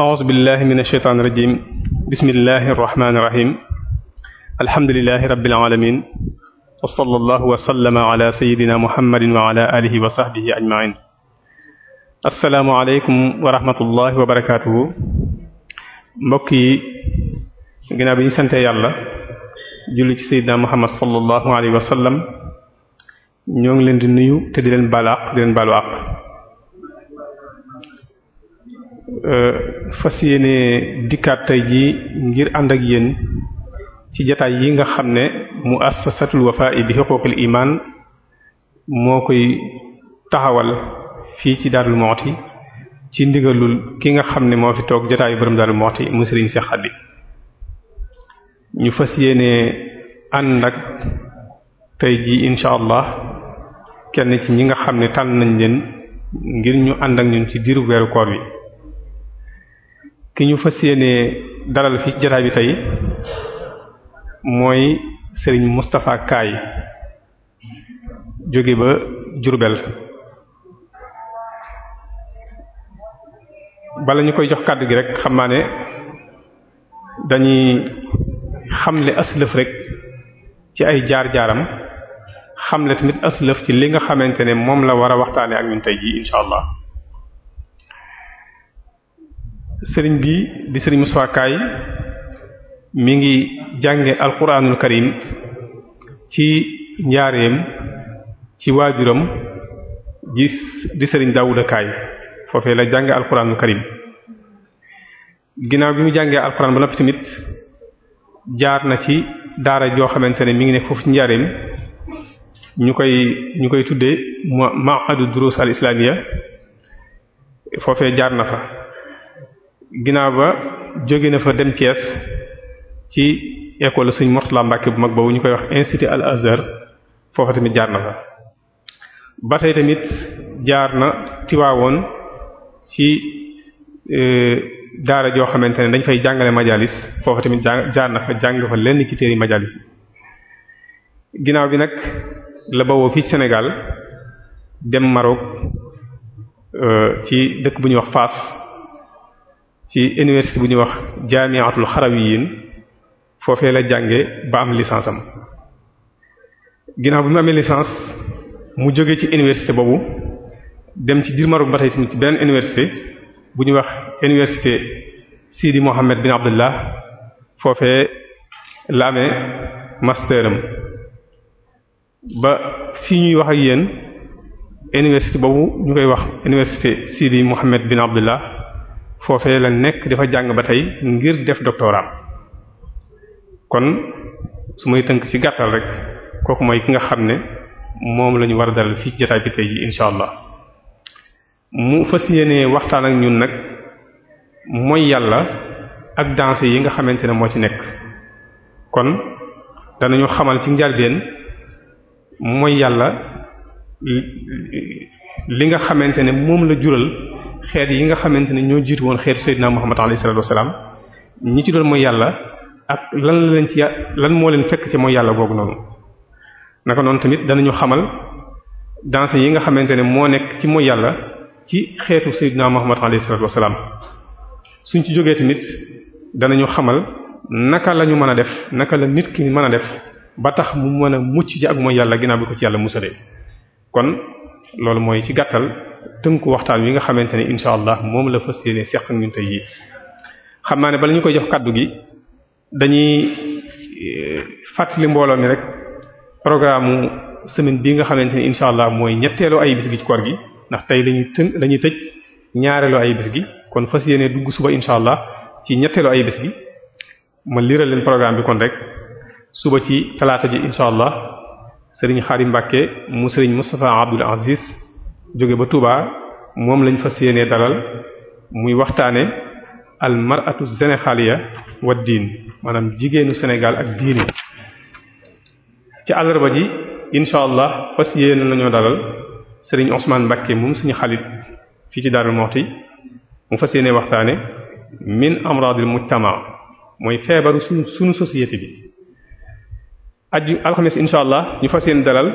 a'uuzu billahi mina shaytaani rajiim bismillahi rahmaani rahiim alhamdulillahi rabbil aalamiin wa sallallahu wa sallama ala sayyidina muhammadin wa ala alihi wa sahbihi ajma'iin assalaamu aleykum wa rahmatullahi wa barakaatuhu mbokk yi ginnaaw bi ñu sante yàlla julli ci seydina muhammad sallallahu alayhi wa sallam ñoo ngi leen di nuyu te di leen baalu àq di leen baalu àq euh, fas yéene dikkaat tey ji ngir ànd ak yéen ci jataay yi nga xam ne muassasatul wafa'i bi huquqil iman moo koy taxawal fii ci Darou Moukhty ci ndigalul ki nga xam ne moo fi toog jataayu borom Darou Moukhty mu Serigne Cheikh ñu fas yéene ànd ak tey jii incha allah kenn ci ñi nga xam ne tànn nañ leen ngir ñu ànd ak ñun ci diiru weeru koor bi ki ñu fas yéene dalal fi jataay bi tey mooy sëriñ Moustapha Kaay jóge ba Jurbel bala ñu koy jox kàddu gi rek xam dañuy xamle aslëf rek ci ay jaar-jaaram xamle tamit aslëf ci li nga xamante ne moom la war a waxtaane ak ñun tey ji incha allah sëriñ bi di sëriñ Moussa Kaye mi ngi jànge alquranul karim ci njaareem ci waajuram di sëriñ Daouda Kaye foofee la jànge alquranul karim ginnaaw bi mu jàngee alquran ba noppi tamit jaar na ci daara joo xamante ne mi ngi ne foofu ci njaareem ñu koy ñu koy tuddee ma'hadu durus al islamiyya foofee jaar na fa ginnaaw ba jóge na fa dem Thiès ci école suñ Mortala Mbàkke bu mag boobu ñu koy wax institut al azhar foofa tamit jaar na fa ba tey tamit jaar na Tiwaawoon ci euh, daara joo xamante ne dañ fay jàngale majalis foofu tamit jaar na fa jàng fa lenn ci téeri majalis ginnaaw bi nag la bawoo fii ci Sénégal dem Maroc euh, ci dëkk bu ñuy wax Fas ci université bu ñuy wax jaamiatul xarawiyin foofee la jànge ba am licence am ginnaaw bi mu amee licence mu jóge ci université boobu dem ci biir Maroc ba tey tamit ci beneen université bu ñu wax université Sidi Mohammed bin Abdullah foofee la amee master am ba fii ñuy wax ak yéen université boobu ñu koy wax université Sidi Mohammed bin Abdullah foofee la nekk dafa jàng ba tey ngir def doctorat kon su may tënk ci gàttal rek kooku mooy ki nga xam ne moom la ñu war a dalal fii jotaay bi tey ji incha allah mu fas yéenee waxtaan ak ñun nag mooy yàlla ak danse yi nga xamante ne moo ci nekk kon dana danañu xamal ci njëlbéen mooy yàlla li nga xamante ne moom la jural xeet yi nga xamante ne ñoo jiit woon xeetu Seydina Muhammad alayhi salaatu wasalaam ñi ci doon mooy yàlla ak lan la leen ci lan moo leen fekk ci mooy yàlla googu noonu naka noonu tamit danañu xamal danse yi nga xamante ne moo nekk ci mooy yàlla ci xeetu Seydina Muhammad alayhi salaatu wassalaam suñ ci jógee tamit danañu xamal naka lañu mën a def naka la nit ki mën a def ba tax mu mën a mucc ci ak mooy yàlla ginnaaw bi ko ci yàlla musalee kon loolu mooy ci gàttal dënku waxtaan wi nga xamante ne incha allah moom la fas yéene seq ñun tey jii xam naa ne bala ñu koy jox kàddu gi dañuy eh, fàttali mbooloo mi rek programme semaine bii nga xamante ne incha allah mooy ñetteelu ay bis ci koor gi ndax tey lañuy tën la ñuy tëj ñaareelu ay bis gi kon fas yéenee dugg suba incha allah ci ñetteelu ay bis gi ma liiral leen programme bi kon rek suba ci talaata ji incha allah sëriñ Xarim Mbàkke mu sëriñ Moustapha Abdul Aziz jóge ba Touba moom lañ fas yéenee dalal muy waxtaane al mar'atu sénégaliya wa diin maanaam jigéenu Sénégal ak diini ci àllarba ji incha allah fas yéene nañoo dalal sëriñ Ousmane Mbakke moom suñu xalit fii ci Darou Moukhty mu fas yéene waxtaane min amradil mujtama mooy feebaru suñu suñu société bi aju alxames insha allah ñu fas yéene dalal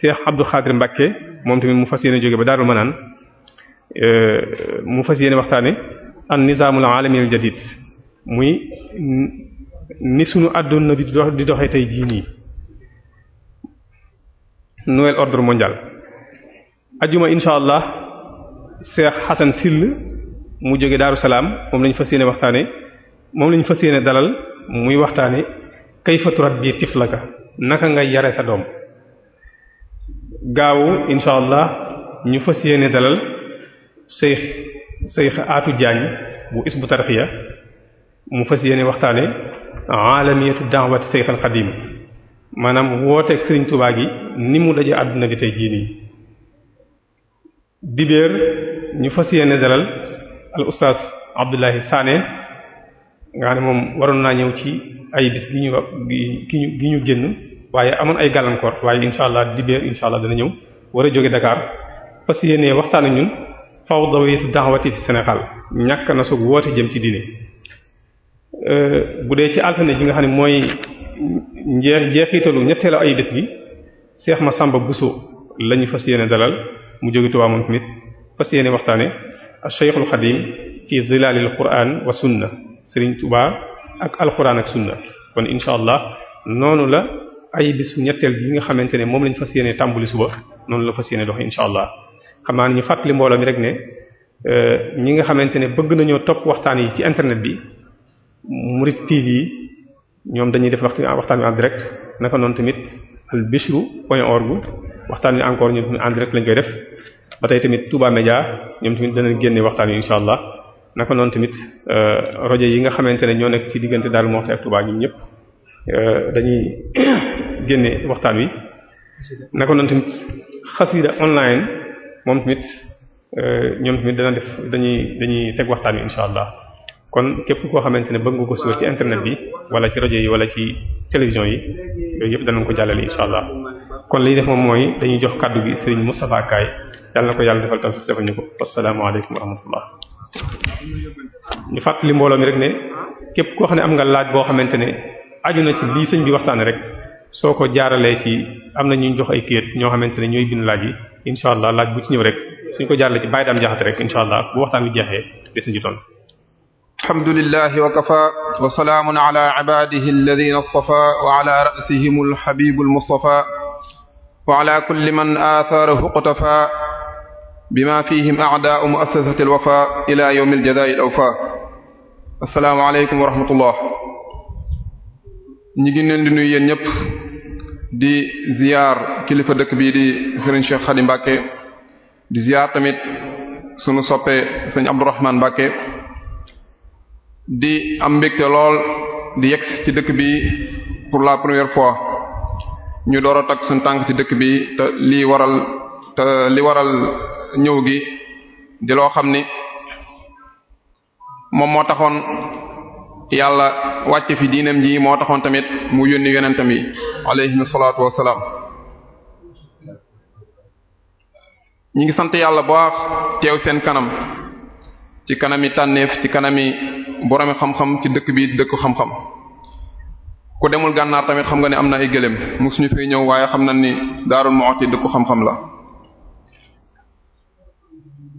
Cheikh Abdou Khadir Mbakke moom tamit mu fas yéene jóge ba Darou manaan euh, mu fa yéene waxtaane an nizaamul aalamil jadid muy ni suñu àdduna di dox doxee tey jii nii mondial ajjuma insha allah Cheikh Hassan Sill mu jóge Daaru Salaam moom lañu fas yéene waxtaane moom lañu fas yéene dalal muy waxtaane kayfa turabbi tiflaka naka nga yare sa doom gaawu insha allah ñu fas yéene dalal Cheikh Cheikh Atou Diagne bu isbu tarxiya mu fas yéene waxtaane alamiyatu da'wati Cheikh al Xadim maanaam wooteeg Serigne Touba gi ni mu daje àdduna bi tey jii nii dibeer ñu fas yéene dalal al ustaas Abdullahi Sané nga xam ne moom waroon naa ñëw ci ay bis gi ñu gi ñu gi ñu génn waaye amoon ay gàllankoor waaye incha allah dibeer incha allah dana ñëw war a jóge Dakar fas yéene waxtaan ñun fawdawiyatu da'wati fi Sénégal ñàkk na soog woote jëm ci diine euh, bu dee ci altine ji nga xam ne mooy njeex njeexitalu ñetteelu ay bis gi Cheikh Massamba Bousso lañu fas yéene dalal. mu jóge Tuubaa moom tamit fas yéene waxtaane Cheikhul Xadim fi zilalil Qur'an wa sunna Serigne Touba ak alquran ak sunna kon incha allah noonu la ay bisu ñetteel bi nga xamante ne moom lañ fas yéene tàmbali suba noonu la fas yéene doxe incha allah xam naa ñu fàttali mbooloo mi rek ne euh, ñi nga xamante ne bëgg nañoo topp waxtaan yi ci internet bi Murid TV ñoom dañuy def waxtaan wi en direct naka noonu tamit albishru point org waxtaan wi encore ñun en direct lañ koy def ba tey tamit Touba Média ñoom tamit dana génne waxtaan wi insha allah naka noonu tamit euh, rajo yi nga xamante ne ñoo nekk ci diggante Darou Moukhty ak Touba ñun ñëpp euh, dañuy génne waxtaan wi naka noonu tamit xasida online moom tamit euh, ñoom tamit dana def dañuy dañuy teg waxtaan wi insha allah kon képp koo xamante ne ba nga ko suivre ci internet bi wala ci rajo yi wala ci télévision yi yooyu yëpp danañ ko jàllale insha allah kon li def moom mooy dañuy jox kàddu gi Serigne Moustapha Kaye yàlla na ko yàlla defal tam defal ñu ko asalaamaaleykum wa rahmatullah ñu fàttali mbooloo mi rek ne koo xam ne am nga laaj boo xamante ne aju na ci lii sëñ bi waxtaane soo ko jaaralee ci am na ñu jox ay kayit ñoo xamante ne ñooy bind laaj yi incha allah laaj bu ci ñëw rek suñ ko jaaralee ci bàyyi daam jaxate rek incha allah bu waxtaan bi jeexee des ñu toll. alhamdulillahi wa kafa wa salaamun ala ibadihi alladhina istafa wa ala ra'sihim alhabib almustafa wa ala kulli man aathaarahu qutafa bima fihim a'daa'u mu'assasati al-wafa ila yawmi al-jazaa'i al-awfa aleykum wa rahmatullah ñi ngi leen di nuyu yéen ñëpp di ziyaar kilifa dëkk bii di sëriñ Cheikh Xadim Mbàkke di ziyaar tamit sunu soppe sëriñ Abdourahman Mbàkke di am mbégte lool di yegg ci dëkk bi pour la première fois ñu door a takk suñ tànk ci dëkk bi te lii waral te li waral ñëw gi di loo xam ni moom moo taxoon yàlla wàcce fi diinam ji moo taxoon tamit mu yónni yonentam yi alayhim salaatu wassalaam ñi ngi sant yàlla baax teew seen kanam ci kanami tànneef ci kanami boromi xam-xam ci dëkk bi dëkk xam-xam ku demul gànnaar tamit xam nga ne am na ay gëléem mu suñu fee ñëw waaye xam na ni Daarul Muxti dëkku xam-xam la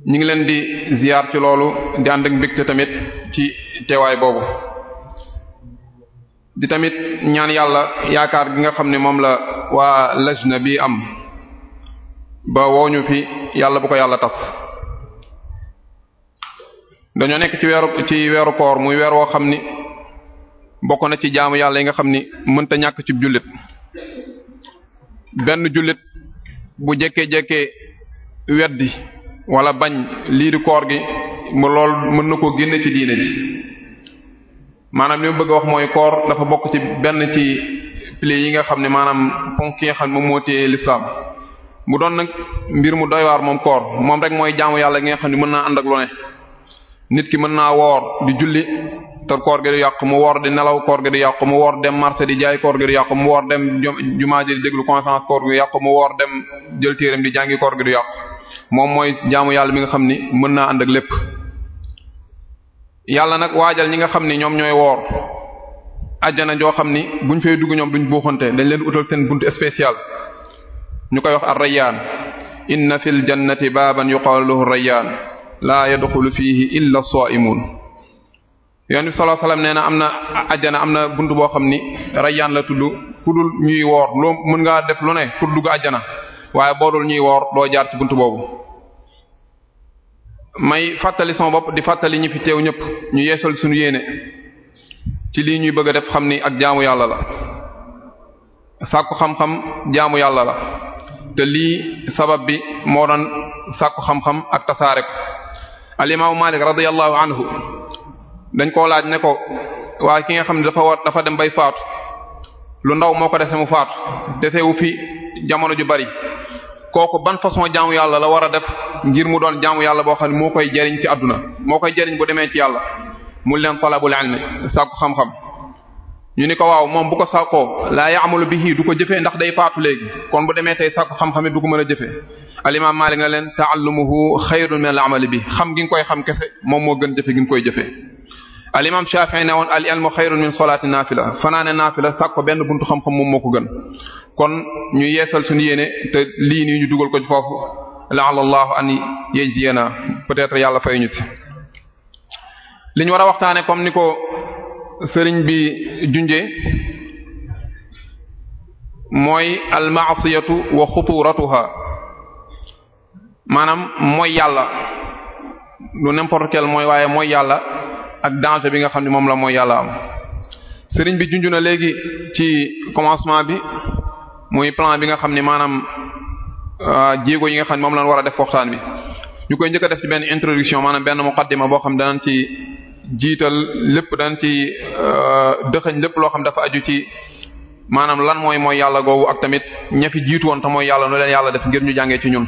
ñu ngi leen di ziyaar ci loolu di ànd tamit ci teewaay boobu di tamit ñaan yàlla yaakaar gi nga xam ni moom la waa lajna bi am ba wooñu fi yàlla bu ko yàlla tas dañoo nekk ci weeru ci weeru koor muy weer woo xam ni bokk na ci jaamu yàlla yi nga xam ni mënta ñàkk ci jullit benn jullit bu jekkee wet weddi wala bañ lii di koor gi mu lool mën na koo génne ci diine ji maanaam li mu bëgg a wax mooy koor dafa bokk ci benn ci piliers yi nga xam ne maanaam ponk yi xam ne moom moo téye lislaam mu doon nag mbir mu doy waar moom koor moom rek mooy jaamu yàlla gi nga xam ni mën naa ànd ak lu ne nit ki mën naa woor di julli te koor gi di yàqu mu woor di nelaw koor gi di yàqu mu woor dem marché di jaay koor gi di yàqu mu woor dem jumaa ji di déglu conférence koor gi di yàqu mu woor dem jël téeram di jàngi koor gi di yàqu moom mooy jaamu yàlla mi nga xam ni mën naa ànd ak lépp yàlla nag waajal ñi nga xam ni ñoom ñooy woor ajjana joo xam ni buñ fay dugg ñoom duñ buuxante dañ leen utal seen buntu spécial ñu koy wax ar-rayyaan inna fil jannati baaban yuqaalu lahu ar-rayyaan laa yadxulu fiihi illa as-saa'imuun yoon bi sallallahu alayhi nee na am na ajjana am na bunt boo xam ni rayyaan la tudd ku dul ñuy woor mën ngaa def lu ne pour dugg ajjana waaye boo dul ñuy woor doo jaar ci bunt boobu may fàttali sama bopp di fàttali ñi fi teew ñëpp ñu yeesal suñu yéene ci lii ñuy bëgg a def xam ni ak jaamu yàlla la sàkku xam-xam jaamu yàlla la te lii sabab bi moo doon sàkku xam-xam ak tasaare ko al imaamu Maalik dañ koo laaj ne ko waaye ki nga xam ne dafa war dafa dem bay faatu lu ndaw moo ko dese mu faatu desewu fi jamono ju bari kooku ban façon jaamu yàlla la war a def ngir mu doon jaamu yàlla boo xam ne moo koy jariñ ci àdduna moo koy jariñ bu demee ci yàlla mu leen talabul ilmi sàkku xam ñu ni ko waaw moom bu ko sàkkoo laa ya'malu bihi du ko jëfee ndax day faatu léegi kon bu demee tey sàkku xam-xam du ko mën a jëfee al imam Maalik na leen ta'allumuhu xayrun min al amali bi xam gi koy xam kese moom moo gën jëfe gi koy jëfee al imam Shafi'i ne woon al ilmu xayrun min solaati naafila fanaane naafila sàkk ko benn buntu xam-xam moom moo ko gën kon ñu yeesal suñu yéene te lii nii ñu dugal ko ci foofu la'alla Allahu an yajziyana peut-être yàlla fay ñu ci li war a waxtaane comme ni ko sëriñ bi junjee mooy al ma'siyatu wa xuturatuha maanaam mooy yàlla lu n'importe mooy waaye mooy yàlla ak danger bi nga xam ne moom la mooy yàlla am sëriñ bi junj na léegi ci commencement bi muy plan bi nga xam ni maanaam euh, jéego yi nga xam ne lañ war a def waxtaan bi ñu koy njëkk a benn introduction maanaam benn muqaddima boo xam danañ ci jiital lépp danañ ci euh, dëxëñ lépp loo xam dafa aju ci maanaam lan mooy mooy yàlla googu ak tamit ñafi fi jiitu woon te mooy yàlla nu leen yàlla def ngir ñu jàngee ci ñun.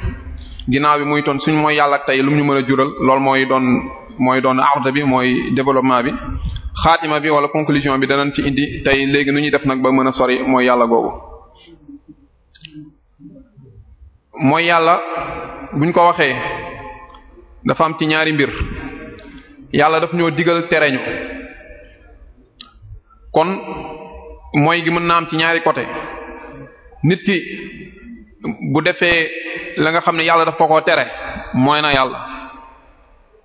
ginnaaw bi muy ton suñ mooy yàlla ak tey lu ñu mën a jural loolu mooy doon mooy doon arda bi mooy développement bi xaatima bi wala conclusion bi danañ ci indi tey léegi nu ñuy def nag ba mën a sori mooy yàlla googu mooy yàlla buñ ko waxee dafa am ci ñaari mbir yàlla daf ñoo digal tereñu kon mooy gi mën na am ci ñaari côté nit ki bu defee la nga xam ne yàlla daf ko ko tere mooy na yàlla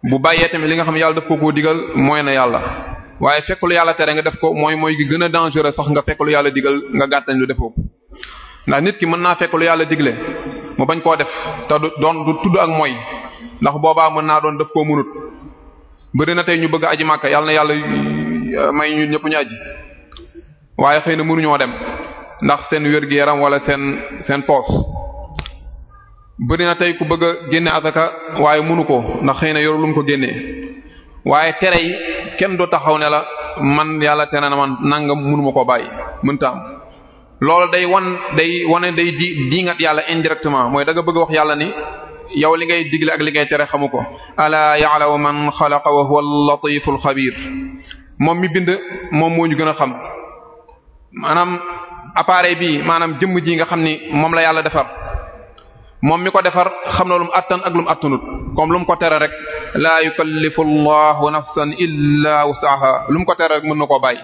bu bàyyee tamit li nga xam yàlla daf ko koo digal mooy na yàlla waaye fekk lu yàlla tere nga def ko mooy mooy gi gën a dangereux sax nga fekk lu yàlla digal nga gàttañ lu def ko ndax nit ki mën naa fekk lu yàlla digle mu bañ koo def te doon du tudd ak mooy ndax boobaa mën naa doon daf koo mënut bëri na tey ñu bëgg aji màkka yàlla na yàlla euh, may ñun ñëpp ñu aji waaye xëy na mënuñoo dem ndax seen wér-gu-yaram walla seen seen poos bëri na tey ku bëgg a génne azaka waaye mënu ko ndax xëy na yoru lu mu ko génnee waaye tere yi kenn du taxaw ne la man yàlla tere na man nangam mënuma koo bàyyi mënta loolu day wan day wane day di ngat yàlla indirectement mooy da nga bëgg wax yàlla ni yow li ngay digle ak li ngay tere xamu ko alaa ya'lamu man xalaqa wa huwa al-latiful xabiir moom mi bind moom moo ñu gën a xam maanaam appareil bi maanaam jëmm ji nga xam ni moom la yàlla defar moom mi ko defar xam na lu mu attan ak lum mu attanut comme lu mu ko tere rek laa yukallifu allahu nafsan illa wusaha lu mu ko tere rek mën na koo bàyyi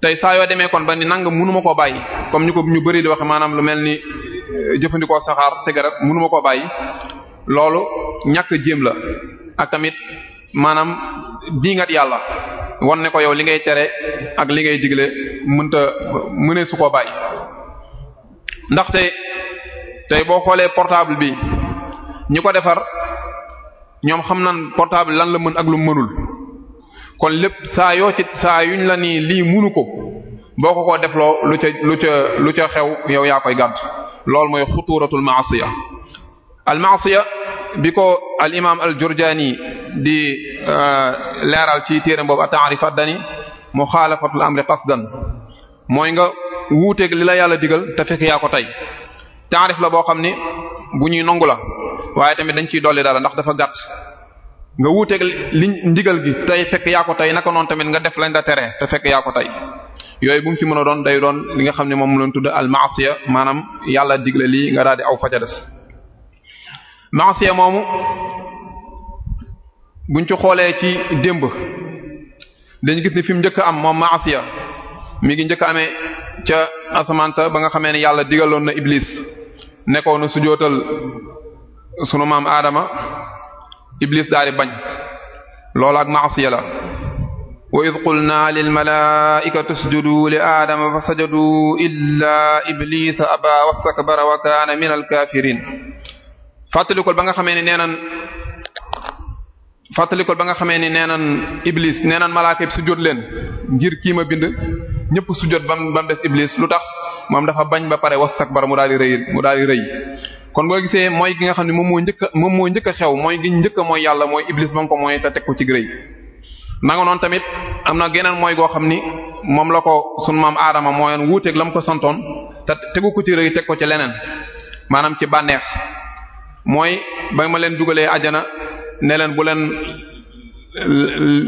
tey saa yoo demee kon ba ni nanga mënuma koo bàyyi comme ñu ko ñu bëri di waxe maanaam mel ni eh, jëfandikoo saxaar cigarette mënuma koo bàyyi loolu ñàkk jéem la ak tamit maanaam diingat yàlla wan ne ko yow li ngay tere ak li ngay digle mënta mënee su koo bàyyi ndaxte tey boo xoolee portable bi ñu ko defar ñoom xam nan portable lan la mën ak lu mënul kon lépp saa yoo ci saa yuñ la nii lii munu ko boo ko ko defloo lu ca lu ca lu ca xew yow yaa koy gàdd loolu mooy xuturatul maasiya al maasiya bi ko al imaam al jurjaani di euh, leeral ci téeram boobu at-ta'rifat dani muxaalafatul amri qasdan mooy nga wuuteeg li la yàlla digal te fekk yaa ko tey taarif la boo xam ni bu ñuy nangu la waaye tamit dañ ciy dolli dara ndax dafa gàtt nga wuuteeg li ndigal gi tey fekk yaa ko tey naka noonu tamit nga def lañ la teree te fekk yaa ko tey yooyu bu mu ci mën a doon day doon li nga xam ne moom lañ tudd al maasiya maanaam yàlla digle lii nga daal aw faja des maasiya moomu buñ ci xoolee ci démb dañ gis ni fi mu njëkk am moom maasiya mi ngi njëkk ame ca asamaan sa ba nga xamee ni yàlla digaloon na iblis nekkoon na sujootal sunu maam Adama iblis daal di bañ loolu ak ma'siya la wa id qulna lil malaa'ikati isjudu li aadama fa sajadu illa iblisa aba wastakbara wa kaana min alkaafiriin fàttalikol ba nga xamee ne nee nan fàttalikol ba nga xamee ne nee nan iblis nee nan malaaka yi sujjóot leen ngir kiima bind ñëpp sujjóot bam bam des iblis lu tax moom dafa bañ ba pare wastakbara mu daal di rëy mu daal di rëy kon boo gisee mooy gi nga xam ne moom moo njëkk moom moo njëkk xew mooy gi njëkk a mooy yàlla mooy ko mooy te teg ko ci rëy nanga noon tamit am na geneen mooy goo xam ni moom la ko sunu maam aadama mooyoon wuuteeg la mu ko santoon te tegu ko ci rëy teg ko ci leneen maanaam ci bànneex mooy ba ma leen dugalee ajana ne leen bu leen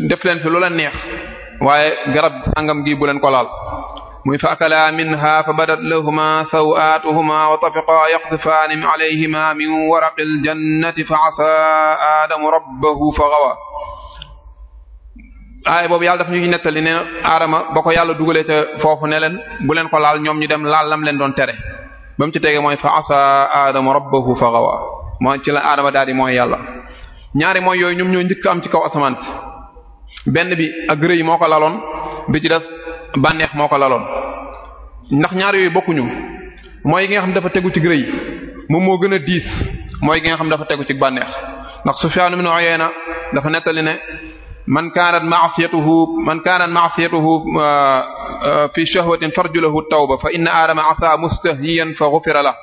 def leen fi lu leen neex waaye garab sàngam gi bu leen ko laal muy fa akalaa minha fa badat lahuma sawaatuhuma wa tafiqaa yaqsifaani alayhima min waraqi aljannati fa asaa aadamu rabbahu fa gawa aay boobu yàlla dafa ñuy nettali ne aadama boko ko yàlla dugalee ca foofu ne leen bu leen ko laal ñoom ñu dem laal lam leen doon tere ba mu ci tege mooy fa asaa adam rabbahu fa gawa moo ci la aadama daal mooy yàlla ñaari mooy yooyu ñoom am ci kaw asamaan benn bi ak rëy moo ko laloon bi ci des bànneex moo ko laloon ndax ñaar yooyu bokkuñu mooy gi nga xam dafa tegu ci rëy moom moo gën a diis mooy gi nga xam dafa tegu ci bànneex ndax Sufyan ibn Uyayna dafa nettali ne man kanat ma'siyatuhu man kanat ma'siyatuhu fi shahwatin farjulahu tawba fa inna adama asa mustahyiyan fa ghufira lahu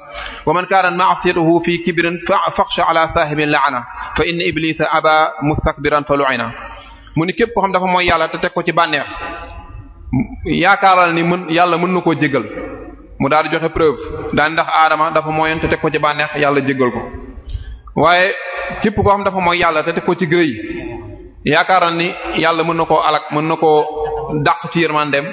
wa man kanat ma'siyatuhu fi kibrin fakhsha ala sahibi la'na fa inna iblisa aba mustakbiran fa lu'ina mu ni képp koo xam dafa mooy yàlla te teg ko ci bànneex yaakaaral ni mën yàlla mën na koo jégal mu daal di joxe preuve daan ndax aadama dafa mooyoon te teg ko ci bànneex yàlla jégal ko waaye képp koo xam dafa mooy yàlla te teg ko ci gërëy yaakaaral ni yàlla mën na koo alak mën na koo dàq ci dem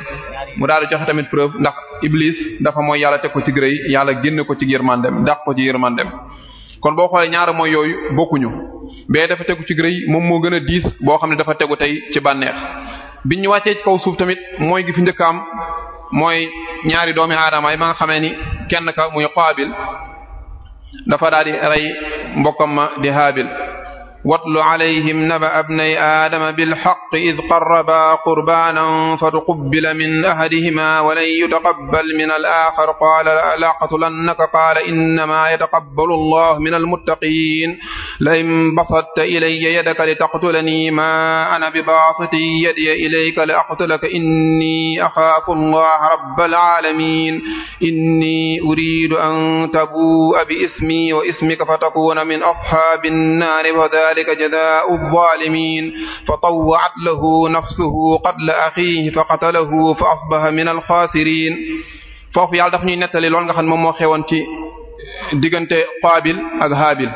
mu daal di joxe tamit preuve ndax iblis dafa mooy yàlla teg ko ci gërëy yàlla génn ko ci yërmandeem dàq ko ci dem kon boo xoolee ñaara mooy yooyu bokkuñu bee dafa tegu ci rëy moom moo gën a diis boo xam ne dafa tegu tey ci bànneex bi ñu wàccee ci kaw suuf tamit mooy gi fi njëkk am mooy ñaari doomi aadama yi ma nga xamee ni kenn ka muy Qaabil dafa daal di rey mbokkam ma di Haabil watlu alayhim naba abnay aadama bilxaqi id qarrabaa qurbaanan fatuqubbila min ahadihima walan yutaqabbal min alaaxar qaala la aqtulannaka qaala innamaa yataqabbalu allah min almuttaqiin la in basatta ilayya yadaka litaqtulanii maa ana bibaasiti yadiya ilayka la aqtulaka inni axaafu allaha rabbal aalamiin inni uriidu an tabuu'a bi ismi wa ismika fatakuuna min ashaabi nnaari dalika jazaa'u zaalimiin fa tawwa'at lahu nafsuhu qatla axiihi fa qatalahu fa asbaha min alxaasiriin foofu yàlla daf ñuy nettali lool nga xam ne moom moo xewoon ci diggante Qaabil ak Haabil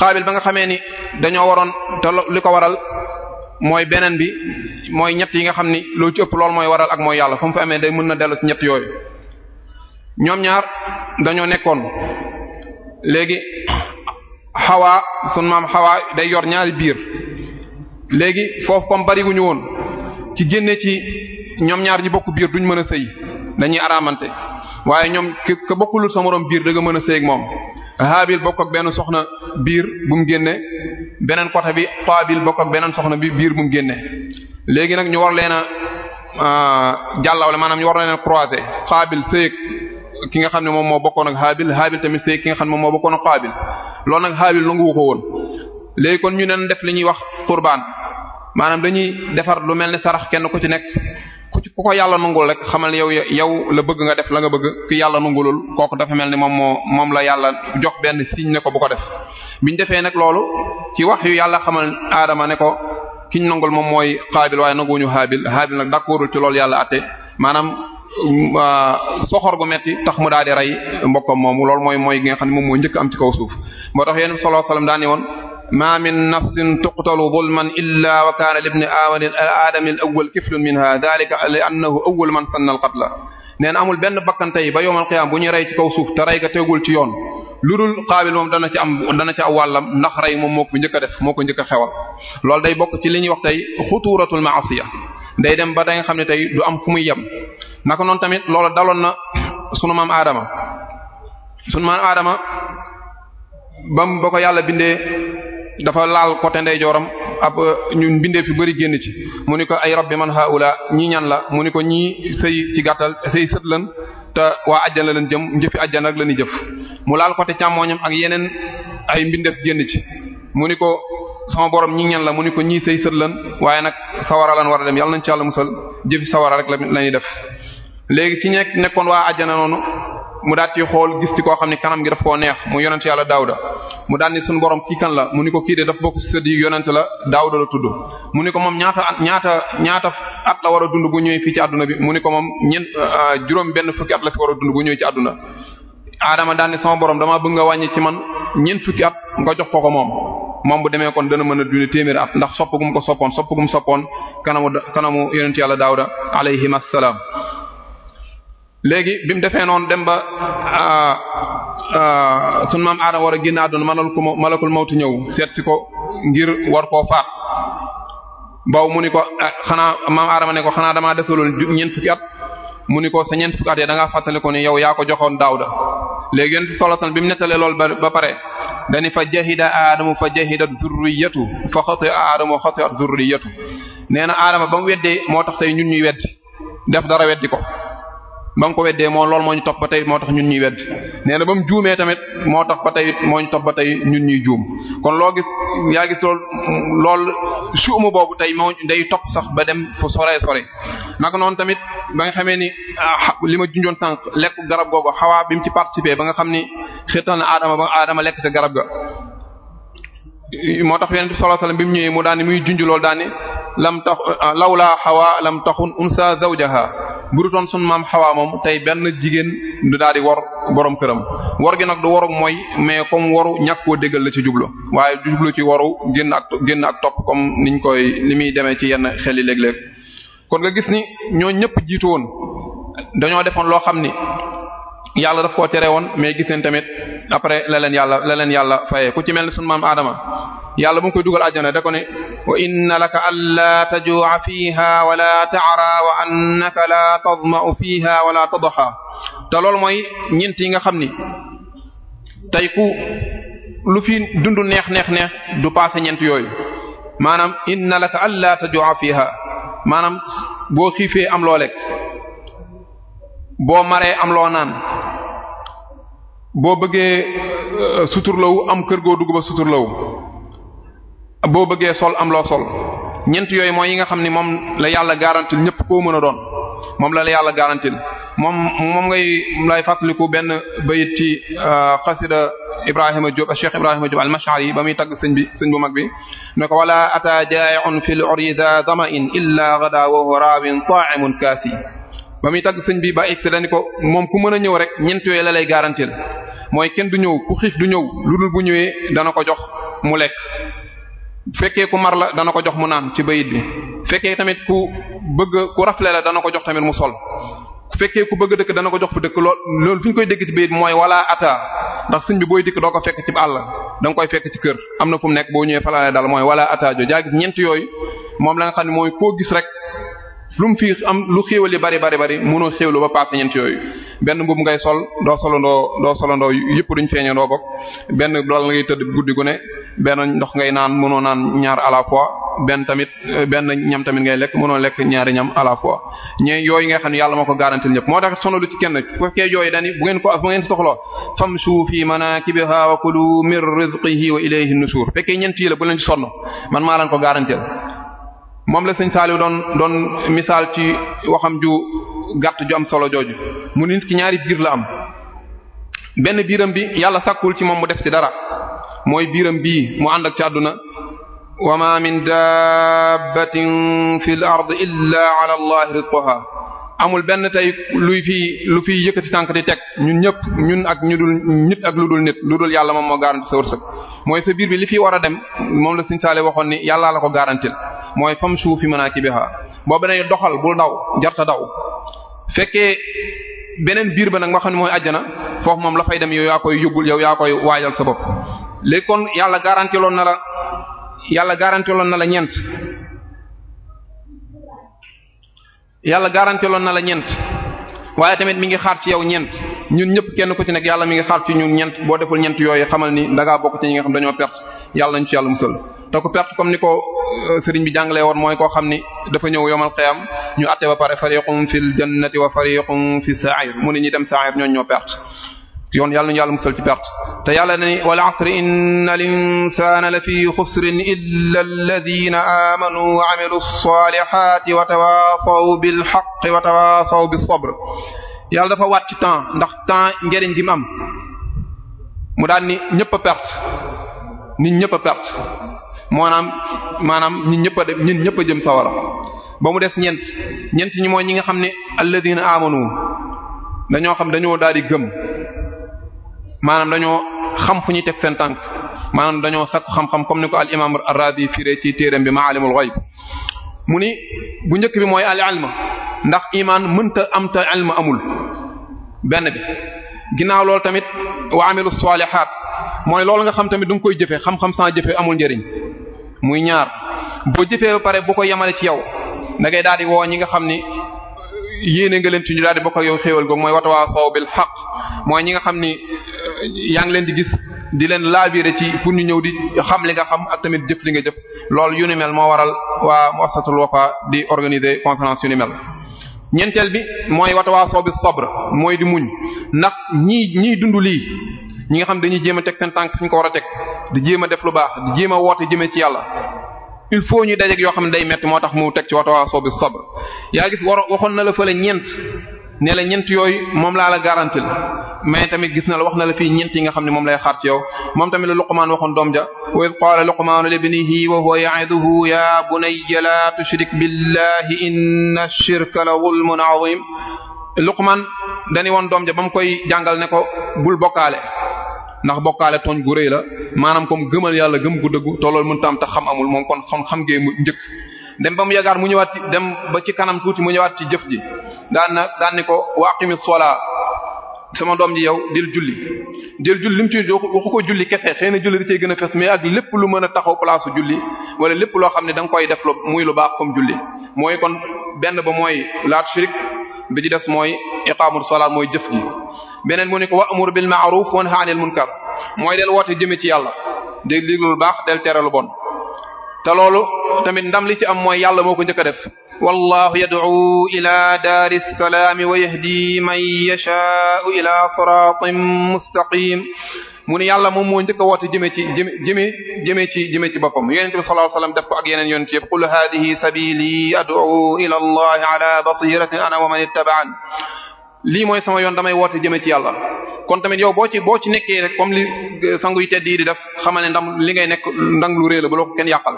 Qaabil ba nga xamee ni dañoo waroon te li ko waral mooy beneen bi mooy ñett yi nga xam ni lool ci ëpp lool mooy waral ak mooy yàlla foom mu fi amee day mën na dellu ci ñett yooyu ñoom ñaar dañoo nekkoon léegi xawaa sun maam xawaa day yor ñaari biir léegi foofu comme bariwuñu woon ci génne ci ñoom ñaar ñu bokk biir duñ mën a sëy dañuy araamante waaye ñoom ka bokkulul sa moroom biir da mën a sëy moom Haabil bokk ak benn soxna biir bu mu génne beneen côté bi Qaabil bokk ak beneen soxna bi biir bu mu génne léegi nag ñu war leen a euh, jàllawle maanaam ñu war leen a croiser Qaabil ki nga xam ne moom moo bokkoon ak Haabil Haabil tamit sëy ki nga xam ne moom moo bokkoon ak Qaabil loolu nag Haabil nanguwu ko woon léegi kon ñu neen def li ñuy wax qurbaan maanaam dañuy defar lu mel ne sarax kenn ku ci nekk ku ci ku ko yàlla nangul rek xamal yow yow la bëgg nga def la nga bëgg ki yàlla nangulul kooku dafa mel ni moom moo moom la yàlla jox benn signe ne ko bu ko def biñ defee nag loolu ci wax yu yàlla xamal aadama ne ko kiñ nangul moom mooy Qaabil waaye nanguwuñu Haabil Haabil nag d'accordul ci loolu yàlla atte Mm, ah, soxor gu metti tax mu daal di rey mbokkam moomu loolu mooy mooy gi xam ne moom moo njëkk am ci kaw suuf moo tax yéen sallallahu alayhi wasallam daa ni woon ma min nafsin tuqtalu zulman illa wa kaana libni aadami al awwal kiflun minha dhalika li annahu awwal man sanna al qatla neen amul benn bakkan tey ba yowmal qiyaam bu ñu rey ci kaw te rey ga tegul ci yoon lu dul xaabil moom dana ci am dana ci aw wàllam ndax rey moom mok ko njëkk a def moo ko njëkk a loolu day bokk ci li ñuy wax tey xutuuratul maasiya day dem ba da nga xam ne tey du am fu muy yem naka noonu tamit loolu daloon na sunu maam Adama sunu maam Adama bam ba ko yàlla bindee dafa laal côté ndeyjooram ab ñun bindee fi bëri génn ci mu ni ko ay rabbi man haula ñii ñan la mu ni ko ñii sëy ci gàttal sëy sët lan te waa ajjana lan jëm njëfi ajjana ak la ñuy jëf mu laal côté càmmoñam ak yeneen ay mbindeef génn ci mu ni ko sama borom ñi ñan la mu ni ko ñii say sët lan waaye nag sawara lan war a dem yàlla nañ ci yàlla musal jëf sawara rek la lañuy def léegi ci ñekk nekkoon waa àjjana noonu mu daat ci xool gis ci koo xam ne kanam gi daf koo neex mu yonent yàlla Daawuda mu daal ni suñu borom kii la mu ni ko kii de daf bokk ci sët la Daawuda tudd mu ni ko moom ñaata at ñaata ñaata at la war dund bu ñëwee fii ci àdduna bi mu ni ko moom ñeent euh, juróom benn fukki at la fi war a dund bu ñëwee ci àdduna aadama daal ni sama borom damaa bëgg nga wàññi ci man ñeent fukki at nga jox ko ko moom moom bu demee kon dana mën a dund téeméer at ndax sopp gum ko soppoon sopp gum soppoon kanamu kanamu yonent yàlla daawuda alayhim assalaam léegi bi mu defee noonu dem ba ah, ah, sunu maam aadama war a génn àdduna manal ko malakul mawti ñëw seet si ko ngir war koo faat baw mu ni ko ah, xanaa maam aadama ne ko xanaa damaa desaloon ñeent fukki at mu ni ko sa ñeent fukki at ya da ngaa fàttali ni yow yaa ko joxoon daawuda léegi yonent sallallahu alayhi wasallam bi mu nettalee lool ba pare dani fa jahida aadamu fa jahidat zurriyatu fa xati aadamu xati at zurriyatu nee na aadama ba mu weddee moo tax tey ñun ñuy weddi def dara weddi ko ba mu ko weddee moo lool moo ñu topp ba tey moo tax ñun ñuy wedd nee na ba mu juumee tamit moo tax ba tey moo ñu topp ba tey ñun ñuy juum kon loo gis yaa gis lool lool suumu boobu tey moo day topp sax ba dem fu sore sore naka noonu tamit ba nga xamee ni ah, li ma junjoon tànk lekk garab googu xawaa bi mu ci participer ba nga xam ni xirtal na aadama ba aadama lekk sa garab ga moo tax yonent bi sallallahu alayhi wasallam bi mu ñëwee mu daani muy junj lool daani lam tax lawlaa xawaa lam taxun unsa zawjaha burutoon sunu maam xawaa moom tey benn jigéen du daal di wor boroom këram wor gi nag du waru mooy mais kom waru ñàkk koo déggal la ci jublu waaye jublu ci waru génn ak génn ak topp comme niñ koy li muy demee ci yenn xel yi léeg-léeg kon nga gis ni ñoo ñëpp jiitu woon dañoo defoon loo xam ni yàlla daf koo tere woon mais gis nañ tamit après la leen yàlla la leen yàlla fayee ku ci mel ne sunu maam yàlla bu ngi koy dugal àjjana da ko ne wa inna laka alla taju'a fiha wala ta'ra wa annaka la tadma'u fiha wala tadha te loolu mooy ñent yi nga xam ni tey ku lu fi dund neex neex neex du passé ñent yooyu maanaam inna laka alla taju'a fiha maanaam boo xiifee am loo boo maree am loo naan boo bëggee euh, suturlawu am kër goo dugg ba suturlawu boo bëggee sol am loo sol ñent yooyu mooy yi nga xam ni moom la yàlla garantil ñépp koo mën a doon moom la yàlla garantil moom moom ngay lay fàttaliku benn bayit ci euh, xasida Ibrahima Diop Cheikh Ibrahima Diop al-Mash'ari ba muy tagg sëñ bi sëñ bu mag bi ne ko wala ata ja'i'un fil 'uryi dha dama'in illa ghada wa huwa raawin ta'imun kaasi ba muy tagg sëñ bi ba egsi dani ko moom ku mën a ñëw rek ñent yooyu la lay garantil mooy kenn du ñëw ku xiif du ñëw lu dul bu ñëwee dana ko jox mu lekk fekkee ku mar la dana ko jox mu naan ci bayit bi fekkee tamit ku bëgg ku rafle la dana ko jox tamit mu sol fekkee ku bëgg dëkk dana ko jox fu dëkk lool loolu fi ñu koy dégg ci bayit mooy wala ata ndax sëñ bi booy dikk doo ko fekk ci àll da koy fekk ci kër am na fu mu nekk boo ñëwee falale dal mooy wala ata jo jaa gis ñent yooyu moom la nga xam ne mooy koo gis rek lu mu fi am lu xéewal yi bari bari bari mënoo xéewlu ba passé ñent yooyu benn mbubb ngay sol doo solandoo doo solandoo yëpp duñ feeñandoo bokk benn lool ngay tëdd guddi gu ne benn ndox ngay naan mënoo naan ñaar à la tamit euh, benn ñam tamit ngay lekk mënoo lekk ñaari ñam à la fois ñee yooyu nga xam ne yàlla moo ko garantil ñëpp moo tax sonalu ci kenn fekkee jooyu dani bu ngeen ko bu ngeen soxloo famshu fi manakibiha wa kulu min rizqihi wa ilayhi nushur fekkee ñent yi la bu leen sonn man maa leen ko garantil moom la sëñ Saliou doon doon misaal ci waxam ju gàtt ju am solo jooju mu nit ki ñaari biir la am benn biiram bi yàlla sàkkul ci moom mu def ci dara mooy biiram bii mu ànd ak ci àdduna wa ma min dabbatin fil ardi illa ala allahi amul benn tey luy fi lu fiy yëkkati tànk di teg ñun ñëpp ñun ak ñu dul nit ak lu dul nit lu dul yàlla moom moo garanti sa wërsëg mooy sa biir bi li fi war a dem moom la Sëriñ Saaliw waxoon ni yàllaa la ko garantil mooy fam suu fi mën aa ki bixaa boo beneen doxal bul daw jarta daw fekkee beneen biir ba nag nga xam ne mooy àjjana foofu moom la fay dem yow yaa koy yóbbul yow yaa koy waajal sa bopp léegi kon yàlla garanti loon na la yàlla garanti loon na la ñeent yàlla garanti loon na la ñeent waaye tamit mi ngi xaar ci yow ñeent ñun ñëpp kenn ku ci nekk yàlla mi ngi xaar ci ñun ñeent boo deful ñeent yooyu xamal ni danga bokk ci ñi nga xam dañoo perte yàlla nañu ci yàlla musal te ku comme ni ko euh, sëriñ bi jàngalee woon mooy koo xam ni dafa ñëw yomal xiyam ñu àtte ba pare fariqum fil jannati wa fariqum fis sa'ir mu ne ñi dem sa'ir ñooñu ñoo perte yoon yàlla nañu yàlla musal ci te yàlla na wal asri inna al insana la fi xusrin illa alladina amanu wa amilu salihati wa tawasaw bil haqqi wa tawasaw yàlla dafa waat ci ndax temps njëriñ gi mu am mu daan ni ñëpp a perte nit ñëpp a perte maanaam maanaam ñun ñëpp a ñëpp a jëm sawara ba mu des ñeent ñeent ñi mooy ñi nga xam ni alladina amanu dañoo xam dañoo daal di gëm maanaam dañoo xam fu ñuy teg seen tànk maanaam dañoo sakku xam-xam comme ni ko al imaam ar-Razi firee ci téereem bi maalimul ghaib mu ni bu njëkk bi mooy al ilm ndax imaan mënta am te ilm amul benn bi ginnaaw loolu tamit wa amilu salihat mooy loolu nga xam tamit du nga koy jëfee xam-xam sans jëfe amul njëriñ muy ñaar boo jëfee ba pare boo ko yemale ci yow da ngay daal di woo ñi nga xam ni yéene nga leen ci ñu daal di bokk ak yow xéewal googu mooy watawaasaw bil yaa ngi leen di gis di leen laabiré ci pour ñu ñëw di xam li nga xam ak tamit jëf li nga jëf lool yu ni mel moo waral waa muassasatul Wafa di organiser conférence yu ni mel. ñenteel bi mooy watawaasoo bi sobre mooy di muñ ndax ñii ñii dund lii ñi nga xam dañuy jéem a teg seen tànk fi ñu ko war a teg di jéem a def lu baax di jéem a woote jëmee ci yàlla. il faut ñu dajeeg yoo xam ne day métti moo tax mu teg ci watawaasoo bi sobre yaa gis waxoon na la fële ñeent. ne la ñent yooyu moom laa la garantil mais tamit gis na la wax na la fii ñent yi nga xam ne moom lay xaar ci yow moom tamit la Luqmaan waxoon doom ja wa id qaala Luqmaanu libnihi wa huwa ya'iduhu ya bunayya la tushrik billahi inna ash-shirka la zulmun 'azim Luqmaan dañu woon doom ja ba mu koy jàngal ne ko bul bokkaale ndax bokkaale tooñ gu rëy la maanaam comme gëmal yàlla gëm gu dëggu toolool mën taam te xam amul moom kon xam xam mu njëkk dem ba mu yagaar mu ñëwaat dem ba ci kanam tuuti mu ñëwaat ci jëf ji daan na daan ni ko waqimi sola sama doom ji yow dil julli del julli li mu ci waxu ko julli kese xëy julli da cey gën a fes mais ak lépp lu mën a taxaw place julli wala lépp loo xam ne danga koy def lu muy lu baax comme julli mooy kon benn ba mooy laat shirk bi di des mooy iqamul salat mooy jëf gi beneen mu ne ko wa'mur bil ma'ruf wanha mun munkar mooy del woote jëme ci yàlla del diglu lu baax del tere lu bon te loolu tamit ndam li ci am mooy yàlla moo ko njëkk a def wallahu yad'u ila daari salaami wa yahdi man yashaa'u ila siraatin mustaqim mu ne yàlla moom moo njëkk a woote jëmee ci jëme jëme jëmee ci jëmee ci boppam yonente bi sallallahu alayhi wasallam def ko ak yeneen yonent yëpp qul hadhihi sabili ad'u ila allahi ala basiratin ana wa man ittaba'ani lii mooy sama yoon damay woote jëmee ci yàlla kon tamit yow boo ci boo ci nekkee rek comme li sangu yi tedd yi di def xamal ne ndam li ngay nekk ndam lu rëy la bu la ko kenn yàqal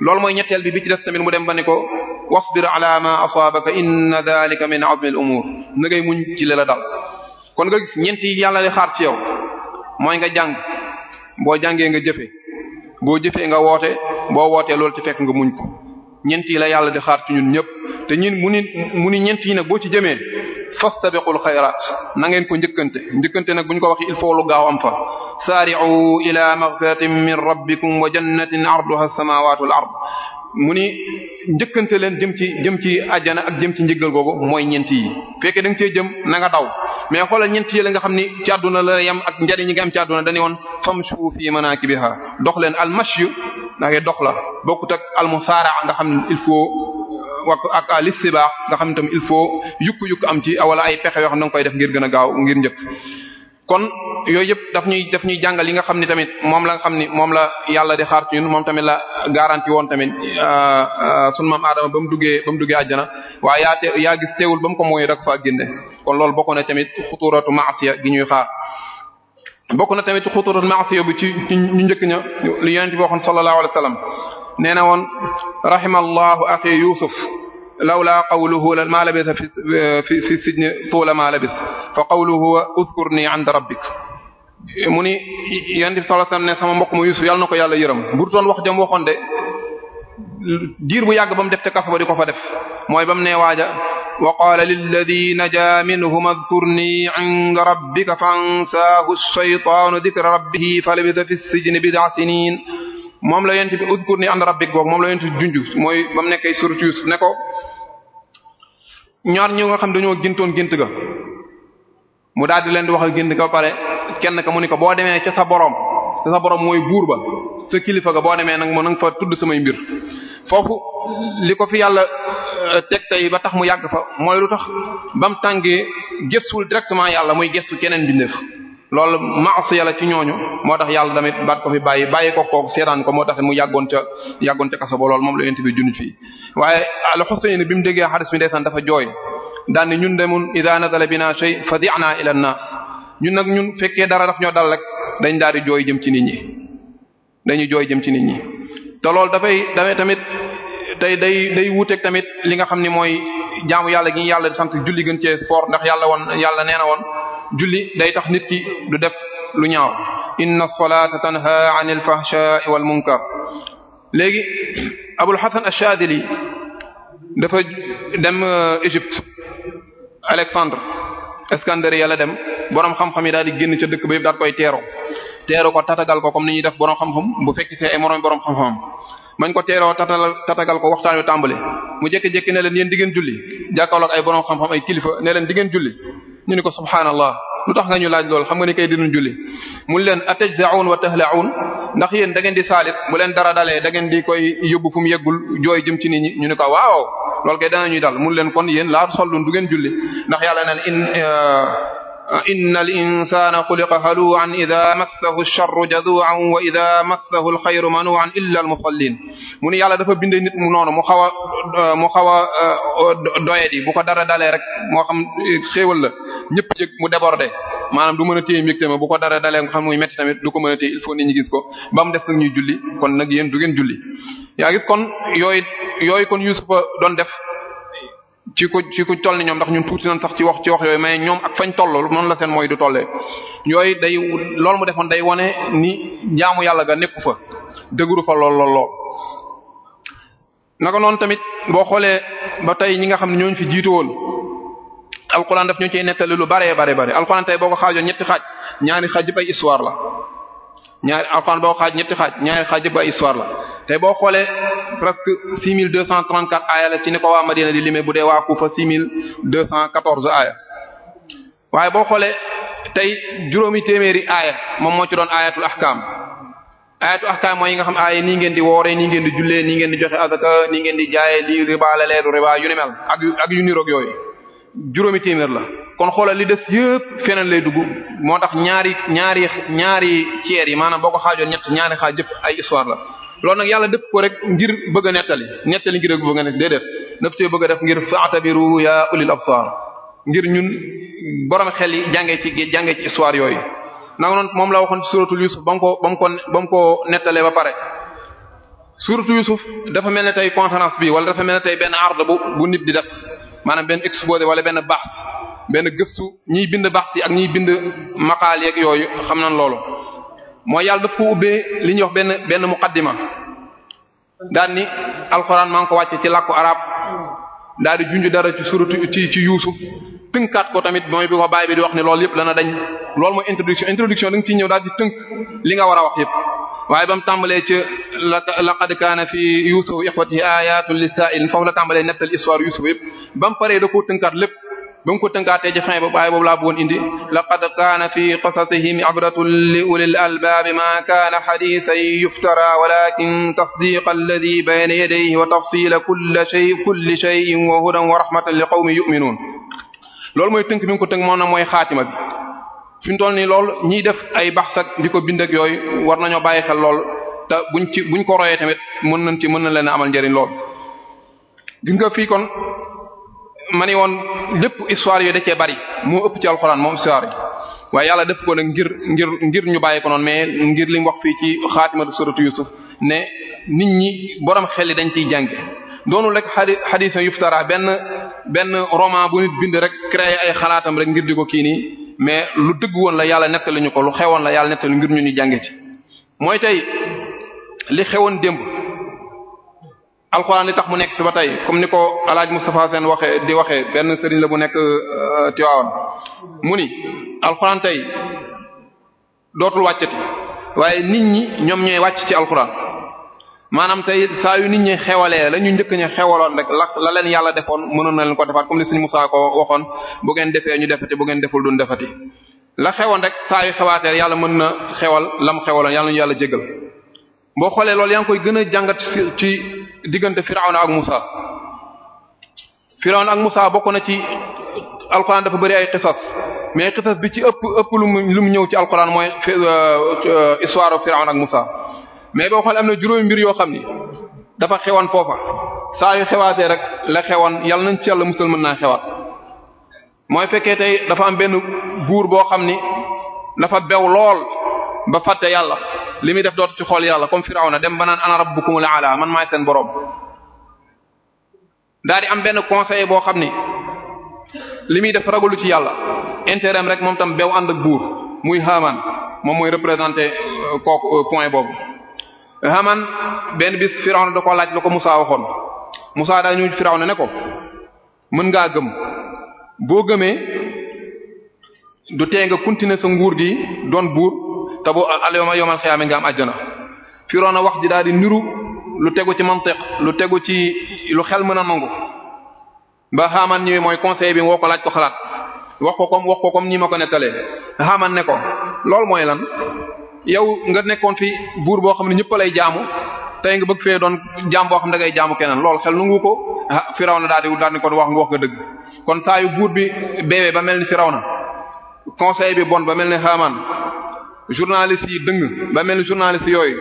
loolu mooy ñetteel bi bi ci def tamit mu dem ba ni ko wasbir ala ma asaabaka inna dhalika min azmi al umur na ngay muñ ci li la dal kon nga gis ñent yi yàlla di xaar ci yow mooy nga jàng boo jàngee nga jëfe boo jëfee nga woote boo wootee loolu ci fekk nga muñ ko ñent yi la yàlla di xaar ci ñun ñëpp te ñun mu ni mu ni ñent nag boo ci jëmee fastabiqul xayraat na ngeen ko njëkkante njëkkante nag bu ko waxee il faut lu gaaw am fa saari'u ila maghfiratin min rabbikum wa jannatin arduha as-samawati wal ard mu ni njëkkante leen jëm ci jëm ci ajjana ak jëm ci njëggal googu mooy ñent yi da nga cee jëm na nga daw mais xoolal ñent yi la nga xam ni ci àdduna la yem ak njariñ ñi nga am ci àdduna dañu woon famshu fi manakibiha dox leen almashyu ndax dox la bokkut ak almusaara nga xam ne il faut wa ak nga xam ne tam il faut yukku yukku am ci wala ay pexe yoo xam ne nga koy def ngir gën a gaaw ngir njëkk kon yooyu yëpp daf ñuy daf ñuy jàngal yi nga xam ni tamit moom la nga xam ni moom la yàlla di xaar ci ñun moom tamit la garantie woon tamit euh, euh, sunu maam Adama ba mu duggee ba mu duggee àjjana waaye yaa te yaa gis teewul ba mu ko mooy rek fa génne kon loolu bokk na tamit xuturatu ma'siya gi ñuy xaar. bokk na tamit xuturatu ma'siya bi ci ñu njëkk ña li yonent bi waxoon sallallahu alayhi wasallam nee na woon rahimallahu akhi Yusuf. lawla qawluhu la maa labisa fi fi fi sijni tuula maa labis fa qawluhu wa uzkurni inda rabbik mu ni yonent bi sallallahu alayhi wasallam ne sama mbokk mu Yuusuf yàlla na ko yàlla yërëm bu doon wax jëm waxoon de diir bu yàgg ba mu def te kaso ba di ko fa def mooy ba mu nee waaja wa qaala lilladhi najaa minhuma uzkurni inda rabbika fa ansaahu ash-shaytaanu dhikra rabbihi falabisa fi as-sijni bid'a siniin moom la yonent bi uzkur ni ànd rabbik goog moom la yonent junj mooy ba mu nekkee surut Yusuf ne ko ñaar ñu nga xam dañoo géntoon gént ga mu daal di leen di wax ak gént ga ba pare kenn ka mu ni ko boo demee ca sa borom ca sa borom mooy buur ba sa kilifa ga boo demee nag moo nanga fa tudd samay mbir foofu li ko fi yàlla euh, teg tey ba tax mu yàgg fa mooy lu tax ba mu tàngee gëstul directement yàlla muy gëstu keneen bindeef loolu maasiya yalla ci ñooñu moo tax yàlla tamit baat ko fi bàyyi bàyyi ko koog seetaan ko moo tax mu yàggoon ca yàggoon ca kaso ba loolu moom la yonent bi junj fii waaye al Husayn bi mu déggee xadis bi ndeysaan dafa jooy daan ni ñun demun ida nazala bina shay fadi'na ila an-nas ñun nag ñun fekkee dara daf ñoo dal rek dañ daal di jooy jëm ci nit ñi dañuy jooy jëm ci nit ñi te loolu dafay dafay tamit tey day day wuuteeg tamit li nga xam ni mooy jaamu yàlla gi yàlla sant julli gën cee sport ndax yàlla woon yàlla nee na woon julli day tax nit ki du def lu ñaaw inna as-salata tanha 'anil fahsha'i wal munkar léegi Abul Hasan ash-Shadili dafa dem euh, Égypte Alexandre Iskandari yàlla dem borom xam-xam yi daal di génn ca dëkk ba yëpp daal koy teero teero ko tatagal ko comme ni ñuy def borom xam-xam bu fekk see borom xam mañ ko teeroo tatagal tatagal ko waxtaan wi tàmbali mu jékki jekki ne leen yéen di ngeen julli jàkkaarloog ay borom xam-xam ay kilifa ne leen di ngeen julli. ñu ni ko subhaanallah lu tax nga ñu laaj lool xam nga ni kay dinu julli mun leen atajza'un wa tahla'un ndax yéen da ngeen di saalit bu leen dara dalee da di koy yóbbu fu mu yeggul jooy jëm ci ni ñu ni ko waaw loolu kay ñuy dal mun leen kon yéen laa sollun du ngeen julli ndax yala neen in euh, إن الإنسان خلق هلوعا إذا مسه الشر جزوعا وإذا مسه الخير منوعا إلا المصلين mu ne yàlla dafa bind nit mu noonu mu xaw a mu xaw a euh, doyadi bu ko dara dalee rek moo xam xéewal la ñëpp yëg mu débordé maanaam du mën a téye mbégte ma bu ko dara dalee nga xam muy métti tamit du ko mën a téye il faut nit ñi gis ko ba mu des nag ñuy julli kon nag yéen du ngeen julli yaa kon yooyu kon Yuusufa doon def ci ku ci ku toll ni ñoom ndax ñun tuuti nañ sax ci wax ci wax yooyu mais ñoom ak fañ toll noonu la seen mooy du tollee yooyu day loolu mu defoon day wane ni njaamu yàlla ga nekku fa dëgëru fa lool lool lool. naka noonu tamit boo xoolee ba tey ñi nga xam ne ñooñu fi jiitu woon alquran daf ñu cee nettali lu bare bare bare alquran tey boo ko xaajoon ñetti xaaj ñaari xaaj yëpp ay histoire la. ñaari alxuraan boo xaaj ñetti xaaj ñaari xaaj yëpp ay histoire la te boo xoolee presque 6234 aaya la ci ni ko waa Madina di limee bu dee waa Kufa 6214 aaya waaye boo xoolee tey juróomi téeméeri aaya moom moo ci doon aayatul ahkaam ayatu ahkaam mooy yi nga xam aaya nii ngeen di wooree nii ngeen di jullee nii ngeen di joxe azaka nii ngeen di jaayee lii riba la leedu riba yu ni ak ak yu niroog yooyu juróomi téeméer la kon xoolal li des yëpp feneen lay dugg moo tax ñaari ñaari ñaari ceer yi maanaam boo ko xaajoon ñett ñaari xaaj yëpp ay histoire la lool nag yàlla dëpp ko rek ngir bëgg a nettali nettali ngir bëgg a ne déedéet daf cee bëgg def ngir fa'tabiru ya ulil absar ngir ñun borom xel yi jàngee ci jàngee ci histoire yooyu. nanga noonu moom la waxoon ci suratul yusuf ba mu ko ba ko ba mu nettalee ba pare suratul yusuf dafa mel ne tey conférence bi wala dafa mel ne tey benn ard bu bu nit di def maanaam benn exposé wala benn baax. benn gëstu ñiy bind bax si ak ñii bind maqaal yeeg yooyu xam na loolu mooy yàlla daf ko ubbee li ñuy wax benn benn muqaddima daan ni alxuraan maa ngi ko wàcce ci làkku arab daa di junj dara ci suratu ci ci yuusuf tënkaat ko tamit mooy bi ko baay bi di wax ne lool yëpp dana dañ loolu mooy introduction introduction da nga ciy ñëw daa di tënk li nga war a wax yëpp waaye ba mu tàmbalee ci laqad kaana fi yuusuf ikhwatihi ayatun lisaa'il li la tàmbalee nettal histoire yuusuf yëpp ba mu paree da koo tënkaat lépp ba mu ko tënkaatee ci fin boobu aaya boobu laa bëggoon indi laqad kaana fi qasasihim ibratun li ulil albaabi maa kaana xadiisan yuftara walakin tasdiqa alladi bayna yadayhi wa tafsila kulli shay wa hudan wa rahmatan li qawmi yuminuun loolu mooy tënk bi mu ko tënk na mooy xaatima bi fi mu toll nii loolu ñiy def ay baxs di ko bind ak yooyu war nañoo bàyyi xel lool te buñ ci buñ ko royee tamit mën nañ ci mën na leen amal njëriñ lool gis nga kon ma ne woon lépp histoire yooyu de cee bari moo ëpp ci alxuraan moom histoire yi waaye yàlla def ko nag ngir ngir ngir ñu bàyyi ko noonu mais ngir li mu wax fii ci xaatimatu suratu yusuf ne nit ñi borom xel yi dañ ciy jànge doonu rek xadi xadis yuftara benn benn roman bu nit bind rek créé ay xalaatam rek ngir di ko kii nii mais lu dëgg woon la yàlla nettali ñu ko lu xewoon la yàlla nettali ngir ñu ñu jànge ci mooy tey li xewoon démb alxuraan li tax mu nekk fi ba tey comme ni ko alaaj Moustapha Sène waxee di waxee benn sëriñ la bu nekk euh, Tiwaawan mu ni alxuraan tey dootul wàccati waaye nit ñi ñoom ñooy wàcc ci alxuraan maanaam tey saa yu nit ñi xewalee la ñu njëkk ñu xewaloon rek la la leen yàlla defoon mënoon na leen ko defaat comme ni suñu Moussa ko waxoon bu ngeen defee ñu defati bu ngeen deful duñ defati la xewoon rek saa yu xewaatee yàlla mën na xewal lam xewaloon yàlla ñu yàlla jéggal boo xoolee loolu yaa ngi koy gën a jàngat ci diggante Firawna ak Musa Firawna ak Musa bokk na ci alxuraan dafa bari ay xisas mais xisas bi ci ëpp ëpp lu mu lu mu ñëw ci alxuraan mooy euh, euh, histoire Firawna ak Musa mais boo xoolee am na juróomi mbir yoo xam ni dafa xewoon foofa saa yu xewaatee rek la xewoon yàlla nañ ci yàlla musal mën naa xewaat mooy fekkee tey dafa am benn buur boo xam ni dafa bew lool ba fàtte yàlla. li muy def dootu ci xool yàlla comme Firawna dem ba naan ana rabbukumul ala man maay seen borom. daa di am benn conseiller boo xam ni li muy def ragalu ci yàlla intérêt rek moom tam beew ànd ak buur muy Haman moom mooy représenter euh, kook euh, point boobu. Haman benn bis na doo ko laaj la ko Musa waxoon Musa daa ñu Firawna ne ko mën ngaa gëm boo gëmee du tee nga continuer sa nguur gi doon buur. te bu al yawma yawmal xiyaama nga am àjjana firoona wax ji daal di niru lu tegu ci mantiq lu tegu ci lu xel mën a nangu ba xaaman ñëwee mooy conseil bi woo ko laaj ko xalaat wax ko comme wax ko comme ñi ma ko nettalee xaaman ne ko loolu mooy lan yow nga nekkoon fi buur boo xam ne ñëpp lay jaamu tey nga bëgg fee doon jaam boo xam ne ngay jaamu keneen loolu xel nangu ko ah, Firawna daal di daal di ko wax nga wax nga dëgg kon saa buur bi beewee ba mel ni Firawna conseil journaliste yi dëng ba mel ni journaliste yooyu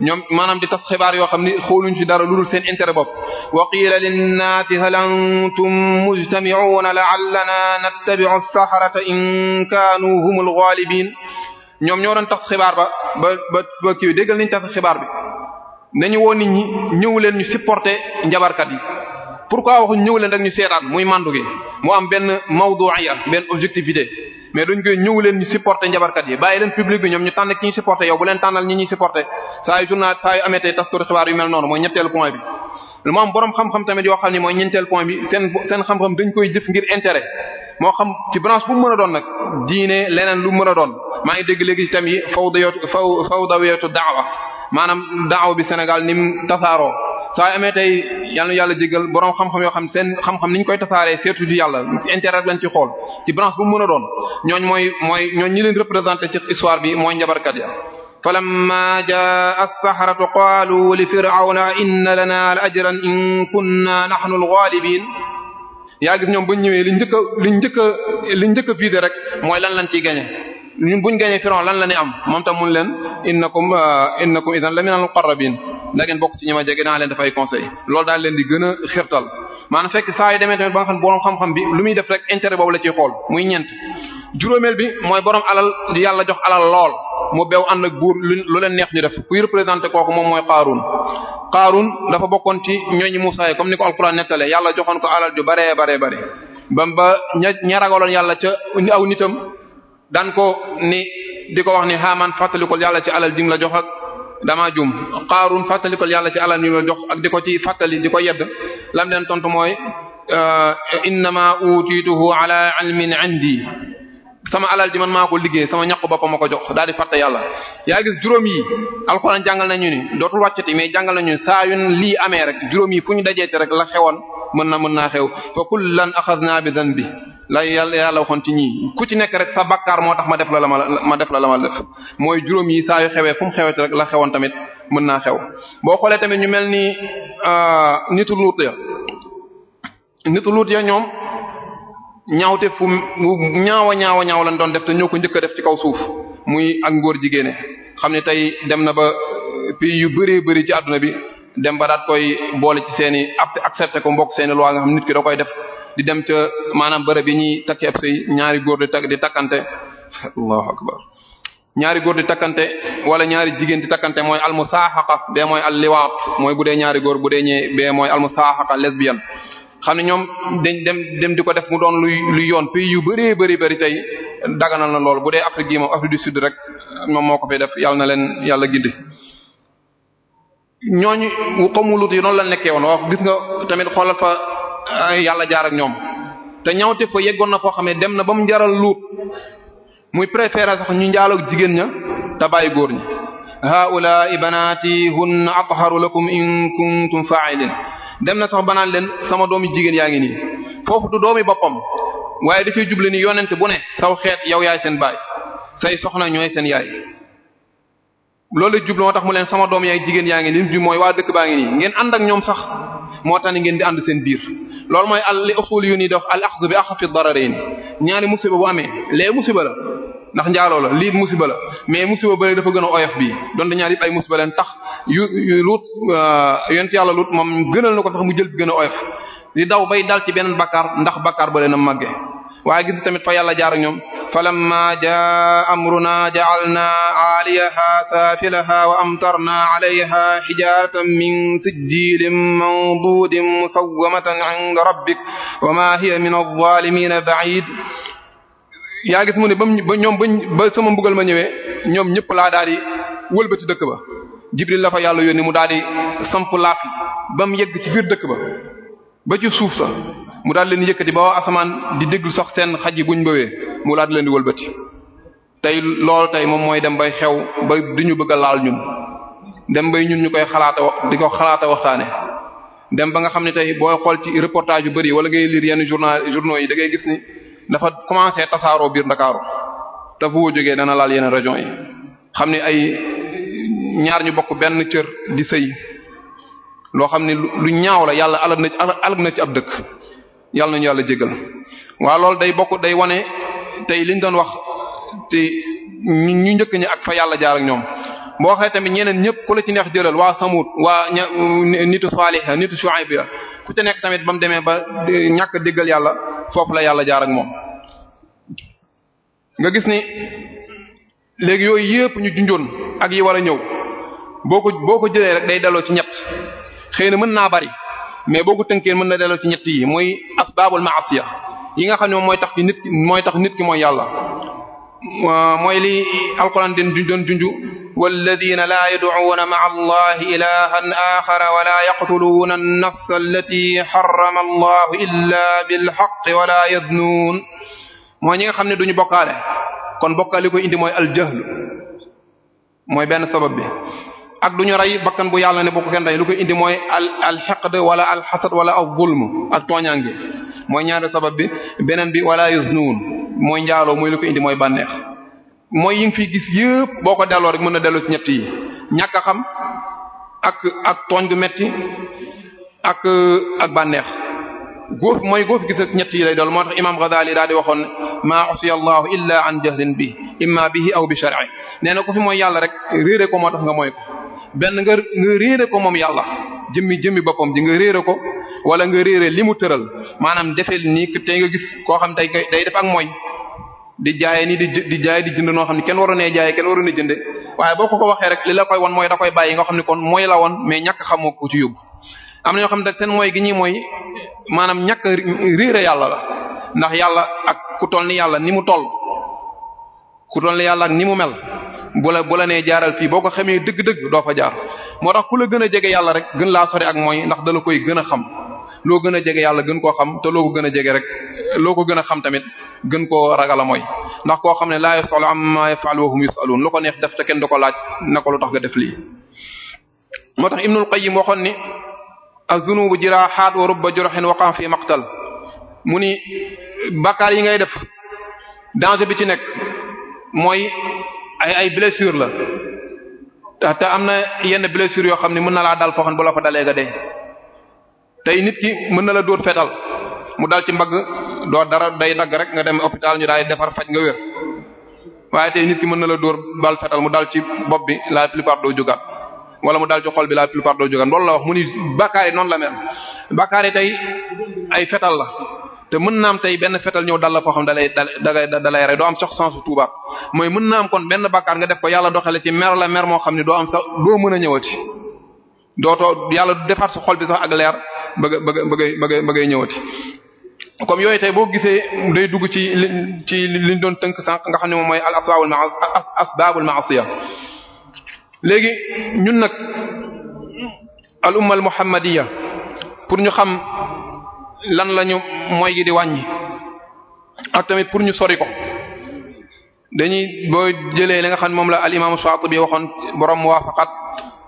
ñoom maanaam di tax xibaar yoo xam ni xooluñ ci dara lu dul seen intérêt bopp wa qiila linnaasi hal antum mujtami'uuna la'allana nattabi'u as-sahrata in kaanu humul ghaalibiin ñoom ñoo doon tax xibaar ba ba ba ba kii déggal nañ tas xibaar bi nañu woo nit ñi ñëw leen ñu supporter njabarkat yi pourquoi waxuñ ñëw leen rek ñu seetaan muy mandu gi mu am benn mawdu'iyya benn objectivité mais duñ koy ñëw leen ñu supporter njabarkat yi bàyyi leen public bi ñoom ñu tànn ki ñu supporter yow bu leen tànnal ñi ñuy supporter saa yu journal saa yu ameetee taskatu xibaar yu mel noonu mooy ñetteelu point bi lu mu xam-xam tamit yoo xam ni mooy ñeenteel point bi seen seen xam-xam dañ koy jëf ngir intérêt moo xam ci branche bu mu mën a doon nag diine leneen lu mën a doon maa ngi dégg léegi itam yi faw dayotu faw faw daweetu daawa maanaam daaw bi Sénégal ni mu tasaaroo saa amee tey yal na yàlla jégal borom xam-xam yoo xam seen xam-xam ñu koy tasaaree surtout di yàlla ci intérêt lañ ci xool ci branche bu mu mën a doon ñooñ mooy mooy ñooñ ñi leen représenté ci histoire bi mooy njabarkat ya falamma jaa as-sahratu qaalu li fir'awna inna lana la ajran in kunna nahnu al-ghaalibin yaa gis ñoom buñ ñëwee li njëkk a li njëkk a li njëkk a vider rek mooy lan lañ ciy gagné ñun buñ gagné Firawna lan la ñuy am moom tam mun leen innakum innakum idan la minal muqarrabin da ngeen bokk ci ñi ma jege naa leen dafay conseil loolu daal leen di gën a xirtal maanaam fekk saa yi demee tamit ba nga xam borom xam-xam bi lu muy def rek intérêt boobu la ciy xool muy ñeent juróomeel bi mooy borom alal di yàlla jox alal lool mu bew ànd ak buur lu leen neex ñu def kuy représenté kooku moom mooy Qaaruun Qaaruun dafa bokkoon ci ñooñu Muusaa yi comme ni ko alxuraan nettalee yàlla joxoon ko alal ju bare bare bare bam ba ña ña ragaloon yàlla ca aw nitam daan ko ni di ko wax ni xaamaan fàttalikul yàlla ci alal ji nga jox ak damaa jum xaarun fàttalikol yàlla ci alal yi la jox ak di ko ci fàttali di ko yedd lam leen tontu mooy euh, innama utituhu ala ilmin indi sama alal ji man maa ko liggéey sama ñaq boppam ma ko jox daal di fàtte yàlla yaa gis juróom yi alxuraan jàngal nañu ni dootul wàccati mais jàngal nañu saa yu lii amee rek juróom yi fu ñu dajeete rek la xewoon mën na mën naa xew fa kullan axadnaa bi zanbi la yàlla yàlla waxoon ci ñii ku ci nekk rek sa bakkaar moo tax ma def la la ma ma def la la ma mooy juróom yi saa yu xewee fu mu xewete rek la xewoon tamit mën naa xew boo xoolee tamit ñu mel ni ah, nitu luut ya nitu luut ya ñaawte fu ñaawa ñaawa ñaaw lañ doon def te ñoo ko njëkk def ci kaw suuf muy ak ngóor jigéene xam ne tey dem na ba pii yu bëree bëri ci àdduna bi dem ba daat koy boole ci seen i accepté ko mbokk seeni i loi xam nit ki da koy def di dem ca maanaam bërëb yi ñuy takki ab ñaari góor di tak di takkante allahu akbar ñaari góor di takkante wala ñaari jigéen di takkante mooy almusaaxaqa bee mooy al alliwaat mooy bu dee ñaari góor bu dee ñee bee mooy almusaaxaqa lesbienne xam ne ñoom dañ dem dem di ko def mu doon luy luy yoon pays yu bëree bëri bëri tey daganal na loolu bu dee Afrique yi moom Afrique du Sud rek moom moo ko fay def yàlla na leen yàlla gindi. ñooñu la nekkee woon wax gis tamit xoolal yàlla jaar ñoom te ñawte fa yeggoon na foo xam ne dem na ba mu jaral luut muy préférer sax ñu njaaloog jigéen ña te bàyyi góor ñi haula banati hunna atharu lakum in kuntum fa'ilin dem na sax banaan leen sama doomi jigéen yaa ngi nii foofu du doomi boppam waaye dafay juble ni yonent bu ne saw xeet yow yaay seen baay say soxna ñooy seen yaay loolu jublu moo tax mu leen sama doom yaay jigéen yaa ngi nii du mooy waa dëkk baa ngi nii ngeen ànd ak ñoom sax moo tax ni ngeen di ànd seen biir loolu mooy al li usul yu ni dox al axd bi axafi dararayn ñaari musiba bu amee lee musiba la ndax njaaloo la lii musiba la mais musiba bële dafa gën a oyof bii donte ñaar yëpp ay musiba leen tax yu yu luut euh, yent yàlla luut moom gënal na ko sax mu jël bi gën a oyof di daw bay dal ci beneen bakkaar ndax bakkaar bële na màgge waaye gis tamit fa yàlla jaar ñoom falamma jaa amruna ja'alna 'aliyaha safilaha wa amtarna 'alayha hijaratan min sijjilin mandudin musawwamatan 'inda rabbik wa ma hiya min adh-dhalimin ba'id yaa gis mu ne ba mu ba ñoom ba sama mbugal ma ñëwee ñoom ñëpp laa daal di wëlbati dëkk ba Jibril la fa yàlla yónni mu daal di samp laafi ba mu yegg ci biir dëkk ba ba ci suuf sa mu daal leen yëkkati ba waa asamaan di déglu sax seen xaj yi buñ bawee mu laa di leen di wëlbati tey loolu tey moom mooy dem bay xew ba du ñu bëgg laal ñun dem bay ñun ñu koy xalaata di ko xalaata waxtaane dem ba nga xam ne tey booy xool ci reportage yu bari wala ngay lire yenn journal journaux yi da gis dafa commencé tasaaroo biir ndakaaru te fu jógee dana laal yenn région yi xam ne ay ñaar ñu bokk benn cër di sëy loo xam ne lu ñaaw la yàlla alag na alag na ci ab dëkk yàlla nañu yàlla jégal waa loolu day bokk day wane tey liñ doon wax te ñu njëkk ñi ak fa yàlla jaar ak ñoom boo xee tamit ñeneen ñëpp ku la ci neex jëlal waa Samut waa nitu Salih nitu Shuaib ku ci nekk tamit ba mu demee ba ñàkk déggal yàlla foofu la yàlla jaar ak moom. nga gis ni léegi yooyu yépp ñu junjoon ak yi war a ñëw boo ko boo ko jëlee rek day delloo ci ñett xëy na mën naa bari mais boo ko tënkee mën na delloo ci ñett yi muy asbaabul ma'asiya yi nga xam ne moom mooy tax nit mooy tax nit ki mooy yàlla. mooy li alquran den doon junju walladina laa yad'uuna ma'a allahi ilahan axara wala yaqtuluuna an-nafsa allati harrama allahu illa bilhaqqi wala yadnuun mooy ñi nga xam ne duñu bokkaale kon bokkaale koy indi mooy aljahlu mooy benn sabab bi ak duñu rey bakkan bu yàlla ne bokk kenn rey lu koy indi mooy al alxeqd wala alxasad wala al zulm ak tooñaange mooy ñaari sabab bi beneen bi wala yaznuun mooy njaaloo mooy li ko indi mooy bànneex mooy yi nga fiy gis yëpp boo ko delloo rek mën na delloo ci ñett yi ñàkk a xam ak ak tooñ gu metti ak ak bànneex góof mooy góof gis rek ñett yi lay dool moo tax imam Ghazali daal waxoon maa usiya allahu illa an jahlin bi imma bihi aw bi shar'i nee na ko fi mooy yàlla rek réere ko moo tax nga mooy ko benn nga nga réere ko moom yàlla jëmmi jëmmi boppam ji nga réere ko wala nga réere li mu tëral maanaam li nii tey nga gis koo xam day day def ak mooy di jaaye nii di di jaay di jënd noo xam ne kenn waroon jaaye jaayee kenn waroon a jënde waaye boo ko ko waxee rek li la koy won mooy da koy bàyyi nga xam ne kon mooy la woon mais ñàkk xamoo ko ci yóbbu am na ñoo xam ne seen mooy gi ñuy mooy maanaam ñàkk réere yàlla la ndax yàlla ak ku toll ni yàlla ni mu toll ku toll ni yàlla ak ni mu mel bu la bu la nee jaaral fii boo ko xamee dëgg-dëgg doo fa jaar moo tax ku la gën a jege yàlla rek gën laa sori ak mooy ndax dala koy gën a xam loo gën a jege yàlla gën koo xam te loo ko gën a jege rek loo ko gën a xam tamit gën ko ragala a mooy ndax koo xam ne laa yasalu amma yafalu wa hum yusalun lu ko neex def te kenn du ko laaj na ko lu tax nga def lii moo tax Ibnul Qayyim waxoon ni az-zunubu jirahat wa rubba jurhin waqa fi maqtal mu ni bàkkaar yi ngay def bi ci nekk ay ay blessure la te am na yenn blessure yoo xam ne mën na laa dal foo xam bu la fa dalee nga dee tey nit ki mën na la dóor fetal mu dal ci mbagg doo dara day dagg rek nga dem hôpital ñu daal defar faj nga wér waaye tey nit ki mën na la dóor bal fetal mu dal ci bopp bi la plupart doo jógaat wala mu dal ci xol bi la plupart doo jógaat loolu la wax mu ni bakkaar yi noonu la mel bakkaar yi tey ay fetal la te mën na am tey benn fetal ñëw dal la foo xam dalay dalay dalay rey doo am sox sansu tuuba mooy mën na am kon benn bakkaar nga def ko yàlla doxale ci mer la mer moo xam ne doo am sax doo mën a ñëwati dootoo yàlla defaat sa xol bi sax ak leer bëgg bëgg bëgg bëgg bëgg ñëwati comme yooyu tey boo gisee day dugg ci ci liñ doon tënk sànq nga xam ne moom mooy al asbaabul ma asbaabul ma'asiya léegi ñun nag al umma al muhammadiya pour ñu xam lan lañu mooy gi di wàññi ak tamit pour ñu sori ko dañuy boo jëlee li nga xam ne moom la al imam Shaatibi waxoon borom muwaafaqat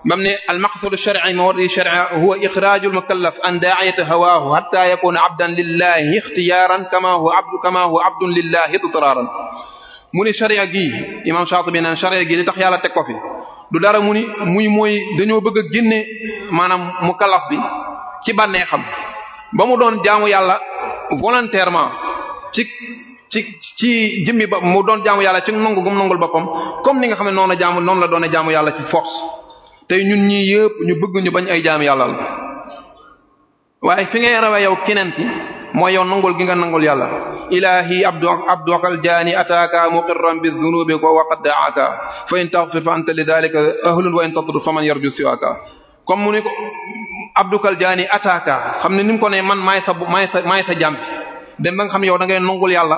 bam ne al maqsadu shar'i mawridi shar'i huwa ixraaju al mukallaf an daa'iyati hawaahu hatta yakuna abdan lillahi ikhtiyaaran kama huwa abdu kama huwa abdun lillahi idraaran mu ni sharia gii imam Shaatibi naan sharia gi li tax yàlla teg ko fi du dara mu ni muy mooy dañoo bëgg a génne maanaam mukallaf bi ci banneexam ba mu doon jaamu yàlla volontairement ci ci ci jëmmi ba mu doon jaamu yàlla ci nangu gum nangul boppam comme ni nga xam ne noonu la jaamu noonu la doone jaamu yàlla ci force tey ñun ñii yëpp ñu bëgg ñu bañ ay jaamu yàlla waaye fi ngay rawee yow keneen ki mooy yow nangul gi nga nangul yàlla ilahi abdu abdukal jaani ataaka muqirran bizunubi wa qad da'aka fa in taghfir fa anta lidhalika ahlun wa in tatrud faman yarju siwaka comme mu ni ko abdukal jaani ataaka xam ne ni mu ko ne man maay sa maay sa maay sa jàmbi dem ba nga xam ne yow da ngay nongul yàlla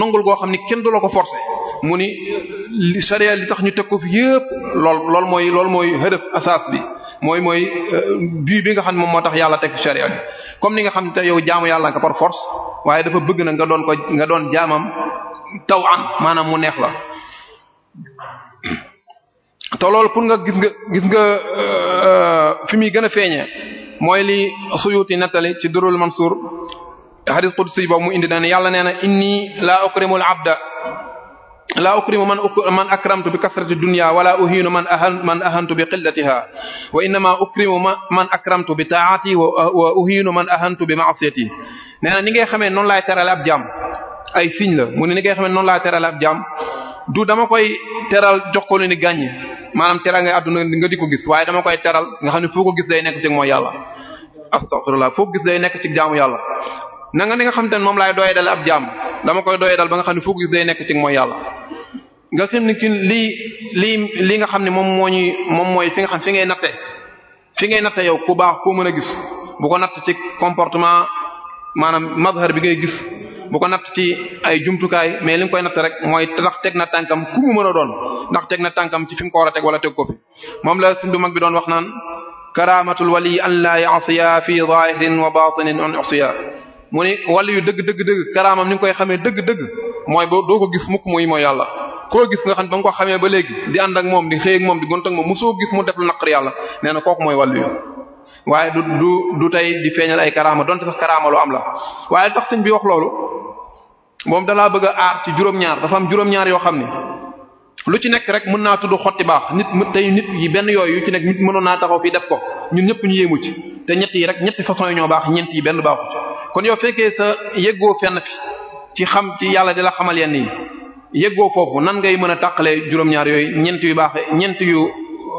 nongul goo xam ni kenn du la ko forcer mu ni sariya li tax ñu teg ko fi yépp lool lool mooy lool mooy hëdëf asaas bi mooy mooy euh, bii bi nga xam ne moom moo tax yàlla teg fi sariya bi comme ni nga xam ne te yow jaamu yàlla nga par force waaye dafa bëgg na nga doon ko nga doon jaamam taw an maanaam mu neex la te loolu pour nga gis nga gis nga euh, fi muy gën a feeñee mooy li suyuti nettali ci durul mansuur hadis qudsi boobu mu indi na ne yàlla nee na inni laa ukrimul abda laa ukrimu man man akramtu bi kasrati dunya wala uhinu man man ahantu bi qillatiha wa innama ukrimu man akramtu bi taati wa uhinu man ahantu bi ma'siyati nee na ni ngay xamee noonu laay terale ab jaam ay signe la mu ne ni ngay xamee noonu laay teral ab jaam du dama koy teral jox ko lu ni gàññe maanaam nga àdduna nga di ko gis waaye dama koy teral nga xam ne foo ko gis day nekk ci mooy yàlla astaghfirullah foo ko gis day nekk ci jaamu yàlla na nga ni nga xam te ne moom laay doyee dale ab jaam dama koy doyee dal ba nga xam ne foo ko gis day nekk ci mooy yàlla nga sim ni ki lii lii lii nga xam ne moom moo ñuy moom mooy fi nga xam fi ngay natte fi ngay natte yow ku baax koo mën a gis bu ko natt ci comportement maanaam mazhar bi ngay gis bu ko natt ci ay jumtukaay mais li nga koy natt rek mooy tax teg na tànkam ku mu mën a doon ndax teg na tànkam ci fi ko war a teg wala teg ko fi moom la sundu mag bi doon wax naan karamatul wali an la ya'siya fi zahirin wa batinin an yusiya mu ni wali yu dëgg dëgg dëgg karaamam ni nga koy xamee dëgg dëgg mooy boo doo ko gis mukk muy mooy yàlla koo gis nga xam ba nga ko xamee ba léegi di ànd ak moom di xëy ak moom di gont ak moom gis mu def lu naqar yàlla na kooku mooy wali waaye du du du tey di feeñal ay karaama donte sax karaama lu am la waaye tax sëñ bi wax loolu moom dalaa bëgg a aar ci juróom-ñaar dafa am juróom-ñaar yoo xam ne lu ci nekk rek mën naa tudd xotti baax nit mu tey nit yi benn yooyu yu ci nekk nit mënoon naa taxaw fii def ko ñu ñëpp ñu yéemu ci te ñett yi rek ñetti façon yi ñoo baax ñeent yi benn baaxu ci kon yow fekkee sa yëggoo fenn fi ci xam ci yàlla di la xamal yenn yi yëggoo foofu nan ngay mën a tàqalee juróom-ñaar yooyu ñeent yu baax ñeent yu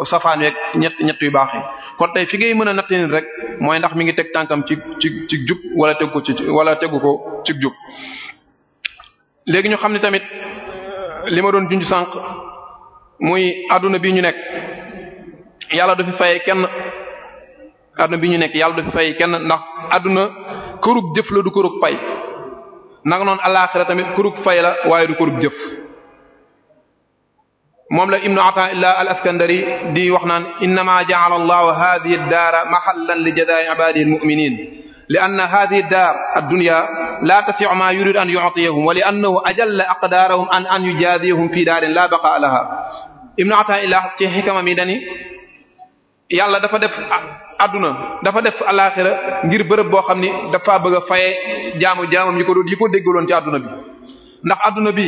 safaan yeeg ñett ñett yu baax yi kon tey fi ngay mën a natt nit rek mooy ndax mi ngi teg tànkam ci ci ci jub wala tegu ko ci wala tegu ko ci jub. léegi ñu xam ne tamit euh, li ma doon junj sànq muy àdduna bi ñu nekk yàlla du fi fay kenn adduna bi ñu nekk yàlla du fi fay kenn ndax àdduna kërug jëf la du kërug pay naka noonu alaaxira tamit kërug fay la waaye du kërug jëf. moom la ibnu ataillah al askandari di wax naan innama ja'ala allahu hadhihi ad-daara mahallan li jazaa'i ibaadihi al-mu'miniin li anna hadhihi ad-daar ad-dunya la tasi'u ma yuridu an yu'tiyahum wa li annahu ajalla aqdaarahum an an yujaaziyahum fi daarin la baqaa'a laha ibnu ataillah ci xikama mi dani yàlla dafa def adduna dafa def alaxira ngir bërëb boo xam ni dafa bëgg a faye jaamu jaamam yi ko doon yi ko déggaloon ci adduna bi ndax adduna bi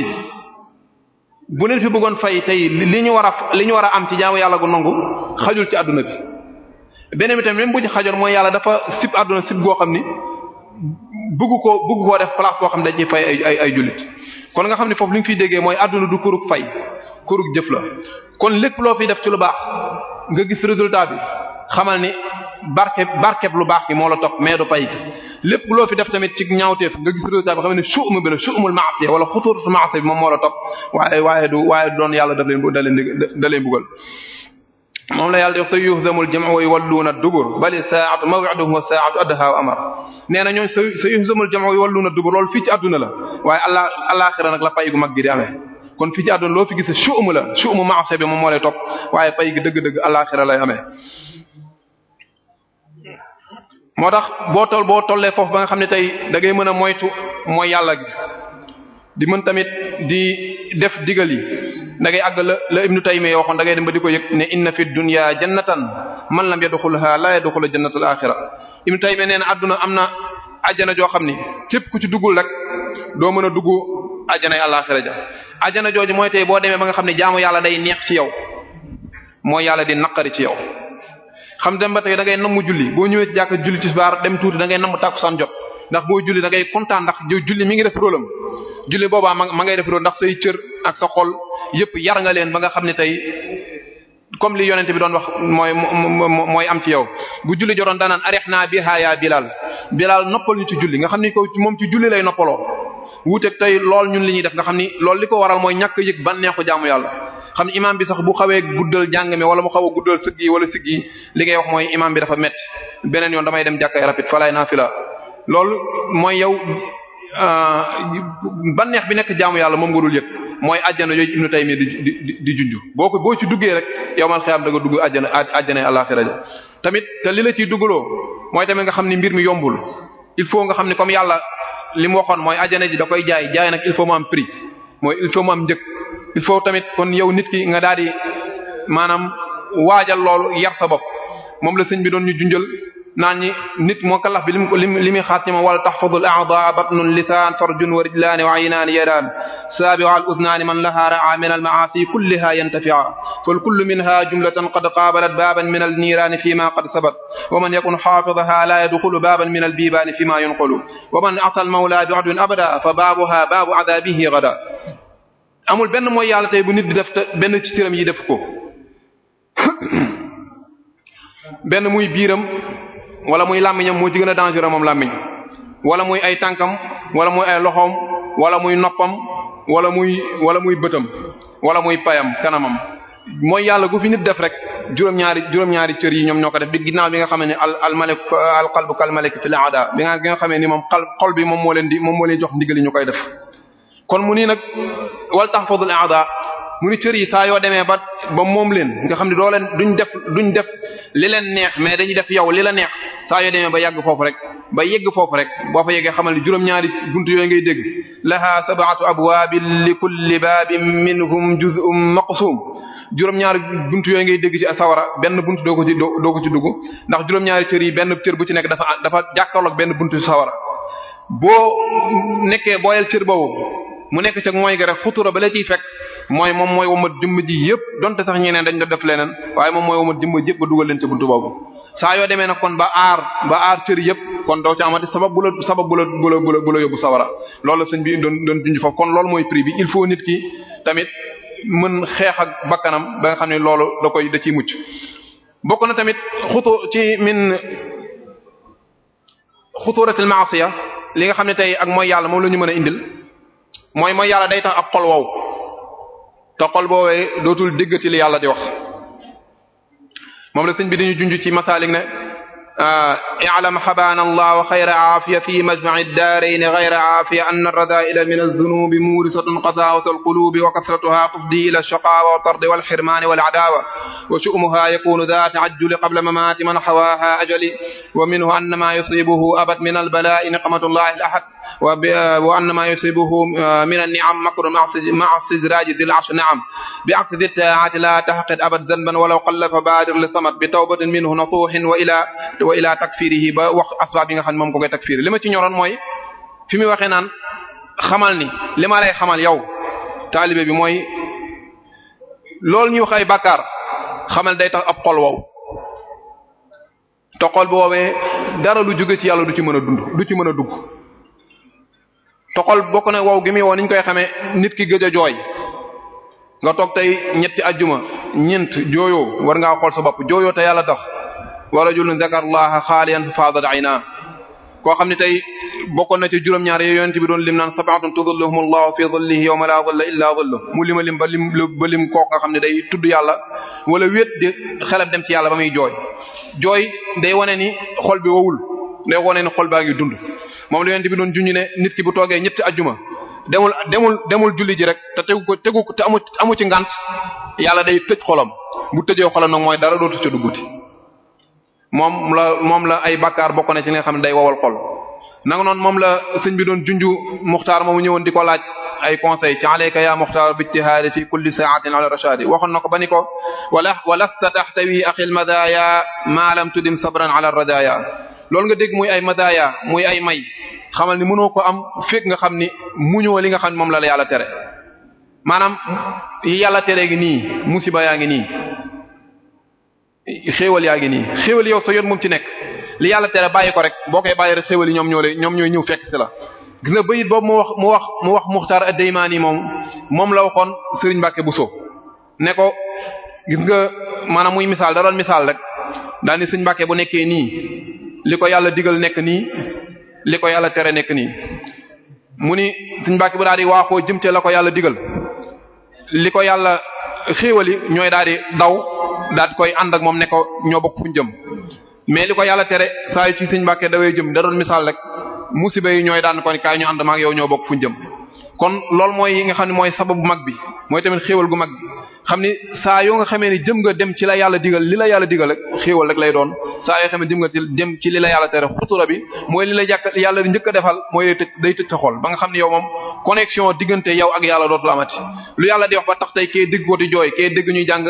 bu leen fi bëggoon fay tey li ñu war a li ñu war a am ci jaamu yàlla gu nangu xajul ci àdduna bi beneen bi tamit même bu ci xajoon mooy yàlla dafa sib àdduna sib goo xam ni bëggu koo bëggu koo def place koo xam ne dañ ciy fay ay ay ay jullit kon nga xam ne foofu li ñu fiy déggee mooy àdduna du kuruk fay kuruk jëf la kon lépp loo fiy def ci lu baax nga gis résultat bi xamal ni barke barkeb lu baax gi moo la topp mais du pay lépp loo fi def tamit ci ñaawteef nga gis résultat bi xam ne suum bi la suumul maasiya wala xuturatu maasiya bi moom moo la topp waaye waaye du waaye du yàlla daf leen da moom la yàlla di wax sa yuhzamul jam'u wa yawalluuna dubur bali saa'atu maw'iduhum wa saa'atu adhaa wa amar nee na ñooñ sa sa yuhzamul jam'u wa yawalluuna dubur fii ci àdduna la waaye allah alaxira nag la pay gu mag gi di kon fii ci loo fi gis suum la suum maasiya bi moom moo lay topp waaye pay gi dëgg-dëgg alaxira lay moo tax boo toll boo tollee foofu ba nga xam ne tey dangay mën a moytu mooy yàlla di mën tamit di def digal yi da ngay àgg la la ibnu Taymiyya waxoon da ngay dem ba di ko yëg ne inna fi dunya jannatan man lam yadxulha la yadxulu jannatul axira ibnu Taymiyya nee na àdduna am na ajjana joo xam ni képp ku ci duggul rek doo mën a dugg ajjana alaxira ja ajjana jooju mooy tey boo demee ba nga xam ne jaamu yàlla day neex ci yow mooy yàlla di naqari ci yow xam dem ba tey da nam namm julli boo ñëwee ci jàkk julli tisbaar dem tuuti da ngay namm tàkkusaan jot ndax boo julli da ngay kontaan ndax julli mi ngi def rôlam julli boobaa ma ngay def rôle ndax say cër ak sa xol yépp yar nga leen ba nga xam ne tey comme li yonente bi doon wax mooy mooy am ci yow bu julli jotoon daanaan arihna biha ya bilal bilal noppal ñu ci julli nga xam ni ko moom ci julli lay noppaloo wuuteeg tey lool ñun li ñuy def nga xam ni loolu li ko waral mooy ñàkk yëg banneexu jaamu yàlla xam imam bi sax bu xawee guddal jàng mi wala mu xaw a guddal sëgg yi wala sëgg yi li ngay wax mooy imam bi dafa métti beneen yoon damay dem jàkkaay rapide falaay naa fi la loolu mooy yow euh, banneex bi nekk jaamu yàlla moom nga dul yëg mooy àjjana yooyu ibnu taymi di di di junju boo ko ci duggee rek yow man xiyam da dugg àjjana àjjana àllaxira ja tamit te li la ciy duggaloo mooy tamit nga xam ni mbir mi yombul il faut nga xam ni comme yàlla li mu waxoon mooy ajana ji da koy jaay jaay nag il faut mu am prix mooy il faut mu am njëg il faut tamit kon yow nit ki nga daal di maanaam waajal loolu yar sa bopp moom la sëñ bi doon ñu junjal naan ñi nit moo kalaf bi lim lim li muy xaat ñi wala tahfazul a'da batnun lisaan farjun wa rijlaan wa aynaan yadaan saabi'u al-udhnaan man lahaa ra'a min al-ma'aasi kullihaa yantafi'a fal kullu minhaa jumlatan qad qaabalat baaban min al-niiraan fiimaa qad sabat wa man yakun haafizahaa laa yadxulu baaban min al-biibaan fiimaa yunqalu wa man asaa al-mawlaa bi'adwin abadan fa baabuhaa baabu adaabihi ghadan amul benn mooy yàlla tey bu nit di def te benn ci cëram yi def ko benn muy biiram wala muy làmmiñam moo ci gën a dangereux moom làmmiñ wala muy ay tànkam wala muy ay loxoom wala muy noppam wala muy wala muy bëtam wala muy payam kanamam mooy yàlla gu fi nit def rek juróom-ñaari juróom-ñaari cër yi ñoom ñoo ko def bi ginnaaw bi nga xamee ne al al malik al qalbu kal malik bi nga xamee ni moom xol bi moom moo leen di moom moo leen jox ndigal yi ñu koy def. kon mu nii nag wal tax tahfazul a'da mu ni cër yi saa yoo demee ba ba moom leen nga xam ne doo leen duñ def duñ def li leen neex mais dañuy def yow li la neex saa yoo demee ba yàgg foofu rek ba yegg foofu rek boo fa yeggee xamal ni juróom-ñaari buntu yooyu ngay dégg laha sab'atu abwaabin li kulli baabin minhum juz'un maqsuum juróom-ñaari buntu yooyu ngay dégg ci sawara benn bunt doo ko ci doo ko ci dugg ndax juróom-ñaari cër yi benn cër bu ci nekk dafa dafa jàkkaarloog benn buntu sawara boo nekkee booyal cër boobu mu nekk ca mooy ga rek xutura ba la ciy fekk mooy moom mooy wama dimba ji yëpp donte sax ñeneen dañ doon def leneen waaye moom mooy wama dimba ji yëpp ba dugal leen ca buntu boobu saa yoo demee na kon ba aar ba aar cër yëpp kon doo ci amati sabab bu la sabab bu la bu la bu la yóbbu sawara loolu la bi doon doon junj kon loolu mooy prix bi il faut tamit mën xeex ak bakkanam ba nga xam ne da koy da ciy mucc bokk na tamit xutu ci min xuturatil maasiya li nga xam ne tey ak mooy yàlla moom la ñu mën a indil mooy mooy yàlla day tax ak xol wow te xol boowee dootul déggati li yàlla di wax moom la sëñ bi dañu junj ci masaalik ne ah, i'lam xabaana allah xayra aafiya fi majmaci daarayni xayra aafiya anna radaa'ila min az-zunuubi muurisatun qasaawatu al-quluubi wa kasratuhaa tufdii ila ash-shaqaawa wat-tardi wal-hirmaani wal-cadaawa wa shu'muhaa yakuunu daa ta'ajjuli qabla mamaati man hawaahaa ajali wa minhu anna maa yusiibuhu abad min al-balaa'i niqmatullaahi al-ahad wa anna ma yusibuhu ah, min an-ni'am makrun ma'a istidraji dhil arsh na'am bi'aksi dhi ta'ati la tahqid abad dhanban walaw qalla fa badir li samat bi tawbatin minhu nasuhin wa ila wa ila takfirihi ba wax asbaab yi nga xam ne moom ko koy takfir li ma ci ñoroon moy fi mu waxee naan xamal ni li lay xamal yow taalibe bi mooy loolu ñuy wax ay bàkkaar xamal day tax ab xol wow te xol boobee dara lu jóge ci yàlla du ci mën a dund du ci mën a dugg te xol bokk na wow gi muy wow niñ koy xamee nit ki gëj jooy nga toog tey ñetti ajjuma ñeent jooyo war ngaa xool sa bopp jooyoo te yàlla tax wala julun zakarallaha xaaliyan faadat naa koo xam ne tey bokkoon na ci juróom-ñaar yooyu yonent bi doon lim naan sab'atun tudhilluhum allahu fi dhillihi yawma la dhilla illa dhilluh mu lima ba lim ba lim kooku nga xam ne day tudd yàlla wala wéet di xelam dem ci yàlla ba muy jooy jooy day wane ni xol bi wowul day wane ni xol baa ngi dund moom la yonent bi doon junj ne nit ki bu toogee ñetti ajjuma demul demul demul julli ji rek te tegu ko tegu ko te amu amu ci ngant yàlla day tëj xolam bu tëjee xolam nag mooy dara dootu ca dugguti moom moom la ay bakaar bokk na ci li nga xam ne day wowal xol nanga noonu moom la sëñ bi doon junj muxtaar moomu ñëwoon di ko laaj ay conseil ci alayka ya muxtaar bijtihaadi fi kulli sa'atin ala rashadi waxoon na ko ba ni ko wala walasta taxtawi axil madaya ma lam tudim sabran ala radaya loolu nga dégg muy ay madaaya muy ay may xamal ni mënoo ko am fekk nga xam ni muñoo li nga xam ne moom la la yàlla tere maanaam yàlla tere ngi nii musiba yaa ngi nii xéewal yaa ngi nii xéewal yow sa yoon moom ci nekk li yàlla tere bàyyi ko rek boo koy bàyyi rek xéewal yi ñoom ñoo ñoom ñooy ñëw fekk si la gis nga bayit boobu mu wax mu wax mu wax Muxtaar ad-Daymaani moom moom la waxoon Serigne Mbacke Bousso ne ko gis nga maanaam muy misaal da doon misaal rek daal ni Serigne bu nekkee nii li ko yàlla digal nekk nii li ko yàlla tere nekk nii mu ni suñ mbàkki bu daal di waaxoo jëm te la ko yàlla digal li ko yàlla xéewali ñooy daal di daw daal koy ànd ak moom ne ko ñoo bokk fuñ jëm mais li ko yàlla tere saa yu ci suñ mbàkkee dawee jëm da doon misaal rek musiba yi ñooy daan kon kaay ñu ànd maak yow ñoo bokk fuñ jëm kon loolu mooy yi nga xam ne mooy sababu mag bi mooy tamit xéewal gu mag xam ni saa yoo nga xamee ni jëm nga dem ci la yàlla digal li la yàlla digal rek xéewal rek lay doon saa yoo xam ne jëm nga dem ci li la yàlla tere xutura bi mooy li la jàkk yàlla njëkk a defal mooy tëj day tëj sa xol ba nga xam ne yow moom connexion diggante yow ak yàlla dootul amati lu yàlla di wax ba tax tey kee dégg ko di jooy kee dégg ñuy jàng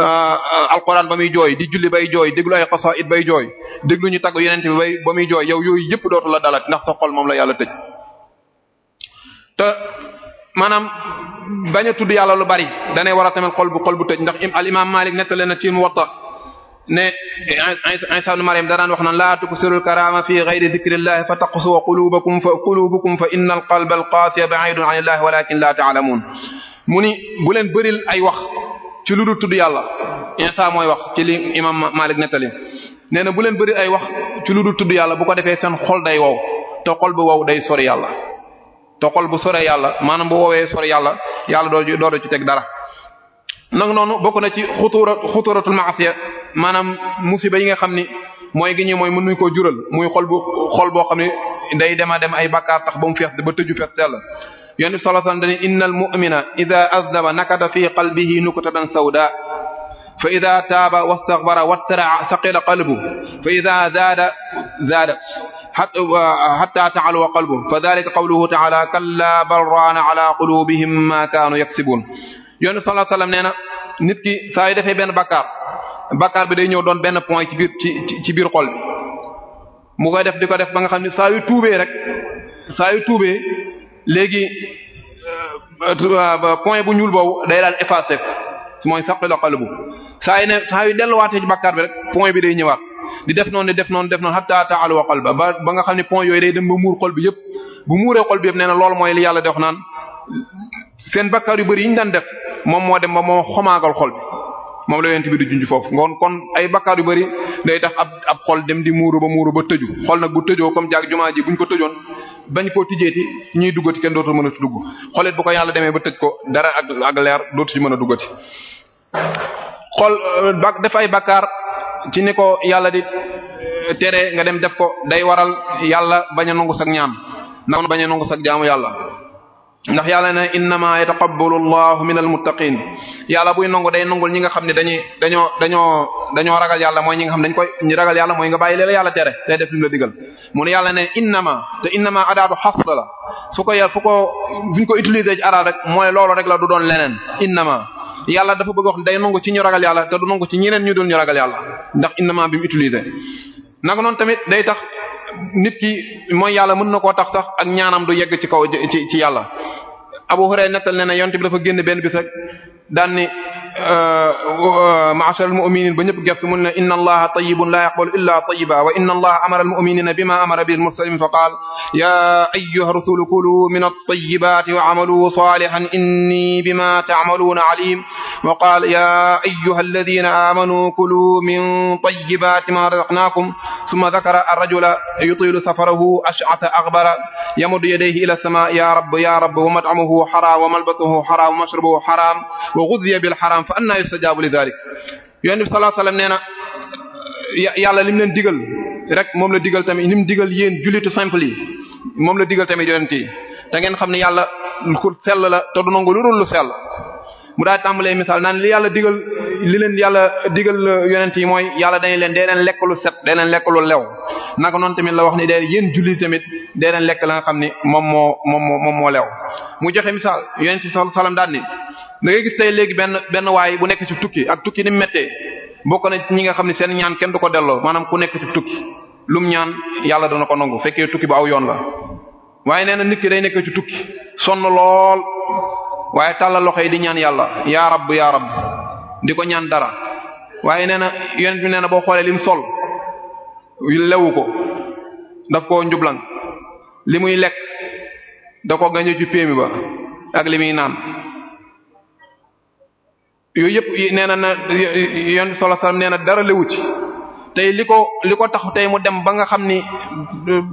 euh, alquran ba muy jooy di julli bay jooy déglu ay xasaid bay jooy déglu ñu tagg yeneen bi bay ba muy jooy yow yooyu yëpp dootu la ndax sa xol moom la yàlla tëj maanaam bañ a tudd yàlla lu bari danay war a tamit xol bu xol bu tëj ndax al imaam Maalik nettali na ci Muwatta ne Isa ibn Maryam daraan wax naan laa tuksirul karaama fi ghayri dhikrillah fa taqsuwa qulubukum fa qulubukum fa innal qalbal qaasiya ba'idun anillah walakin la ta'lamun mu ni bu leen bëril ay wax ci lu dul tudd yàlla Isa mooy wax ci li imaam Maalik nettali nee na bu leen bëril ay wax ci lu dul tudd yàlla bu ko defee seen xol day wow te xol bu wow day soriyàlla te xol bu sore yàlla maanaam bu woowee sore yàlla yàlla doo doo ci teg dara nag noonu bokk na ci xutura xuturatul maasiya maanaam musiba yi nga xam ni mooy gi ñi mooy mën nuñ koo jural muy xol bu xol boo xam ne day dema dem ay bakkaar tax ba mu fees ba tëju fees tell yon bi sallallahu alayhi wasallam innal mu'mina idha azdaba nakata fi qalbihi nukatan sawda fa idha taaba wa wattara saqila qalbu fa idha zaada zaadat hatta ta'aluwa qalbuhum fa dhalika qawluhu ta'ala kalla bal raana ala qulubihim ma kaanu yaksibun yonent sallallahu alayhi wasallam nee na nit ki saa yu defee benn bakkaar bakkaar bi day ñëw doon benn point ci biir ci ci biir xol bi mu koy def di ko def ba nga xam ne saa yu tuubee rek saa yu tuubee léegi euh, point bu ñuul boobu day daal effacé mooy saqila qalbu saa yu ne saa yu delluwaatee ci bakkaar bi rek point bi day ñëwaat. di def noonu def noonu def noonu hatta ta'al wa qalba ba ba nga xam ne point day dem ba muur xol bi yëpp bu muuree xol bi yëpp nee na mooy yàlla di wax naan seen bakkaar yu bëri yi ñu daan def moom moo dem ba moo xomaagal xol bi moom la yonent bi di junj foofu ngoon kon ay bakkaar yu bëri day tax ab ab xol dem di muuru ba muuru ba tëju xol nag bu tëjoo comme jaag jumaa ji buñ ko tëjoon bañ koo tijjeeti ñuy duggati kenn dootul mën a dugg xolit bu ko yàlla demee ba tëj ko dara ak ak leer dootu ci mën a duggati euh, ci ni ko yàlla di eh, tere nga dem def ko day waral yàlla bañ a nangu sag ñaan na bañ a nangu sag jaamu yàlla ndax yàlla ne innama yataqabbalu llahu min almuttaqin yàlla buy nangu day nangul ñi nga xam ne dañuy dañoo dañoo dañoo ragal yàlla mooy ñi nga xam dañ koy ñi ragal yàlla mooy nga bàyyi leen yàlla tere day def lu la digal mu ne yàlla ne innama te innama adaatu xasla la fu ko yàlla fu ko buñ ko utiliser ci araab rek mooy loolu rek la du doon leneen innama yàlla dafa bëgg wax day nangu ci ñu ragal yàlla te du nangu ci ñeneen ñu dul ñu ragal yàlla ndax innama bi mu utilisé noonu tamit day tax nit ki mooy yàlla mën na koo tax sax ak ñaanam du yegg ci kaw ci yàlla Abu Hurayra nettal ne ne yonte bi dafa génn benn bis rek daan ni ma'ashar al-mu'minin ba ñëpp gestu mu ne inna allaha tayyibun la yaqbalu illa tayyiba wa inna allaha amara al-mu'minina bima amara bihi al-mursalin fa qala ya ayyuha ar-rusulu kulu min at-tayyibati wa'malu salihan inni bima ta'maluna alim wa qala ya ayyuha alladhina amanu kulu min tayyibati ma razaqnakum thumma dhakara ar-rajula yutilu safarahu ash'atha aghbara yamuddu yadayhi ila as-sama'i ya rabb ya rabb wa mat'amuhu haram wa malbasuhu haram wa mashrubuhu haram wa ghudhiya bil haram fa anna yustajaabu li dalik yonent bi sallallahu alayhi wasallam nee na yàlla lim leen digal rek moom la digal tamit lim digal yéen jullitu simple yi moom la digal tamit yonent yi te ngeen xam ne yàlla ku sell la te du nangu lu dul lu sell mu daal tàmbalee misaal naan li yàlla digal li leen yàlla digal yonent yi mooy yàlla dañu leen dee leen lekk lu set dee leen lekk lu lew naka noonu tamit la wax ni dee yéen julli tamit dee leen lekk la xam ni moom moo moom moo moom moo lew mu joxe misaal yonent bi daal da ngay gis tey léegi benn benn waay bu nekk ci tukki ak tukki ni mu bokk na ñi nga xam ne seen ñaan kenn du ko delloo maanaam ku nekk ci tukki lum ñaan yàlla dana ko nangu fekkee tukki ba aw yoon la. waaye nee na nit ki day nekk ci tukki sonn lool waaye tàllal loxo yi di ñaan yàlla yaa rabb yaa rabb di ko ñaan dara waaye nee na yonent bi nee na boo xoolee lim sol lewu ko daf koo njublan li muy lekk da ko gañe ci péemi ba ak li muy naan. yooyu yëpp nee na na yon sallallahu alayhi wasallam nee na dara lewu ci tey li ko li ko tax tey mu dem ba nga xam ni eh,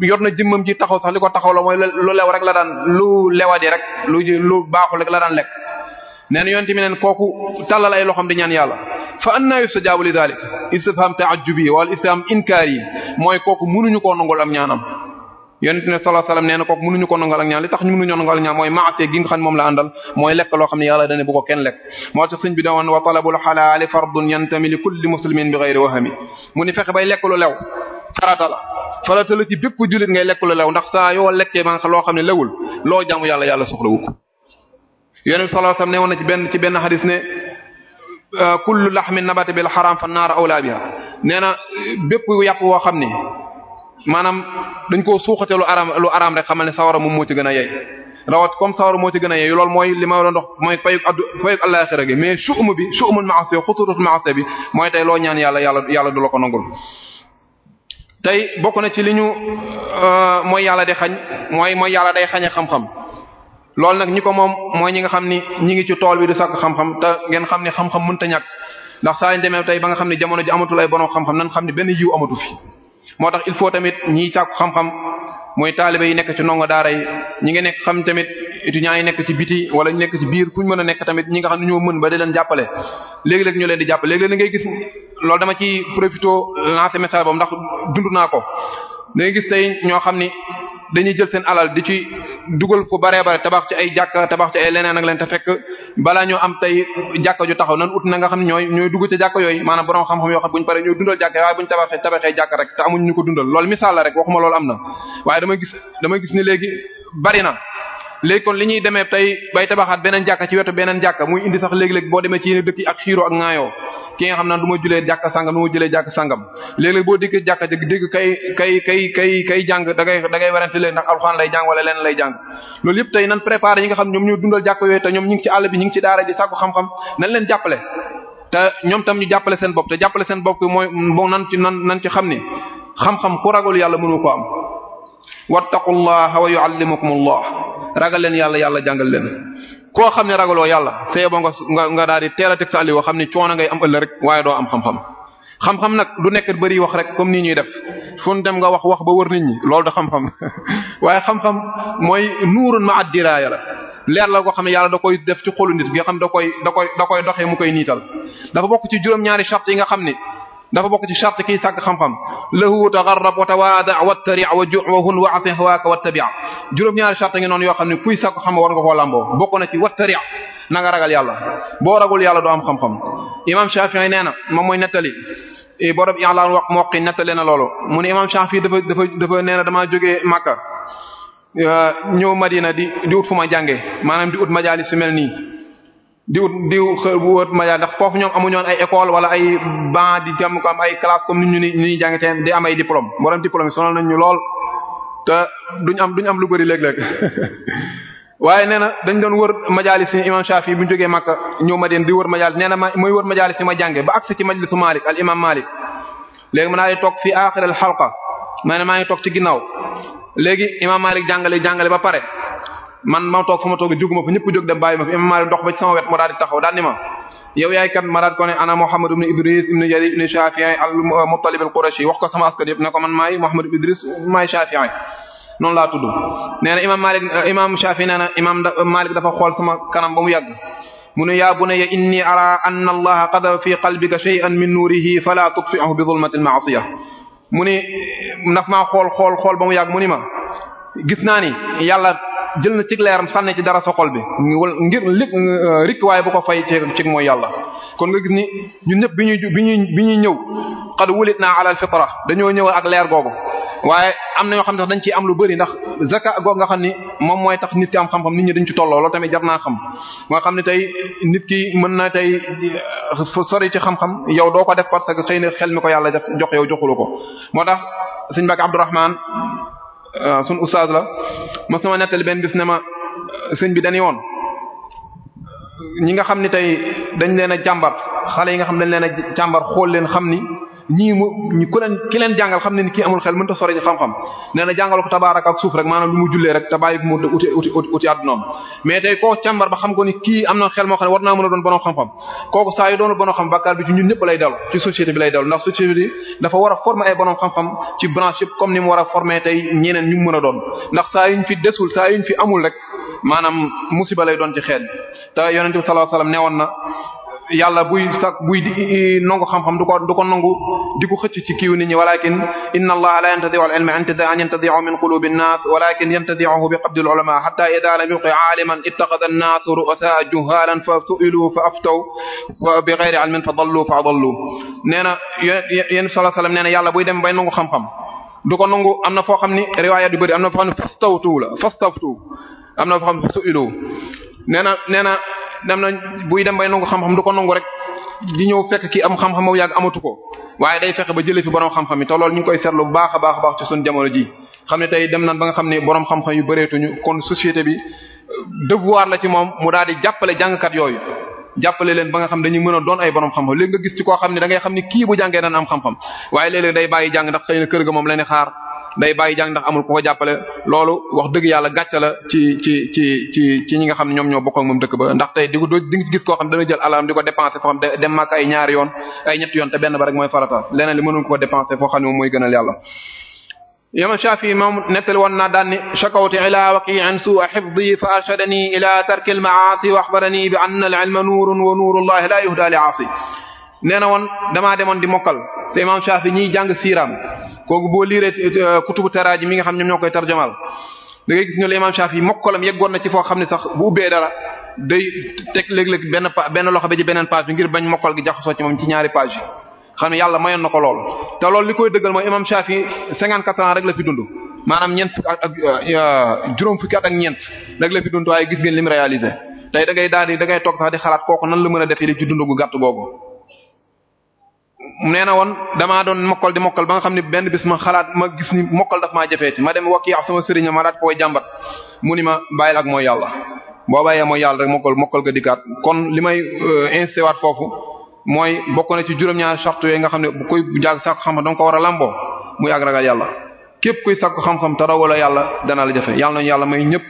yor na jëmmam ji taxaw sax li ko taxaw la mooy lu lew rek la daan lu lewadi rek lu lu baaxul rek la daan lekk nee na yonent mi neen kooku tàllal ay loxoom di ñaan yàlla fa an anna yustajabu li dalik istifham ta'ajjubi wal istifham yi mooy kooku mënuñu koo nangul am ñaanam yonent ne sallallahu alayhi wasallam nee na kooku mënuñu ko nangal ak ñaan li tax ñu mënuñu nangal ñaan mooy maatee gi nga xam moom la àndal mooy lekk loo xam ne yàlla dane bu ko kenn lekk moo tax sëñ bi da wa talabul xalaali fardun yantami li kulli muslimin bi ghayri wahmi mu ni fexe bay lekk lu lew farata la farata la ci bépp jullit ngay lekk lu lew ndax saa yoo lekkee man loo xam ne lewul loo jaamu yàlla yàlla soxlawu ko yonent sallallahu alayhi wasallam ne woon na ci benn ci benn hadis ne kullu laxmin nabata na bépp yàpp woo xam ne maanaam dañ koo suuxate lu araam lu araam rek xamal ne sawara moom moo ci gën a yey rawat comme sawara moo ci gën a yey lool mooy li ma doon dox mooy payug addu payug àllaxira gi mais suum bi suumul maasé xututul maasé bi mooy tey loo ñaan yàlla yàlla yàlla du la ko nangul tey bokk na ci li ñu euh, mooy yàlla di xañ mooy mooy yàlla day xañe xam-xam loolu nag ñi ko moom mooy ñi nga xam ni ñi ngi ci tool bi di sàkk xam-xam te ngeen xam ne xam-xam mënta ñàkk ndax saa ñu demee tey nga xam ne jamono ji amatul ay borom xam-xam xam ne benn yiw amatu moo tax il faut tamit ñiy sàkku xam-xam mooy taalibe yi nekk ci ndongo daara yi ñi nga nekk xam tamit étudiants yi nekk ci biti wala ñu nekk ci biir ku ñu mën a nekk tamit ñi nga xam ne ñoo mën ba di leen jàppale léegi-léegi ñu leen di jàppale léegi-léegi ngay gis loolu dama ci profité lancer message boobu ndax dund naa ko ngay gis tey ñoo xam ni dañuy jël seen alal di ci dugal fu bare bare tabax ci ay jàkka tabax ci ay leneen ak leen te fekk balaa ñoo am tey jàkka ju taxaw nan ut na nga xam ñooy ñooy dugg ci jàkka yooyu maanaam borom xam-xam yoo xam buñu pare ñooy dundal jàkka waaye buñu tabaxee tabaxee jàkka rek te amuñ ñu ko dundal lool misaal la rek waxuma loolu am na waaye dama gis dama gis ni léegi bari na léegi kon li ñuy demee tey bay tabaxaat beneen jàkka ci wetu beneen jàkka muy indi sax léegi-léegi boo demee ci yéen dëkk yi ak xiiroo ak ŋaayoo ki nga xam ne du ma julee jàkk sangam du ma julee jàkka sangam léeg-léeg boo dikkee jàkka jëg dégg kay kay kay kay kay jàng da ngay da ngay werante léegi ndax alxuraan lay jàng wala leen lay jàng loolu yëpp tey nan préparé yi nga xam ñoom ñu dundal jàkka yooyu te ñoom ñu ngi ci àll bi ñu ci daara di sàkku xam-xam nañ leen jàppale te ñoom tam ñu jàppale seen bopp te jàppale seen bopp mooy bo nan ci nan nan ci xam ni xam-xam ku ragal yàlla mënul ko am wattaqullaha wa yuallimukumullah ragal leen yàlla yàlla jàngal leen koo xam ne ragaloo yàlla sa yeboo nga nga daal di teel a teg sa alli woo xam ne coono ngay am ëllëg rek waaye doo am xam-xam xam-xam nag du nekk bari wax rek comme nii ñuy def fu dem nga wax wax ba wër nit ñi loolu da xam-xam waaye xam-xam mooy nuurun ma addiraaya la leer la koo xam ne yàlla da koy def ci xolu nit bi nga xam da koy da koy da koy doxee mu koy niital dafa bokk ci juróom-ñaari charte yi nga xam ne dafa bokk ci charte kii sàkk xam-xam lahu tagarrab wa tawaada wa tari wa ju wa hun wa asi a wa tabia juróom-ñaari charte ngi noonu yoo xam ne kuy sàkk xam war nga koo làmboo bokk na ci wa tari na nga ragal yàlla boo ragul yàlla doo am xam-xam imam Shafi'i nee na moom mooy nettali eh, borom yàlla wax moqi nettali na loolu mu ne imam Shafi'i dafa dafa dafa nee na damaa jógee Makka eh, ñëw Madina di di ut fu ma jànge maanaam di ut majalis su mel di wut di xë bu wët ma ndax foofu ñoom amuñoon ay école wala ay ban di jam ko am ay classe comme ni ñu ni ñuy di am ay diplôme borom diplôme sonal nañ ñu lool te duñ am duñ am lu bari léeg nee na dañ doon wër majalis yi imam bu jógee Makka ñëw Madina di wër majalis nee na ma mooy wër majalis yi ma jànge ba agsi ci majlisu Malik al imam Malik léegi ma naa di toog fi aaxir al xalqa ma ne maa ngi toog ci ginnaaw léegi imam Malik jàngale jàngale ba pare man ma toog fa ma toog juguma fa ñëpp jóg dem bàyyi ma fi imam Maalik dox ba ci sama wet mu daal di taxaw daal ni ma yow yaay ma daal ko ana Muhammad ibn Idris Idris maay Shafi'i noonu laa tudd imam Maalik imam Shafi'i nee dafa xool sama kanam ba mu yàgg mu ne yaa bunayya inni ara anna allaha qadha fi qalbika shay'an min nuurihi fala tutfi'hu bi dhulmati al-ma'siya mu ni naf maa xool xool xool ba mu yàgg mu ni ma gis naa jël na cig leeram sànni ci dara sa xol bi ngir lik euh, rikk waaye bu ko fay ci cig mooy yàlla kon nga gis ni ñun ñëpp bi ñuy bi ñuy bi ñuy ñëw qad wulit naa ala al fitra dañoo ñëw ak leer googu waaye am na ñoo xam ne dañ ciy am lu bëri ndax zaka goog nga xam ni moom mooy tax nit ki am xam-xam nit ñi dañ ci tolloo loolu tamit jar naa xam moo xam ne tey nit ki mën na tey euh, sori ci xam-xam yow doo ko def parce que xëy na xel mi ko yàlla def jox yow joxulu ko moo tax sun oustaz la mos na ma nettali benn bis ne euh, sëñ bi dañu woon ñi nga xam ni tey dañ leen a jàmbar xale yi nga xam dañ leen a jàmbar xool leen xam ni ñii mu ku leen ki leen jàngal xam ne ni kii amul xel mënta sori xam-xam nee na jàngal ko tabaaraka ak suuf rek maanaam lu mu jullee rek te bàyyi kii am na xel moo xam ne war naa mën a doon borom xam-xam kooku saa yu doonu borom xam bakkaar bi ci ñun ñëpp lay a former ay ni mu a former tey ñeneen ñu mën a doon ndax saa yuñ fi desul saa yuñ fi amul rek maanaam musiba lay doon ci xel te yonent bi sallallahu alayhi wasallam newoon na yàlla buy sax buy nangu xam-xam du ko du ko nangu di ko xëcc ci kiiw nit ñi walakin inna allaha la yantadi'u al-ilma an yantadi'u min qulubi an-nas walakin yantadi'uhu bi qabdi al-ulama hatta idha lam yuqi 'aliman ittakhadha an-nas ru'asa juhalan fa su'ilu fa aftaw bi ghayri 'ilmin fa dallu fa adallu nee na yéen sallallahu alayhi wasallam nee na yàlla buy dem bay nangu xam-xam du ko nangu am na foo xam ni riwaaya du bëri am na foo xam ni fastawtu la fastawtu am na fa xam su iloo nee na nee na dem na buy dem bay nangu xam-xam du ko nangu rek di ñëw fekk ki am xam-xam moo yàgg amatu ko waaye day fexe ba jëlee fi borom xam-xam yi te loolu ñu ngi koy seetlu bu baax a baax a baax ci jamono ji xam ne tey dem nan ba nga xam ne borom xam-xam yu bëreetuñu kon société bi devoir la ci moom mu daal di jàppale jàngkat yooyu jàppale leen ba nga xam dañuy mën a doon ay borom xam-xam léegi nga gis ci koo xam ne da ngay xam ne kii bu jàngee daan am xam-xam waaye léeg-léeg day bàyyi jàng kër ga moom la ne day bàyyi jàng ndax amul ku jàppale loolu wax dëgg yàlla gàcce la ci ci ci ci nga xam ne ñoom ñoo bokk ak moom dëkk ba ndax tey di ko do di gis koo xam ne dana jël alalam di ko dépenser foo xam ne dem màkk ay ñaari yoon ay ñetti yoon te benn ba rek mooy farata leneen li mënul ko dépenser foo xam ne moom mooy gënal yàlla imam Shafi moom nettali woon naa daan ni shakawtu ila waqi'in su'a hifdhi fa arshadani ila tarki al-ma'asi wa akhbarani bi anna al-ilma nurun la yuhda li 'asi nee na woon damaa demoon di mokkal te imaam Shafi ñiy jàng siiraam kooku boo liiree euh, kutubu taraaji mi nga xam ñoom ñoo koy tarjumal da ngay gis ne la imaam Shafi mokkalam yeggoon na ci foo xam ne sax bu ubbee dara day teg léeg-léeg benn pa benn loxo ba ci beneen page bi ngir bañ mokkal gi jaxasoo ci moom ci ñaari page xam ne yàlla mayoon na ko lool te loolu li koy dëggal mooy imaam Shafi 54 ans rek la fi dund maanaam ñeent euh, euh, fukki at ak juróom fukki ak ñeent rek la fi dund waaye gis ngeen lim réalisé tey da ngay daal di da ngay toog sax di xalaat kooku nan la mën a defee ci dund gu gàtt googu nee na woon damaa doon mokkal di mokkal ba nga xam ne benn bis ma xalaat ma gis ni mokkal daf jafe jafeeti ma dem wakki sama sëriñ ma daat koy jàmbat mu ni ma bàyyil ak mooy yàlla boo bàyyee mooy yàlla rek mokkal mokkal nga dikkaat kon li may euh, insisté waat foofu mooy bokk ci juróom-ñaar sartu yooyu nga xam ne bu koy jaag sàkku xam-xam danga ko war a lamboo muy ak ragal yàlla képp kuy sàkku xam-xam te rawala yàlla danaa la jafe yàlla nañu yàlla may ñëpp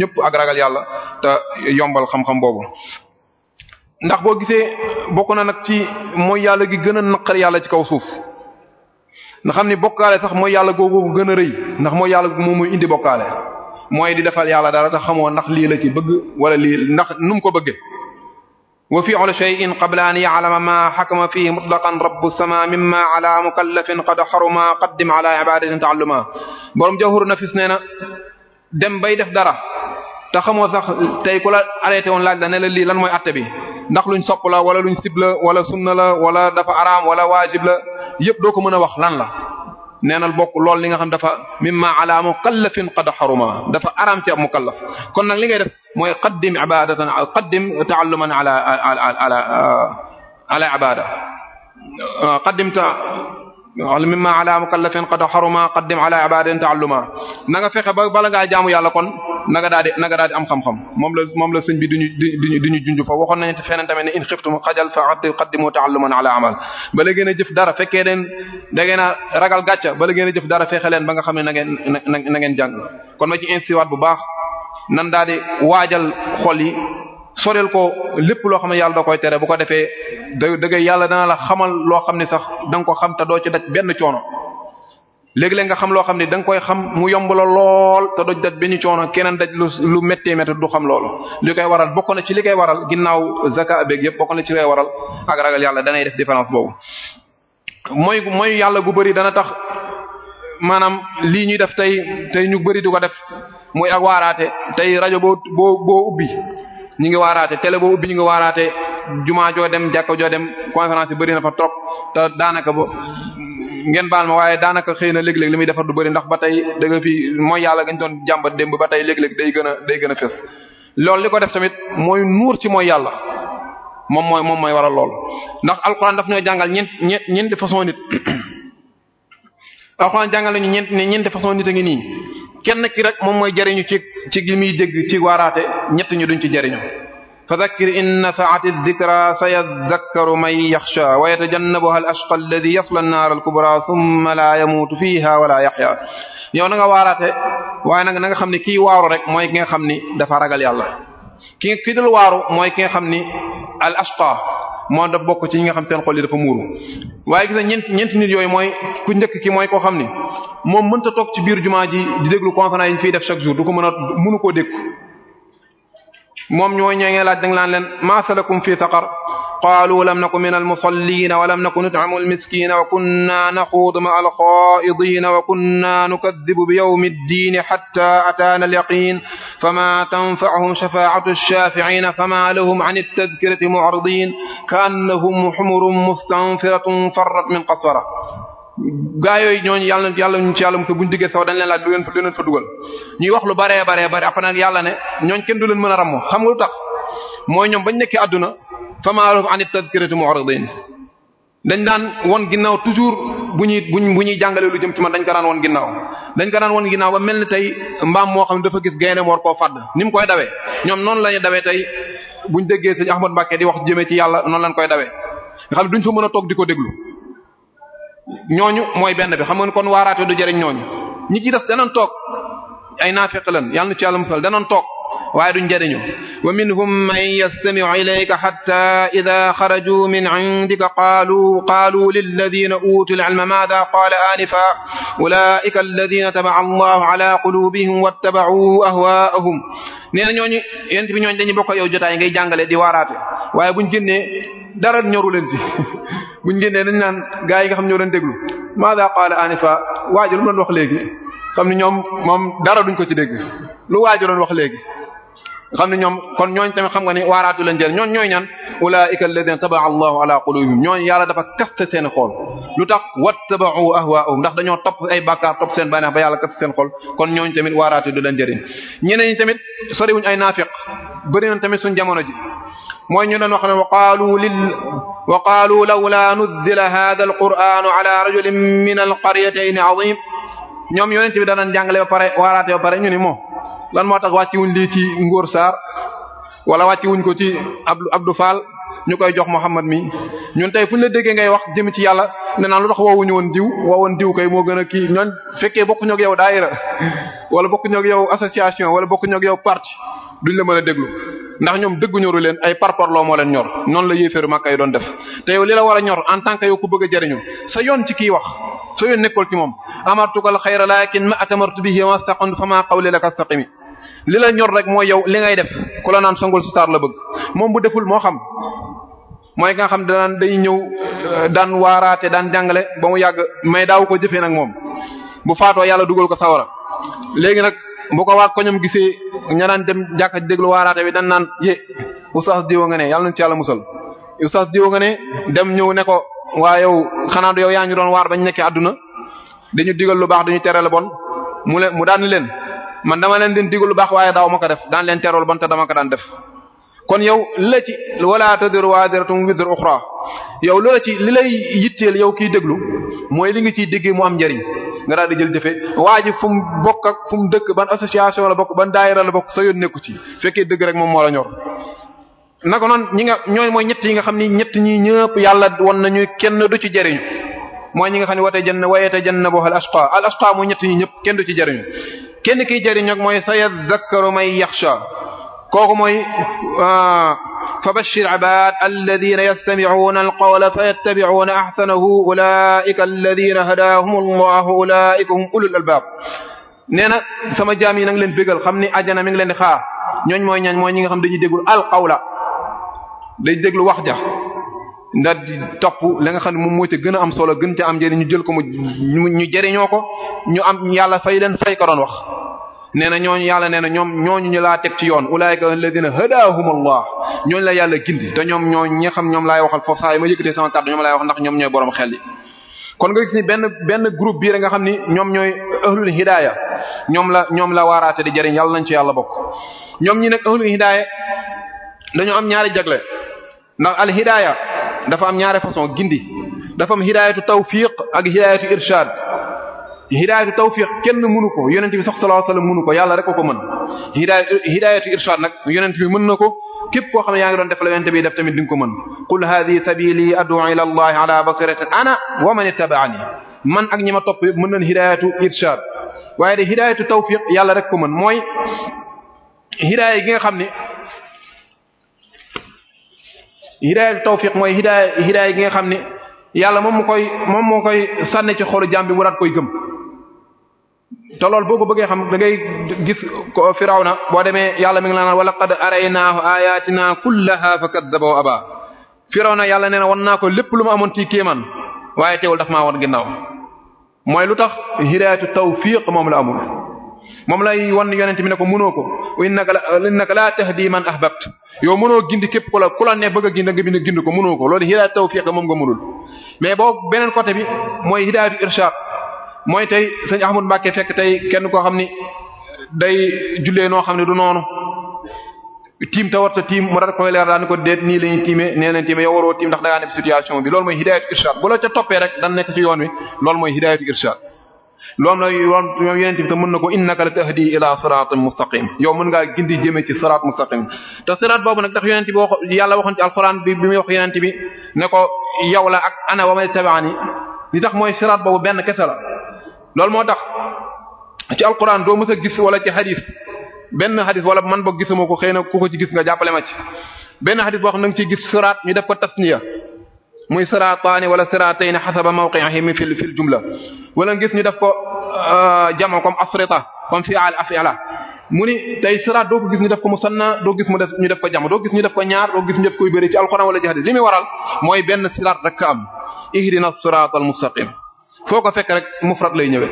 ñëpp ak ragal yàlla te yombal xam-xam boobu ndax boo gisee bokk na nag ci mooy yàlla gi gën a naqar yàlla ci kaw suuf nga xam ni bokkaale sax mooy yàlla googu gën a rëy ndax mooy yàlla moo mooy indi bokkaale moy di defal yàlla dara te xamoo ndax lii la ci bëgg wala lii ndax nu ko bëggee wa fi'lu shay'in qabla an ya'lama ma hakama fihi mutlaqan rabbu sama mimma ala mukallafin qad haruma qaddim ala ibadatin ta'alluma borom jawhur nafis nee na dem bay def dara te xamoo sax tey ku la arrêté woon laaj la ne la lii lan mooy atte bi ndax luñ sopp la wala luñ sib la wala sunna la wala dafa araam wala waajib la yëpp doo ko mën a wax lan la neenal bokk lool li nga xam dafa mimma ala mukallafin qad haruma dafa araam ci ab mukallaf kon nag li ngay def mooy qaddim ibadatan qaddim ta'alluman ala ala ala ala ibada qaddim ta wala mimma ala mukallafin xaruma qaddim ala ibadatin ta'alluma na fexe ba bala ngaa jaamu yàlla kon na nga na nga daa di am xam-xam moom la moom la sëñ bi duñu duñu duñu junj fa waxoon nañu feneen tamit ne in xiftum xajal fa qaddimu ta'alluman ala amal bala ngeen a jëf dara fekkee leen da ngeen a ragal gàcca bala ngeen a jëf dara fexe leen ba nga xam ne na ngeen na ngeen jàng kon ma ci insiwaat bu baax nan daa di waajal xol yi soreel ko lépp loo xam ne yàlla da koy tere bu ko defee dëgg yàlla la xamal loo xam ne sax danga nga ko xam te doo ci daj benn coono léegi-léeg nga xam loo xam ne da nga koy xam mu yomb la lool te doj daj benn coono keneen daj lu lu méttee métti du xam loolu li koy waral bokk na ci li koy waral ginnaaw zaka beeg yëpp bokk na ci li koy waral ak yàlla danay def différence boobu mooy mooy yàlla gu bëri dana tax maanaam lii ñuy def tey tey ñu bëri di ko def muy ak waaraate tey rajo boo boo boo ubbi ñu ngi waaraate télé boo ubbi ñu ngi waaraate jumaa joo dem jàkka joo dem conférence yi bëri na fa trop te daanaka bo ngeen baal ma waaye daanaka xëy na léeg-léeg li muy defar du bëri ndax ba tey da fi mooy yàlla gañ doon jàmbat démb ba tey léeg-léeg day gën a day gën a loolu li ko def tamit mooy nuur ci mooy yàlla moom mooy moom mooy waral lool ndax alxuraan daf ñoo jàngal ñeent ñeent ñeenti façon nit alxuraan jàngal nañu ñeent ñeenti façon nit a ngi nii kenn ki rek moom mooy jariñu ci ci li muy dégg ci waaraate ñett ñu duñ ci jariñu fa dhakkir inna sa'ati dhikra sayadhakkaru man yakhsha wa yatajannabuha al-ashqa alladhi yasla an-nar al-kubra thumma la yamutu fiha wa la yahya yow na nga waaraate waaye nag na nga xam ne kii waaru rek mooy ki nga xam ni dafa ragal yàlla ki ki dul waaru mooy ki nga xam ni al-ashqa moo daf bokk ci ñi nga xam seen xol yi dafa muuru waaye gis na ñeent ñeenti nit yooyu mooy ku njëkk ki mooy koo xam ni moom mënta toog ci biir jumaa ji di déglu conférence yi ñu fiy def chaque jour du ko mën a mënu koo dégg moom ñoo ñoo ngi laaj da nga laan leen ma salakum fi qaalu lam naku min almusalliina wa lam naku nut'imu almiskiina wa kunna naxuudu ma'a alxaa'idiina wa kunna nukaddibu bi yawmi ddiini xattaa ataana alyaqiin famaa tanfa'uhum shafaa'atu shaafi'iina famaa lahum 'ani at-tadhkirati mu'ridiin ka'annahum humurun mustanfiratun farrat min qaswara gaa yooyu ñooñu yàlla yàlla ñu ci yàlla mos a buñ diggee saw dañ leen laaj lu leen fa lu leen fa dugal ñuy wax lu baree baree bare après nag yàlla ne ñooñ kenn du leen mën a ràmmoo xam nga lu tax mooy ñoom bañ nekkee àdduna famaaloof anit tazkiratu mu'ridin dañ daan won ginnaaw toujours bu ñuy bu ñuy jàngale lu jëm ci ma dañ ko daan won ginnaaw dañ ko daan won ginnaaw ba mel ni tey mbaam moo xam ne dafa gis gaynde war koo fàdd ni mu koy dawee ñoom noonu lañuy dawee tey buñ déggee sëñ Ahmad Mbacké di wax jëmee ci yàlla noonu lañ koy dawee xam ne duñ fa mën a toog di ko déglu ñooñu mooy benn bi xam nga kon waaraate du jëriñ ñooñu ñi ci des danañ toog ay naa lan yàlla na ci yàlla musal danañ toog waaye duñ jëriñu wa minhum man yastami'u ilayka hatta idha kharaju min 'indika qalu qalu lilladhina utul 'ilma madha qala anifa ulaika alladhina taba'a Allahu 'ala qulubihim wattaba'u ahwa'ahum nee na ñooñu yent bi ñooñu dañuy bokk yow jotaay ngay jàngale di waaraate waaye buñ génnee dara ñoru leen ci buñ génnee dañ naan gaa yi nga xam ñoo doon déglu madha qala anifa waaji lu doon wax léegi xam ni ñoom moom dara duñ ko ci dégg lu waaji doon wax léegi xam ne ñoom kon ñooñ tamit xam nga ne waaraatu leen jël ñooñ ñooy ñan ulaika alladhina tabaa allahu ala qulubihim ñooñ yàlla dafa kaste seen xol lu tax wattaba'u ahwaahum ndax dañoo topp ay bàkkaar top seen bànneex ba yàlla kaste seen xol kon ñooñ tamit waaraatu du leen jëriñ ñeneen ñi tamit soriwuñ ay naafiq bëri na tamit suñ jamono ji mooy ñu leen wax ne wa qaalu lil wa qaalu lawla nuzzila hadha alqur'anu ala rajulin min alqaryatayn azim ñoom yonent bi daan jàngale ba pare waaraate ba pare ñu ni moo lan moo tax wuñ lii ci Ngor Sarr wala wàcciwuñ ko ci Abdou Abdou Fall ñu koy jox Muhammad mi ñun tey fu ñu la déggee ngay wax jëm ci yàlla nee naa lu tax woowuñu woon diw woon diw koy moo gën a kii ñooñ fekkee ak yow daayira wala bokkuñu ak yow association wala bokkuñu ak yow parti duñ la mën a déglu ndax ñoom dëgg ñoru leen ay parparloo moo leen ñor noonu la yéeféeru Makka yi doon def te yow li la war ñor en tant que yow ku bëgg a jariñu sa yoon ci kiy wax sa yoon nekkul ci moom amartukal xayra lakin ma atamartu bihi wastaqan fama qawli laka istaqimi li la ñor rek mooy yow li ngay def ku la naan songul star la bëgg moom bu deful moo xam mooy nga xam danaan day ñëw euh, daan waaraate daan jàngale ba mu yàgg mais daaw ko jëfee nag moom bu faatoo yàlla dugal ko sawara léegi nag boo ko waa koñom gisee ña daan dem jàkka déglu waaraate bi dan naan yé oustaz diwo nga ne yàlla nañu ci yàlla musal oustaz diwo nga ne dem ñëw ne ko waa yow xanaa du yow yaa ñu doon waar bañ nekkee àdduna dañu digal lu baax dañu tere lu bon mu leen mu daan leen man dama leen di digal lu baax waaye daaw ma ko def dan leen terool ban te dama ko daan def kon yow li la ci wala tadiru waziratun wizra ukhra yow loola ci li lay yitteel yow kiy déglu mooy li nga ciy déggee mu am njariñ nga daal di jël jëfe waa ji fu mu bokk ak fu mu dëkk ban association la bokk ban daayira la bokk sa yoon nekku ci fekkee dëgg rek moom moo la ñor naka noonu ñi nga ñooy mooy ñett yi nga xam ni ñett ñi ñëpp yàlla won nañu kenn du ci jariñu mooy ñi nga xam ne wate jann wayete janna boo al ashqa al ashqa mooy ñëpp kenn du ci jariñu kenn kiy jariñu ak mooy sayadhakkaru man yaxsha kooku mooy ah, fa bashir ibad alladina yastamicuuna alqawla fa yattabicuuna axsanahu ulaika alladina hadaahum allahu ulaika hum ulul albaab nee na sama jaam yi nang leen bégal xam ni ajana mi ngi leen di xaar ñooñ mooy ñañ mooy ñi nga xam dañuy déglu alqawla day déglu wax ja ndax di topp la nga xam ne moom moo ci gën a am solo gën ca am njëriñ ñu jël ko mu ñu jëriñoo ko ñu am yàlla fay leen fay ko doon wax nee na ñooñu yàlla nee na ñoom ñooñu ñu laa teg ci yoon ulaayika alladina hadahum allah ñooñu la yàlla gindi te ñoom ñoo ñi xam ñoom laay waxal foofu saa yi ma yëkkatee sama kàddu ñoom laay wax ndax ñoom ñooy borom xel yi kon nga gis ni benn benn groupe bii rek nga xam ni ñoom ñooy ahlul hidaaya ñoom la ñoom la waaraate di jëriñ yàlla nañ ci yàlla bokk ñoom ñi nag ahlul hidaaya dañoo am ñaari jagle ndax a dafa am ñaare façon gindi dafa am hidaayatu tawfiq ak hidaayatu irshad hidaayatu tawfiq kenn mënu ko yonent bi sallallahu alayhi wasallam mënu ko yàlla rek ko ko mën hidaay hidaayatu irshad nag yonent bi mën na ko képp koo xam ne yaa ngi doon def la yonent bi def tamit di nga ko mën qul hadhihi sabili ad'u ila allahi ala basiratin ana wa man ittaba'ani man ak ñi ma topp mën nañ hidaayatu irshad waaye de hidaayatu tawfiq yàlla rek ko mën mooy hidaaya gi nga xam ne hidaayatu tawfiq mooy hidaaya hidaaya gi nga xam ne yàlla moom mu koy moom moo koy sànne ci xolu jaam bi mu koy gëm te loolu boo ko bëggee xam da ngay gis firawna boo demee yàlla mi ngi naan wala qad araynaahu ayatina kullaha fa kaddaba wa firawna yàlla nee na wan naa ko lépp lu ma amoon ci kéemaan waaye teewul daf ma wan ginnaaw mooy lu tax hidaayatu tawfiq moom la amul moom lay wan yonent bi ne ko mënoo ko innaka la innaka la tahdi man ahbabt yow mënoo gindi képp ku la ku la ne bëgg a gind nga bind gind ko mënoo ko loolu hidaayatu tawfiq moom nga mais boo beneen côté bi mooy hidaayatu mooy tey sëñ Ahmad Mbacke fekk tey kenn koo xam ni day jullee noo xam ne du noonu tiim ta warta tiim mu daal koy leer daan ko déet nii lañuy tiimee nee leen tiimee yow waroo tiim ndax dangaa nekk situation bi loolu mooy hidaayatu irshad rek dan nekk ci yoon wi loolu mooy hidaayatu irshad loo am na yoon yonent bi mën na ko innaka la tahdi ila siratin mustaqim yow mën ngaa gindi jëmee ci sirat mustaqim te boobu nag tax yonent bi wax yàlla waxoon ci alquran bi bi muy wax yonent bi ne ko yow la ak ana wa may tabaani li tax mooy sirat boobu benn kese la loolu moo tax ci alquran doo mës a gis wala ci hadith benn hadith wala man boog gisuma ko xëy na ku ko ci gis nga jàppale ma ci benn hadith boo xam ne ci gis sirat ñu def ko tas tasniya muy siraataani wala siraatayni xasaba mawqi'ihim fil fil jumla wala ngis ñu def ko euh, jamo comme asrita comme fi'al af'ala mu ni tey siraat doo ko gis ñu def ko musanna doo gis mu def ñu def ko jamo gis ñu def ko ñaar doo gis ñu def koy bëri ci alquran wala ci hadith li muy waral mooy benn siraat rek am ihdina siraatal mustaqim foo ko fekk rek mufrad lay ñëwee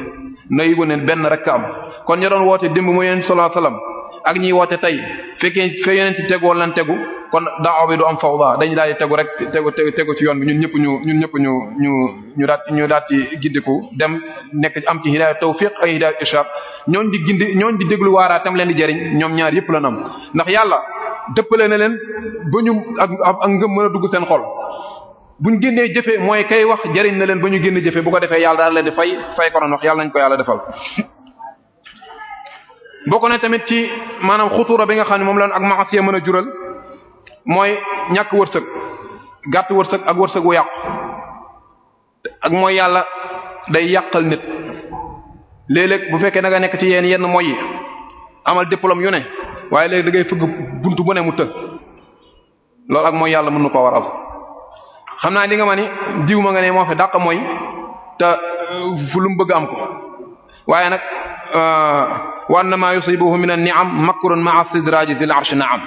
na yóbbu ne benn rek am kon ñu doon woote dimb mu yéen sallallahu alayhi wasallam ak ñiy woote tey fekkee fe yonent bi tegoon lan tegu kon daaw bi du am fawda dañu daal di tegu rek tegu tegu ci yoon bi ñun ñëpp ñu ñun ñëpp ñu ñu ñu daat ñu daat ci gindiku dem nekk am ci hidaaya tawfiq ay hidaaya ishaq ñooñ di gindi ñooñ di déglu waaraat tam leen di jariñ ñoom ñaar yëpp la nam ndax yàlla dëppale na leen ba ñu ak ak ngëm mën a dugg seen xol ñu génnee jëfe mooy kay wax jëriñ na leen ba ñu génn jëfe bu ko defee yàlla daal leen di fay fay ko noonu yàlla nañ ko yàlla defal boo bokk na tamit ci maanaam xutuura bi nga xam ne moom la ak maasiya mën a jural mooy ñàkk wërsëg gàtt wërsëg ak wërsëg wu yàqu ak mooy yàlla day yàqal nit léeg-léeg bu fekkee da nga nekk ci yenn yenn mooy yi amal diplôme yu ne waaye léegi da ngay fëgg buntu bu ne mu të loolu ak mooy yàlla mën na ko waral xam naa li nga ma ni diw ma nga ne moo fi dàq mooy te fu lu mu bëgg am ko waaye nag euh, wa anna ma yusibuhu min an-ni'am makrun ma'a istidraji dhil arsh na'am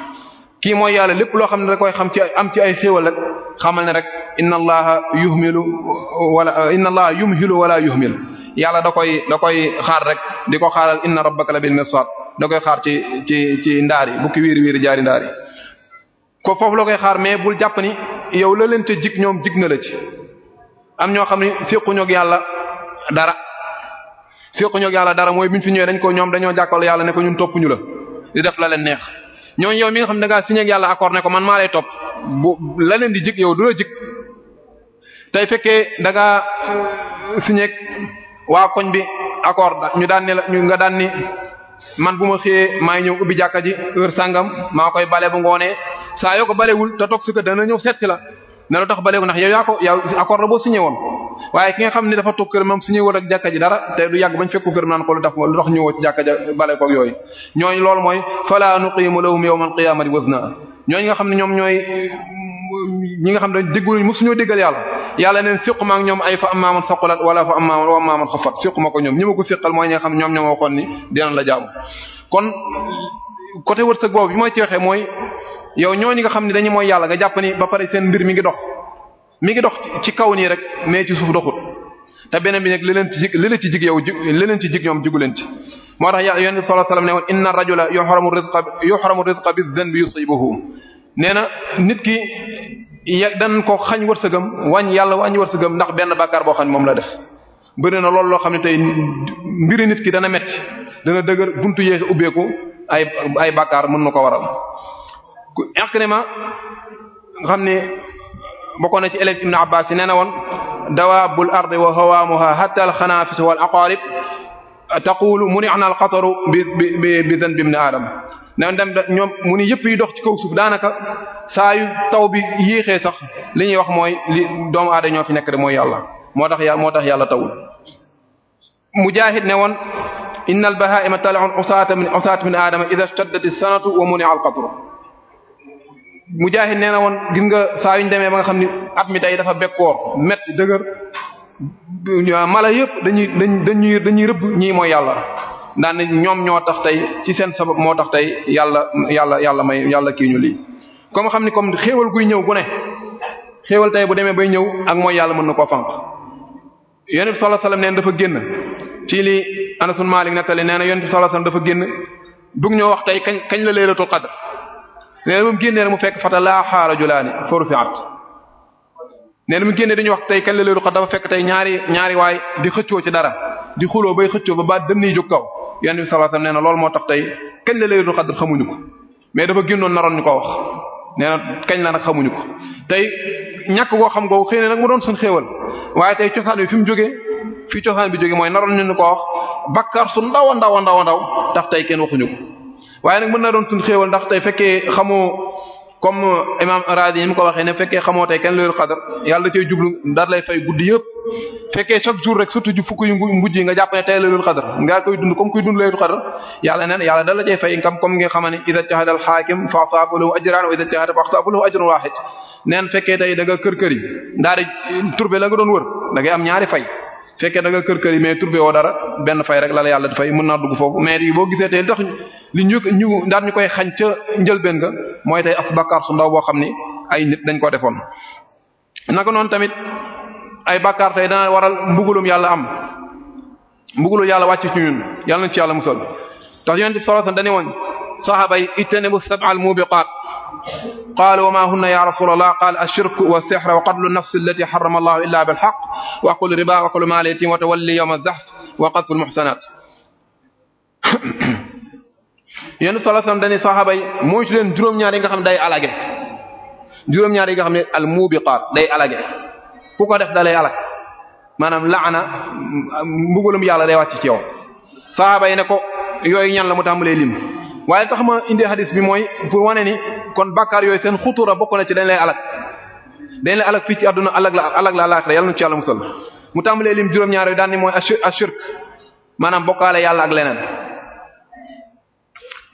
kii mooy yàlla lépp loo xam ne da koy xam ci am ci ay xéewal rek xamal ne rek inna allaha yuhmilu wala inna allaha yumhilu wala yuhmil yàlla da koy da koy xaar rek di ko xaaral inna rabbaka la bil mirsad da koy xaar ci ci ci ndaari bukki wiiri wiiri jaari ndaari ko foofu la koy xaar mais bul jàpp ni yow la leen te ñoom jig na la ci am ñoo xam ne séquñoog yàlla dara séquñoog yàlla dara mooy biñ fi ñëwee dañ ko ñoom dañoo jàkkal yàlla ne ko ñun topp ñu la di def la leen neex ñooñu yow mi nga xam ne dangaa signé ak yàlla accord ne ko man maa lay topp bu la leen di jik yow du la jik tey fekkee dangaa signé waa koñ bi accord ñu daan ne la ñu nga daan ni man bu ma xëyee maay ñëw ubbi jàkka ji heure sangam maa koy bale bu ngoonee saa yoo ko balewul te toog si dana ñëw seet si la ne la tax baleeku ndax yow yaa ko yow accord la boo signé woon waaye ki nga xam ne dafa toog kër moom signé woon ak jàkka ji dara te du yàgg bañ fekku kër naan ko lu tax lu tax ñëwoo ci jàkka ja baleeku ak yooyu ñooñu loolu mooy fala nuqimu lahum yawmal xam ne ñoom ñooy ñi nga xam ne déggul mosuñoo déggal yàlla yàlla neen ñoom ay fa amaaman saqulat wala fa wa amaaman xafat siquma ko ñoom ñi ma ko siqal mooy ñi nga xam ne ñoom ñoom waxoon ni dinañ la jaamu kon côté wërsëg boobu bi mooy ci waxee mooy yow ñooñu nga xam ne dañu mooy yàlla nga jàpp ni ba pare seen mbir mi ngi dox mi ngi dox ci kaw nii rek mais ci suuf doxut te beneen bi nag li leen ci jig li leen ci jig yow li ci jig ñoom jigu leen ci moo tax yàlla yonent sallallahu alayhi wasallam ne woon inna rajula yuhramu rizqa yuhramu rizqa bi-dhanbi yusibuhu nee na nit ki ya dan ko xañ wërsëgam wañ yàlla wàññi gëm ndax benn bàkkaar boo xam ne moom la def bëri na loolu loo xam ne tey mbiri nit ki dana metti dana dëgër buntu yéex ubbeeku ay ay mën na ko waral Ikrima nga xam ne bokkoon na ci élève Ibn Abbas yi nee na woon dawaabul ardi wa hawaamuha hatta alxanaafis wal aqaarib taqulu munixna alxataru bi bi bi danbi ibn aadama neen dem ñoom mu ni yëpp yi dox ci kaw suuf daanaka saa yu taw bi yéexee sax li ñuy wax mooy li doomu aada ñoo fi nekk de mooy yàlla moo tax yàlla moo tax yàlla tawul mujaahid ne woon inna albahaima tal'un usaata min usaata min aadama idha ishtaddat as-sanatu wa muni'a al-qatru mu Mujaahid nee na woon gis nga saa yu ñu demee ba nga xam ni at mi tey dafa bekkoor metti dëgër mala yëpp dañuy dañuy dañuy rëbb ñii mooy yàlla daan ñoom ñoo tax tey ci seen sabab moo tax tey yàlla yàlla yàlla may yàlla kii ñu lii. comme xam ni comme xéewal guy ñëw gu ne xéewal tey bu demee bay ñëw ak mooy yàlla mën na koo fànq yonent bi sallallahu nee na dafa génn ci li Anas bin Malik nettali nee na yonent bi solo alayhi dafa génn dug ñoo wax tey kañ kañ la laylatul qadr nee na mu génnee rek mu fekk fatalaaxaa rajulaani fa rufi'at nee na mu génnee dañuy wax tey kañ la leeru xat dafa fekk tey ñaari ñaari waay di xëccoo ci dara di xuloo bay xëccoo ba baat dem nii jóg kaw yonent bi sallallahu alayhi wasallam nee na loolu moo tax tey kañ la leeru xat xamuñu ko mais dafa génnoon naroon ñu ko wax nee kañ la nag xamuñu ko tey ñàkk koo xam ko xëy na nag mu doon suñ xéewal waaye tey cosaan bi fi mu jógee fi cosaan bi jóge mooy naroon ñu ko wax bakkar su ndaw ndaw a ndaw tax tey kenn waxuñu ko waaye nag mën na doon suñ xéewal ndax tey fekkee xamoo comme imam Razi ni mu ko waxee ne fekkee xamoo tey kenn loolu xadar yàlla da cey jublu daal lay fay guddi yëpp fekkee chaque jour rek surtout ju fukk yu mujj yi nga jàpp ne tey loolu xadar nga koy dund comme kuy dund loolu xadar yàlla fay ngam comme nga xama ne idha tahada al hakim fa asaba lahu ajran wa idha tahada fa asaba lahu ajrun wahid neen fekkee tey da kër kër yi daal di turbe nga doon wër da ngay am ñaari fay fekkee da nga kër kër yi mais trouvé woo dara benn fay rek la yàlla di mën naa dugg foofu mais boo gisee tey tax li ñu ñu daan ñu koy xañ ca njëlbeen ga mooy tey as bakkaar su boo xam ni ay nit dañ ko defoon. naka noonu tamit ay bakkaar tey dana waral mbugulum yàlla am mbugulum yàlla wàcc ci ñun yàlla na ci yàlla musal tax yonent bi sallallahu alayhi wasallam dañu woon saxaaba yi ittanibu sab'al mubiqat qaala wa maa hunna yaa rasuulallah qaala ashirku wa sihru wa qatlu nafsi allati harrama allahu illaa bil haqq wa aklu riba wa aklu maal yatiim wa tawalli yawma zahf wa qatfu al-muhsanaat yenn solo sam dañuy saxaaba yi mooy ci leen juróom-ñaar yi nga xam ne day alage juróom-ñaar yi nga xam ne al muubiqaat day alage ku ko def dalay alag maanaam laana mbugalum yàlla day wàcc ci yow saxaaba yi ne ko yooyu ñan la mu tàmbalee lim. waaye tax ma indi hadis bi mooy pour wane ni kon bàkkaar yooyu seen xutura bokk na ci dañ lay alak dañ lay alak fii ci àdduna alak la alak la alaaxira yàlla nu ci yàlla mu tàmbalee lim juróom-ñaar yooyu daan ni mooy ashirk maanaam bokkaale yàlla ak leneen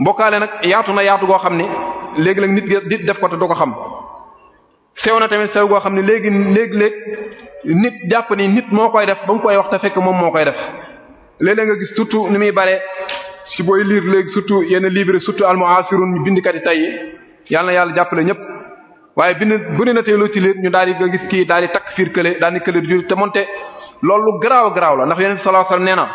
bokkaale nag yaatu na yaatu goo xam ni léegi nag nit di def ko te du ko xam sew na tamit sew goo xam ne léegi léeg nit jàpp ni nit moo koy def ba mu koy wax te fekk moom moo koy def léeg-léeg si booy liir léegi surtout yenn livre surtout almuasirun bindikati tey yàlla na yàlla jàppale ñëpp waaye bind bëri na tey loo ci liir ñu daal di nga gis kii daal di takk fiir kële daal di kële di jur te monte loolu garaaw garaaw la ndax yenn bi sa alayhi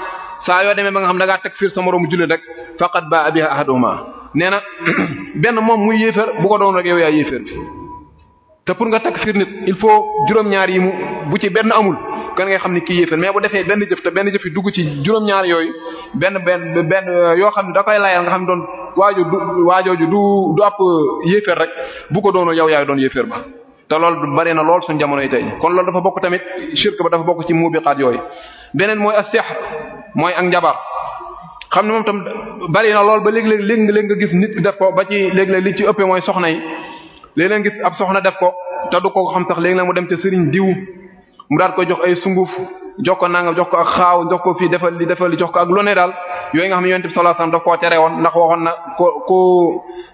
saa yoo demee ba nga xam da ngaa takk fiir sa moroomu jullit rek faqad baa biha ahaduhuma nee na benn moom muy yéefar bu ko doon rek yow yaa yéefar bi te pour nga takk fiir nit il faut juróom-ñaar yi mu bu ci benn amul kan ngay xam ni kii yéefal mais bu defee benn jëf te benn jëf yi dugg ci juróom-ñaar yooyu benn benn benn yoo xam ne da koy layal nga xam ne doon waajo du waajooju du du àpp yéefal rek bu ko doonoo yow yaay doon yéefal ba te loolu bari na lool suñu jamono yi tey kon loolu dafa bokk tamit shirk ba dafa bokk ci mubiqaat yooyu beneen mooy as-sihr mooy ak xam ne moom tam bari na lool ba léeg-léeg léeg-léeg nga gis nit def ko ba ci léeg-léeg li ci ëppee mooy soxna yi léeg-léeg gis ab soxna def ko te du ko xam sax léeg-léeg mu dem te sëriñ diw mu daal koy jox ay sunguf jox ko nangam jox ko ak xaaw jox ko fii defal li defal li jox ko ak lone daal yooyu nga xam ne yonent bi sallallahu alayhi wasallam daf koo tere woon ndax waxoon na ku ku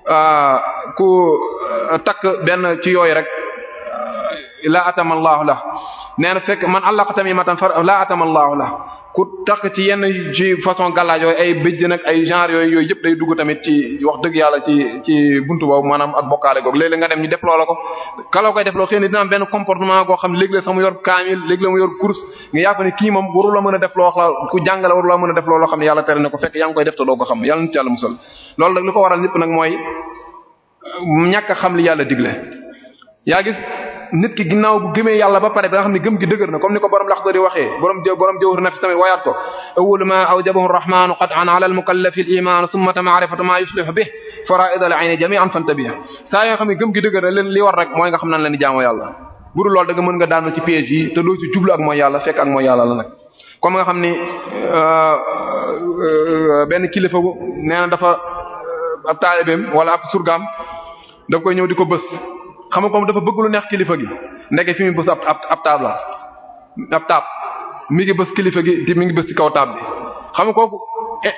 ah, ku ah, benn ci yooyu rek la atam allahu la nee na fekk man allaqa tamimatan fa la atama allahu la ku takk ci yenn ci façon galaaj yooyu ay béjjën ak ay genre yooyu yooyu day dugg tamit ci wax dëgg yàlla ci ci buntu boobu ak bokkaale googu léeg-léeg nga dem ñu defloo la ko kaloo koy defloo xëy na dina am benn comportement goo xam léeg mu yor course nga yàpp kii moom waru mën a def loo la ku jàngale waru la mën a def loo loo xam ne yàlla tere na ko fekk yaa ngi koy def te doo ko xam yàlla nit yàlla musal loolu nag li ko waral lépp mooy ñàkk a xam li yàlla digle yaa gis nit ki ginnaaw bu gëmee yàlla ba pare ba nga xam ne gëm gi dëgër na comme ni ko borom laxdari waxee borom j borom jawhar nafis tamit wayaat ko awwalu ma awjabahu rahmanu qat'an ala al-mukallafi al-iman thumma ma'rifatu ma yuslihu bihi fara'id al-'ayn jami'an fantabiha saa yoo xam ne gëm gi dëgër na leen li war rek mooy nga xam nan la ni jaamoo yàlla buru loolu da nga mën nga daanu ci piège yi te doo jublu ak mooy yàlla fekk ak mooy yàlla la nag comme nga xam ni euh, euh, benn kilifa bu nee na dafa euh, ab taalibeem wala ab surgaam daf koy ñëw di ko bës xam koom dafa bëgg lu neex kilifa gi nekk fi mu bës ab ab taab la ab taab mi ngi bës kilifa gi te mi ngi bës ci kaw taab bi xam nga kooku eh,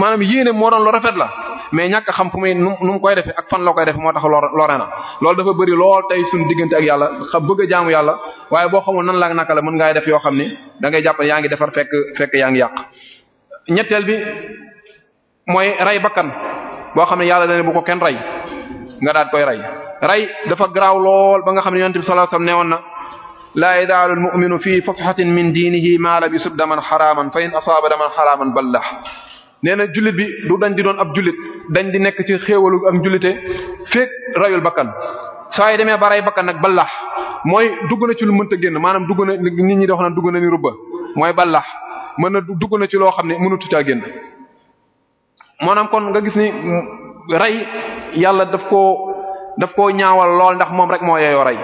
maanaam yéene moo doon lu rafet la mais ñàkk xam fu muy nu mu koy defee ak fan la koy defee moo tax lore na loolu dafa bëri lool tey suñu diggante ak yàlla xam bëgg a jaamu yàlla waaye boo xamul nan la naka la mën ngay def yoo xam ni dangay ngay jàpp yaa ngi defar fekk fekk yaa ngi yàq. ñetteel bi mooy rey bakkan boo xam ne yàlla dañu bu ko kenn nga daat koy rey rey dafa garaaw lool ba nga xam ne yonent bi sallallahu alayhi wasallam newoon na laa yazaalu al-mu'minu fii fushatin min diinihi maa labisa daman xaraaman fa in asaaba daman xaraaman ballah nee na jullit bi du dañ di doon ab jullit dañ di nekk ci xewalu ak jullite feek rayul bakkan saa yi demee ba rey bakkan nag ballah mooy dugg na ci lu mënta génn maanaam dugg na nit ñi di wax naan dugg na ni rubba mooy ballah mën na dugg na ci loo xam ne mënatu caa génn maanaam kon yàlla daf ko daf koo ñaawal lool ndax moom rek moo yeyoo rey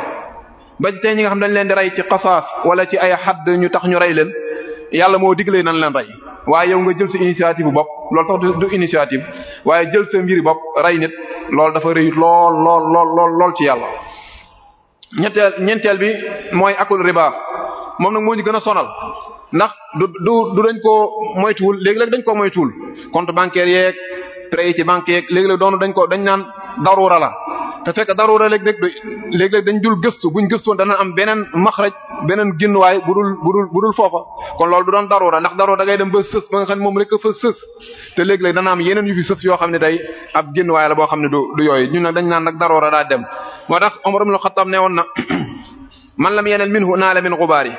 ba tey ñi nga xam dañ leen di rey ci xasaas wala ci ay xadd ñu tax ñu rey leen yàlla moo digle nan leen rey waaye yow nga jël sa bu bopp loolu tax du initiative waaye jël sa mbiri bopp rey nit loolu dafa rëyut lool lool lool lool lool ci yàlla. ñetteel ñeenteel bi mooy akul riba moom nag moo ñu gën a sonal ndax du du du dañ koo moytuwul léegi-léeg dañ koo moytuwul compte bancaire yeeg prêt ci banque yeeg léegi-léeg doonu dañ ko dañ naan darura la. te fekk daruura léeg-léeg léeg-léeg dañ dul gëstu buñ gëstuwoon dana am beneen maxraj beneen ginnuwaay bu dul bu foofa kon loolu du doon daruura ndax daruura da dem ba sës ba moom rek fa sës te léeg-léeg dana am yeneen yu fi sës yoo xam ne tey ab ginnuwaay la boo xam ne du du yooyu ñun nag dañ naan nag daruura daa dem moo tax Umar ibn Khattab ne woon na man lam yeneen minhu naala min xubaari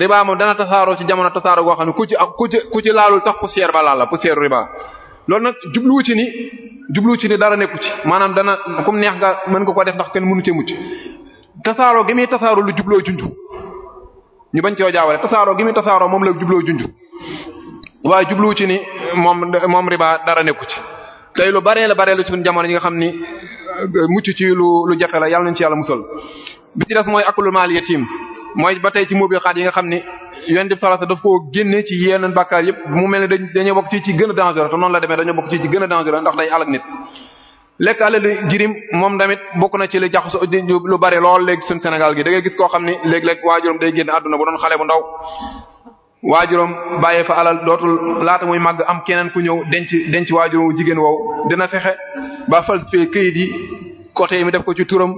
riba moom dana tasaaroo ci jamono tasaaroo goo xam ne ku ci ku ci ku ci laalul sax poussière ba laal la poussière loolu nag jubluwu ci ni jubluwu ci ni dara nekku ci maanaam dana comme neex ga mën nga ko def ndax kenn mënu cee mucc tasaaroo gi muy tasaaroo lu jubloo junj ñu bañ cee jaawale tasaaroo gi muy tasaaroo moom la jubloo junj waaye jubluwu ci ni moom moom riba dara nekku ci tey lu baree la baree la suñu jamono yi nga xam ni euh, mucc ci lu lu jafe la yàlla nañ ci yàlla musal bi ci des mooy akulul maal yatim mooy ba tey ci mubiqaat yi nga xam ni yonent bi sallallahu alayhi wasallam daf koo génne ci yenn bàkkaar yëpp mu mel ne dañ dañoo bokk ci ci gën a dangereux te noonu la demee dañoo bokk ci ci gën a dangereux ndax day alak nit lekk alalu jirim moom tamit bokk na ci li jaxaso lu bari lool léegi suñ Sénégal gi da gis koo xam ni léeg-léeg waajuram day génn àdduna bu doon xale bu ndaw waajuram bàyyee fa alal dootul laata muy màgg am keneen ku ñëw denc denc waajuram jigéen wow dina fexe ba falsifié këyit yi côté yi mu def ko ci turam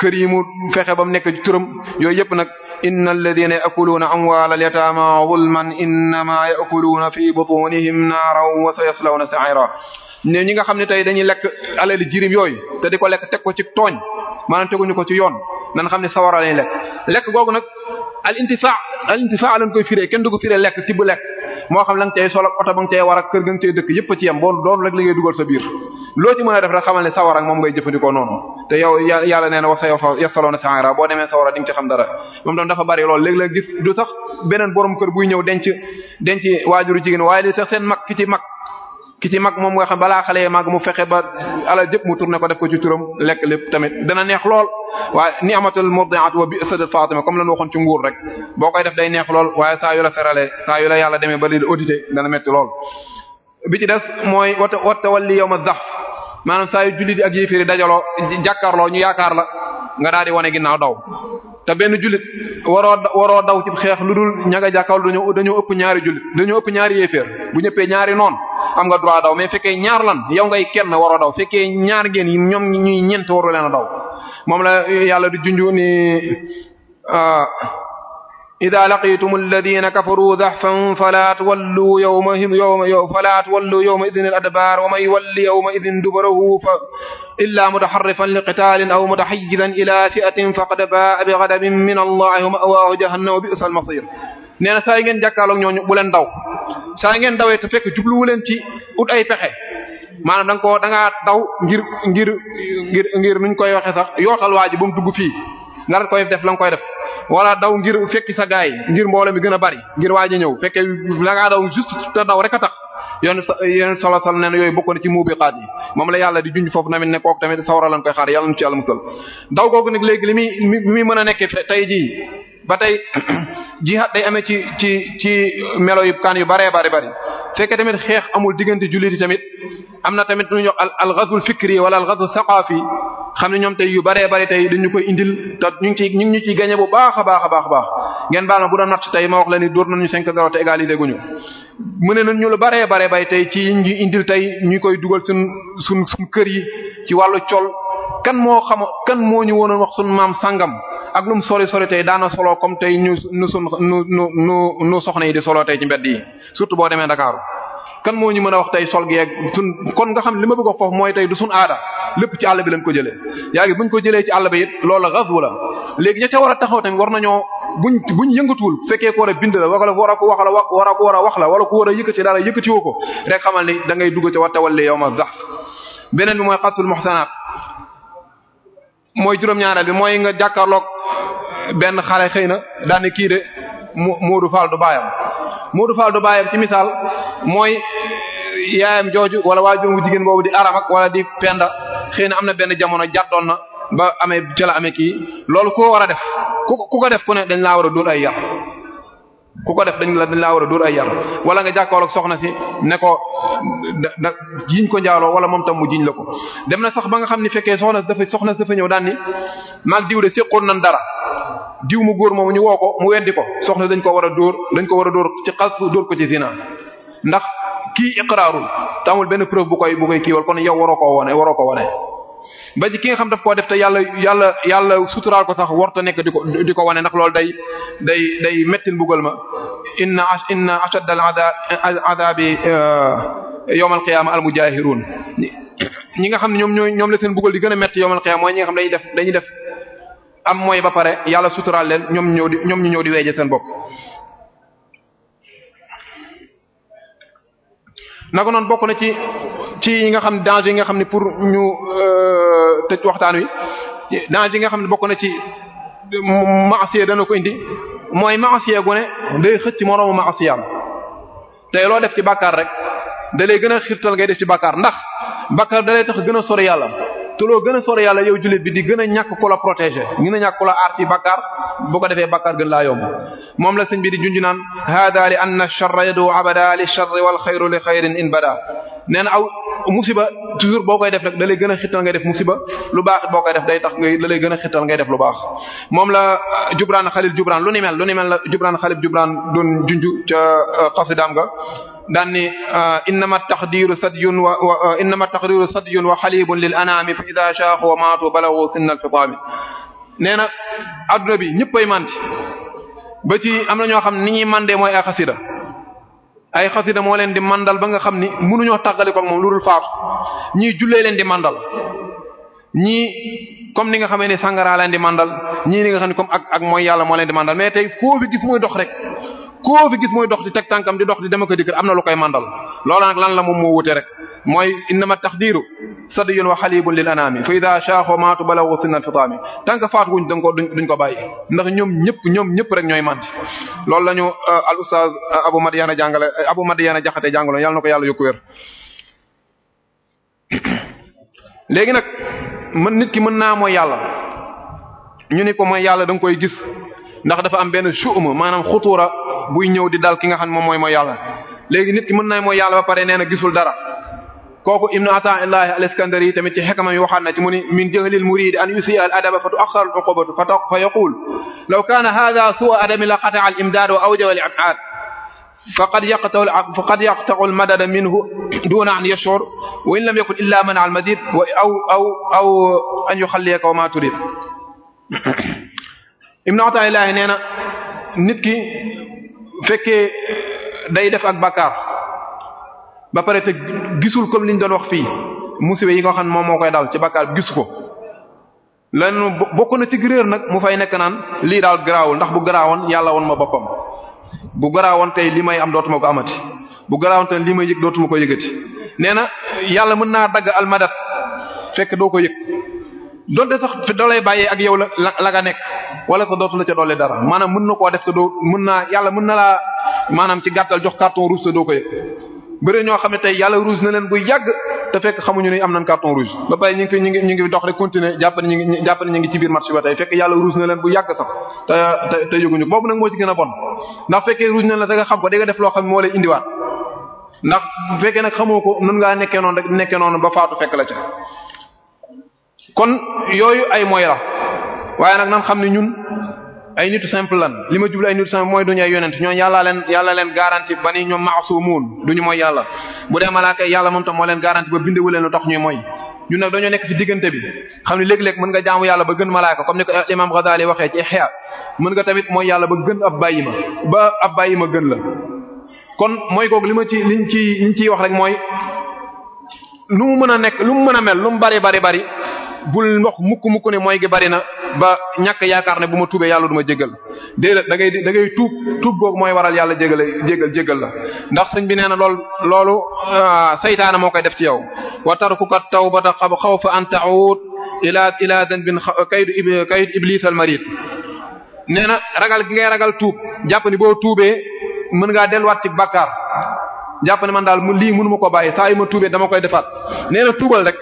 kër yi mu fexe ba mu nekk ci turam yooyu yëpp nag إن الذين يأكلون أموال اليتامى ظلما إنما يأكلون في بطونهم نارا وسيصلون سعيرا ne ñi nga xam ne tey dañuy lekk alali jirim yooyu te di ko lekk teg ko ci tooñ maanaam teguñu ko ci yoon nan xam ne sawara lañuy lekk lekk googu nag al intifa al intifa lañ koy firee kenn du ko firee lekk tibb lekk moo xam la nga cay sol ak oto ba cay war kër ga nga cay dëkk yëpp ci yem boo doon rek li ngay dugal sa biir loo ci mën a def rek xamal ne sawar ak moom ngay jëfandikoo noonu te yow yàlla nee na wax sa yow yasaloona sa'ira boo demee sawara xam dara moom tam dafa bari lool léeg-léeg gis du sax beneen borom kër buy ñëw denc denc waajuru jigéen waaye li sax seen mag ki ci mag ci mag moom nga xam balaa xale mag mu fexe ba ala jëpp mu tourné ko def ko ci turam lekk lépp tamit dana neex lool waaye ni amatul murdi'at wa bi'sat fatima comme lan waxoon ci nguur rek boo koy def day neex lool waaye saa yu la ferale saa yu la yàlla demee ba di audité dana metti lool bi ci des mooy wata wata walli yawma dhaf maanaam saa yu jullit ak yéeféeri dajaloo jàkkaarloo ñu yaakaar la nga daal di wane ginnaaw daw te benn jullit waroo waroo daw ci xeex lu dul ña nga jàkkaarloo dañoo ëpp ñaari jullit dañoo ëpp ñaari yéeféer bu ñëppee ñaari noon am nga droit daw mais fekkee ñaar lan yow ngay kenn waroo daw fekkee ñaar ngeen ñoom ñuy ñent waru leen a daw moom la yàlla di junju ni euh, ida laqitum alladina kafaruu daxfan falaa tuwalluu yawmahum yawma yow falaa tuwalluu yawma idin al adbaar wa man yuwalli yawma idin dubarahu fa illaa mutaxarifan liqitaalin aw mutaxayizan ilaa fi'atin faqad baa'a bi gadabin min allahi wa ma'waahu jahannama bi'sa almasir nee na saa yi ngeen jàkkaarloog ñooñu bu leen daw saa yi ngeen dawee te fekk jubluwu leen ci ut ay pexe maanaam da nga koo da ngaa daw ngir ngir ngir ngir nuñ koy waxee sax yootal waa ji ba mu dugg fii nga koy def la nga koy def wala daw ngir fekki sa gaay ngir mbooloo mi gën a bari ngir waaj a ñëw fekkee la ngaa daw juste te daw rek a tax yoon sa solo sal nee na yooyu bokk na ci muubiqaat yi moom la yàlla di junj foofu tamit ne kooku tamit sawara lan koy xaar yàlla nu ci yàlla musal daw googu nag léegi li muy mi muy mën a nekkee tey jii ba tey jihaad day amee ci ci ci melo yu kaan yu baree bari bari fekkee tamit xeex amul diggante jullit yi tamit am na tamit lu ñuy wax al al ghazwul fikri wala al ghazwul xam ne ñoom tey yu baree bari tey dañu koy indil te ñu ngi ñu ngi ñu ciy bu baax a baax a baax baax ngeen baal ma bu doon natt tey ma wax la ni dóor nañu 5-0 te égalisé guñu mu ne nañu lu baree baree bay tey ci ñu indil tey ñu koy dugal suñ suñ suñ kër yi ci wàllu col kan moo xam kan moo ñu woon wax suñ maam sangam. ak nu mu sori sori tey daana solo comme tey ñu nu soxna yi di solo tey ci mbedd yi surtout boo demee Dakar kan moo ñu mën a wax tey sol geeg sun kon nga xam li ma bëgg a foofu mooy tey du sun ci àll bi lañ ko jëlee yaa ngi buñ ko jëlee ci àll bi it loolu ghazwa la léegi ña ca war a taxaw tamit war nañoo buñ buñ yëngatuwul fekkee ko war a bind la war a ko wax la war a ko war a wax la wala ko war a yëkkati dara yëkkatiwoo ko rek xamal ni da ngay dugg ca wa tawalli yawma dhah beneen bi mooy qatul muhsanat mooy juróom-ñaareel bi mooy nga jàkkaarloog benn xale xëy na daane kii de Moodu Fall du baayam Moodu Fall du baayam ci misaal mooy yaayam jooju wala waajur bu jigéen boobu di aramak wala di penda xëy na am na benn jamono jàddoon na ba amee ca amee kii loolu koo war a def ku ko def ku ne dañ laa war a dóor ay yar ku ko def dañ la dañ laa war a dóor ay yar wala nga jàkkaarloo ak soxna si ne ko da jiñ ko njaaloo wala moom tam mu jiñ la ko dem na sax ba nga xam ni fekkee soxna si dafa soxna si dafa ñëw daan ni maag diw de séqoon nan dara diw mu góor moom ñu woo ko mu weddi ko soxna dañ ko war a dóor dañ ko war a dóor ci xas dóor ko ci zina ndax kii iqraarul te amul benn preuve bu koy bu koy kiiwal kon yow waroo koo wone waroo ko wone ba ci ki nga xam daf koo def te yàlla yàlla yàlla suturaal ko sax warta nekk di ko di ko wane ndax loolu day day day mettin mbugal ma inna inna ashadda al adabi euh, yawmal qiyaama al mujaahiruun ñi nga xam ne ñoom ñooy ñoom la seen buggal di gën a metti yawmal qiyaama mooy ñi nga xam dañuy def dañuy def am mooy ba pare yàlla suturaal leen ñoom ñoo di ñoom di weeje seen bopp naka noonu bokk na ci ci nga xam danger nga xam ne pour ñu euh, tëj waxtaan wi danger ji nga xam ne bokk na ci maasiya dana ko indi mooy maasiya gu ne day xëcc moroomu maasiyaam tey loo def ci bàkkaar rek dale lay gën a xirtal ngay def ci bàkkaar ndax bàkkaar da lay tax gën a sori yàlla te loo gën a sore yàlla yow jullit bi di gën a ñàkk ko la protéger gën a ñàkk ko la aar ci bàkkaar boo ko defee bàkkaar gën laa yomb moom la sëñ bi di junj naan hada li anna sharra yadu abada li sharri wal xayru li xayrin in bada nee na aw musiba toujours boo koy def rek da lay gën a xittal ngay def musiba lu baax boo koy def day tax ngay da lay gën a xittal ngay def lu baax moom la uh, Jubran Xalil Jubran lu ni mel lu ni mel la Jubran Xalil Jubran doon junj ca uh, xasidaam ga daan ni ah, innama taqdiru sadyun wa ah, innama taqdiru sadyun wa xalibun lil anami fa ida shaaxu wa maatu balagu sinna alfitaami nee na adduna bi ñëppay mandi ba ci am na ñoo xam ni ñuy mandee mooy ay xasida ay xasida moo leen di mandal ba nga xam ni mënuñoo tàggali ko ak moom lu dul faatu ñii jullee leen di mandal ñii comme ni nga xamee ne sangara leen di mandal ñii ni nga xam ne comme ak ak mooy yàlla moo leen di mandal mais tey foo fi gis muy dox rek koo fi gis muy dox di teg tànkam di dox di dem ak dikk am na lu koy mandal loola nag lan la moom moo wute rek mooy sa taqdiru sadiyun wa halibun lil anami fa idha shaaxoo maatu balawu sinnal fitaami tànk faat wuñ dañ ko duñ ko bàyyi ndax ñoom ñëpp ñoom ñëpp rek ñooy mànt loolu la ñu euh, al ustaz euh, abu madiana jàngale euh, abu madiana jaxate jàngalo yàlla na ko yàlla yokku wér léegi nag mën nit ki mën naa mooy yàlla ñu ni ko mooy yàlla danga koy gis ndax dafa am benn suuma maanaam xutuura buy ñëw di dal ki nga xam ne moom mooy mooy yàlla léegi nit ki mën na mooy yàlla ba pare nee na gisul dara kooku ibnu ata illahi al iskandari yi tamit ci xekamam yi waxaat na ci mu ni min jahlil muridi an yusi al adaba fa tuaxar al uqubatu fa fa yaqul law kaana hadha suu adami la qata'a al imdad wa awjawa al ib'ad faqad yaqta'u faqad yaqta'u al madada minhu duna an yashur wa in lam yakun illa man al madid wa aw aw aw an yuxalliyaka wa ma turid Ibn Ata'illah nee na nit ki fekkee day def ak bàkkaar ba pare te gisul comme li liñ doon wax fii musiba yi nga xam moom moo koy dal ci bàkkaar gisu ko lenn bokk na ci réer nag mu fay nekk naan lii daal garaawul ndax bu garaawoon yàlla woon ma boppam bu garaawoon tey li may am dootuma ko amati bu garaawoon tey li may yëg dootuma ko yëgati nee na yàlla mën naa dagg almadat fekk doo ko yëg donte sax fi dalay bàyyee ak yow la la nga nekk wala sa dootu la ca doole dara maanaam mën na koo def te doo mën naa yàlla mën na laa maanaam ci gàttal jox carton rouge te doo ko yëg bëri ñoo xam ne yàlla rouge na leen bu yàgg te fekk xamuñu ne am nañ carton rouge ba ñu ngi ngi ñu ngi dox rek continuer jàpp ne ñu ngi jàpp ne ñu ngi ci biir match ba tey fekk yàlla rouge na leen bu yàgg sax te te yëguñu boobu nag moo ci gën a bon ndax fekkee rouge na la da nga xam ko da nga def loo xam moo lay indiwaat ndax fekkee nag xamoo ko nun ngaa nekkee noonu rek nekkee noonu ba faatu fekk kon yooyu ay mooy la waaye nag nan xam ne ñun ay nitu simple lan li ma jublu ay nitu simple mooy duñu ay yonent ñoo yàllaa leen yàlla leen garanti ba ni ñoom maasumun duñu mooy yàlla bu dee malaaka yàlla moom tam leen garanti ba bindewu leen lu mooy nekk ci bi xam ne léeg-léeg mën nga jaamu yàlla ba gën malaaka comme ni ko imam Ghazali waxee ci Ihya mën nga tamit mooy yàlla ba gën ab bàyyi ma ba ab bàyyi ma gën la kon mooy googu li ma ci liñ ci liñ ciy wax rek mooy lu mu mën a nekk lu mu mën a mel lu mu bari bari bari bul wax mukk mukk ne mooy gi bari na ba ñàkk yaakaar ne bu ma tuubee yàlla du ma jégal déedéet dangay ngay da ngay tuub tuub googu mooy waral yàlla jégale jégal jégal la ndax sëñ bi nee na lool loolu ah, saytaana moo koy def ci yow wa tarkuka tawbata xawfa xaw ta'ud ila ila dhanbin kayd kayd iblis al marid nee na ragal gi ngay ragal tuub jàpp ni boo tuubee mën ngaa delluwaat ci bàkkaar jàpp ne man daal mu lii mënu ma koo bàyyi saa yu tuubee dama koy defaat nee na tuubal rek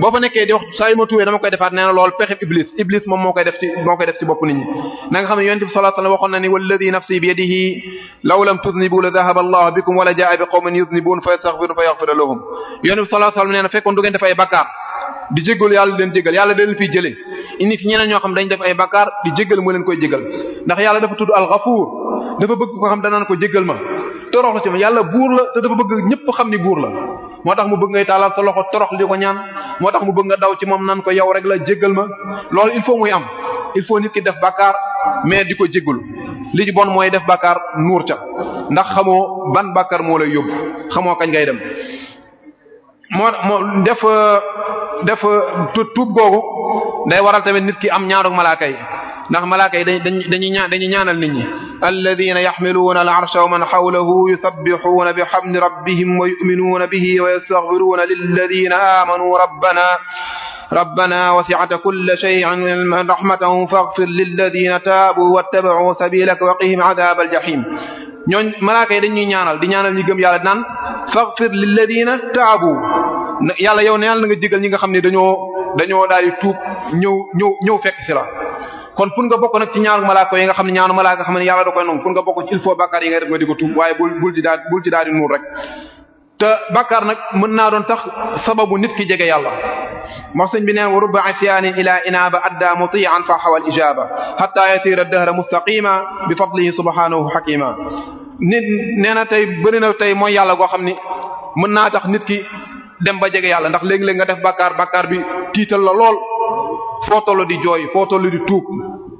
boo fa nekkee di saa yu tuubee dama koy defaat nee na lool pexe iblis iblis moom moo koy def ci koy def ci bopp nit ñi na xam ne yonent bi sallallahu alayhi waxoon na ni walladhi nafsi bi yadihi law lam tuznibu la dhahaba allah bikum wala jaa bi qawmin yuznibun fa yastaghfirun fa yaghfir lahum yonent bi sallallahu alayhi wasallam nee na fekkoon du ngeen def ay bakkaar di jéggalu yàlla leen jéggal yàlla da leen fiy jëlee indi fi ñeneen ñoo xam dañ def ay bakkaar di jéggal moo leen koy jéggal ndax yàlla dafa tudd alxafuur dafa bëgg ko xam danaan ko jéggal ma torox la ci ma yàlla buur la te dafa bëgg ñëpp xam ni buur la moo tax mu bëgg ngay taalal sa loxo torox li ko ñaan moo tax mu bëgg nga daw ci moom naan ko yow rek la jéggal ma loolu il faut muy am il faut nit ki def bakkaar mais di ko jéggalu li ci bon mooy def bakkaar nuur ca ndax xamoo ban bakkaar moo lay yóbbu xamoo kañ ngay dem moo moo def euh, def euh, tuub googu day waral tamit nit ki am ñaarug malaaka yi ndax malaaka yi dañuy dañuy ñaan dañuy ñaanal nit ñi alladhina yahmiluna al-arsha wa man hawlahu yusabbihuna bihamdi rabbihim wa yu'minuna bihi wa yastaghfiruna lilladhina amanu rabbana ربنا وسعت كل شيء رحمة فاغفر للذين تابوا واتبعوا سبيلك وقهم عذاب الجحيم ñooñ malaaka yi dañuy ñaanal di ñaanal ñu gëm yàlla naan faghfir lilladina taabu yàlla yow ne yàlla na nga jégal ñi nga xam ne dañoo dañoo daal di tuub ñëw ñëw ñëw fekk ci la kon pour nga bokk nag ci ñaanu malaaka yi nga xam ne ñaanu malaaka xam ne yàlla da koy nangu pour nga bokk ci il faut bàkkaar yi nga def nga di ko tuub waaye bul bul di daal bul di daal di nuur rek te bakkaar nag mën naa doon tax sababu nit ki jege yàlla mox sëñ bi neen wa rubba asiyanin ila inaaba adda muti'an fa xawa al ijaba hatta yasira dahra mustaqima bi fadlihi subhanahu xakima nit nee na tey bëri na tey mooy yàlla goo xam ni mën naa tax nit ki dem ba jege yàlla ndax léegi-léeg nga def bakar bakkaar bi tiital la lool foo tollu di jooy foo tollu di tuub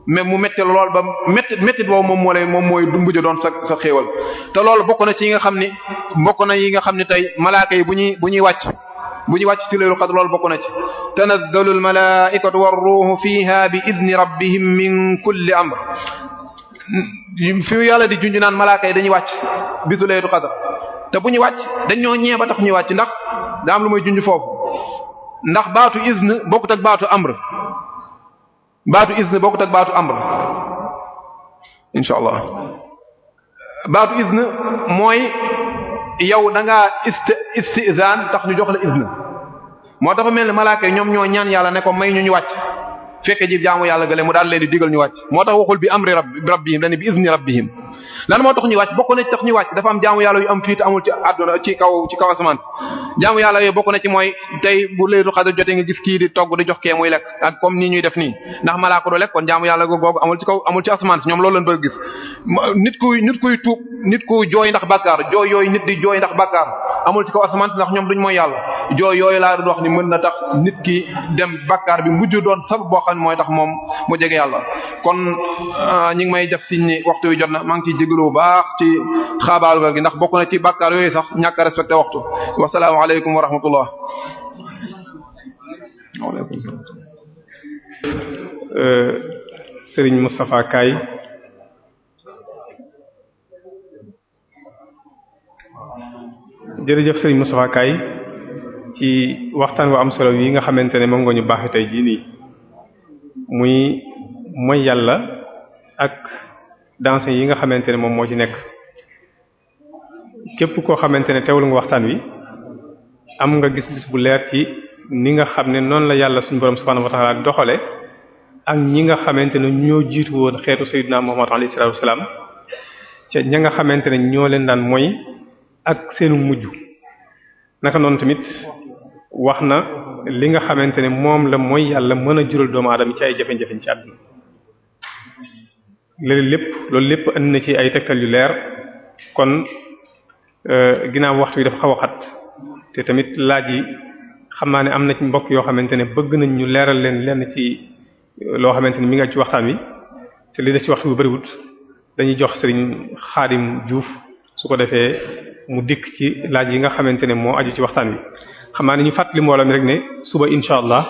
mais mu métti lool ba métti métti boobu moom moo lay moom mooy du mujj doon sa sa xéewal te loolu bokk na ci yi nga xam ni bokk na yi nga xam ni tey malaaka yi bu ñuy bu ñuy wàcc bu ñuy wàcc ci laylu qadr loolu bokk na ci tanazzalu almalaikatu warruhu fiha bi idni rabbihim min kulli amr fi yàlla di junj naan malaaka yi dañuy wàcc bisu laylu qadr te bu ñuy wàcc dañ ñoo ñee ba tax ñuy wàcc ndax daam lu may junj foofu ndax baatu izn bokkut ak baatu amr baatu izn bokkut ak baatu amr insha allah baatu izn mooy yow da ngaa ist istizaan tax ñu jox la izn moo dafa mel ni malaaka yi ñoom ñoo ñaan yàlla ne ko may ñu ñu wàcc fekke ji jaamu yàlla gële mu daal leen di digal ñu wàcc moo tax waxul bi amri rabb rabbihim dañu bi izni rabbihim lan moo tax ñuy wàcc bokk na ci tax ñuy wàcc dafa am jaamu yàlla yu am fii amul ci àdduna ci kaw ci kaw asamaan jaamu yàlla yooyu bokk na ci mooy tey bu leetu xadar jotee nga gis kii di togg di jox kee muy lekk ak comme ñuy def nii ndax malaa ko do lekk kon jaamu yàlla googu amul ci kaw amul ci asamaan si ñoom loolu lañ bëgg gis nit kuy nit kuy ndax bàkkaar jooy yooyu nit di jooy ndax bàkkaar amul ci kaw asamaan ndax ñoom duñ mooy yàlla jooy yooyu laa doon wax ni mën na tax nit ki dem bàkkaar bi mujj doon sab boo xam ne mooy tax moom mu jege yàlla kon euh, ñi ngi may def si ni waxtu wi jot na maa ngi ci déglu bu baax ci xaabaalu gi ndax bokk na ci bàkkaar yooyu sax ñàkk a respecté waxtu wasalaamu aleykum wa rahmatullah euh, Serigne Moustapha Kay jërëjëf Serigne Moustapha ci waxtaan wu am solo yi nga xamante ne moom nga ñu baaxee tey jii nii muy mooy yàlla ak dancing yi nga xamante ne moom moo ci nekk képp koo xamante ne teewul nga waxtaan wi am nga gis-gis bu leer ci ni nga xam ne noonu la yàlla suñ borom subhaanahu wa doxale ak ñi nga xamante ne ñoo jiitu woon xeetu sayyidina Muhammad alayhi salaatu wasalaam ña nga xamante ne ñoo leen daan mooy ak seenu mujj naka noonu tamit wax na li nga xamante ne moom la mooy yàlla mën a jural doomu aadama ci ay jafe-jafe ci àdduna loolu lépp loolu lépp indi na ci ay tegtal yu leer kon euh, ginnaaw waxtu bi dafa xaw a xat te tamit laaj yi xam naa ne am na ci mbokk yoo xamante ne bëgg nañ ñu leeral leen lenn ci euh, loo xamante ne mi nga ci waxtaan wi te li des ci waxtu bu bariwut dañuy jox sëriñ Xaadim Juuf su ko defee mu dikk ci laaj yi nga xamante ne moo aju ci waxtaan wi xam naa ne ñu fàttali mbooloo mi rek ne suba incha allah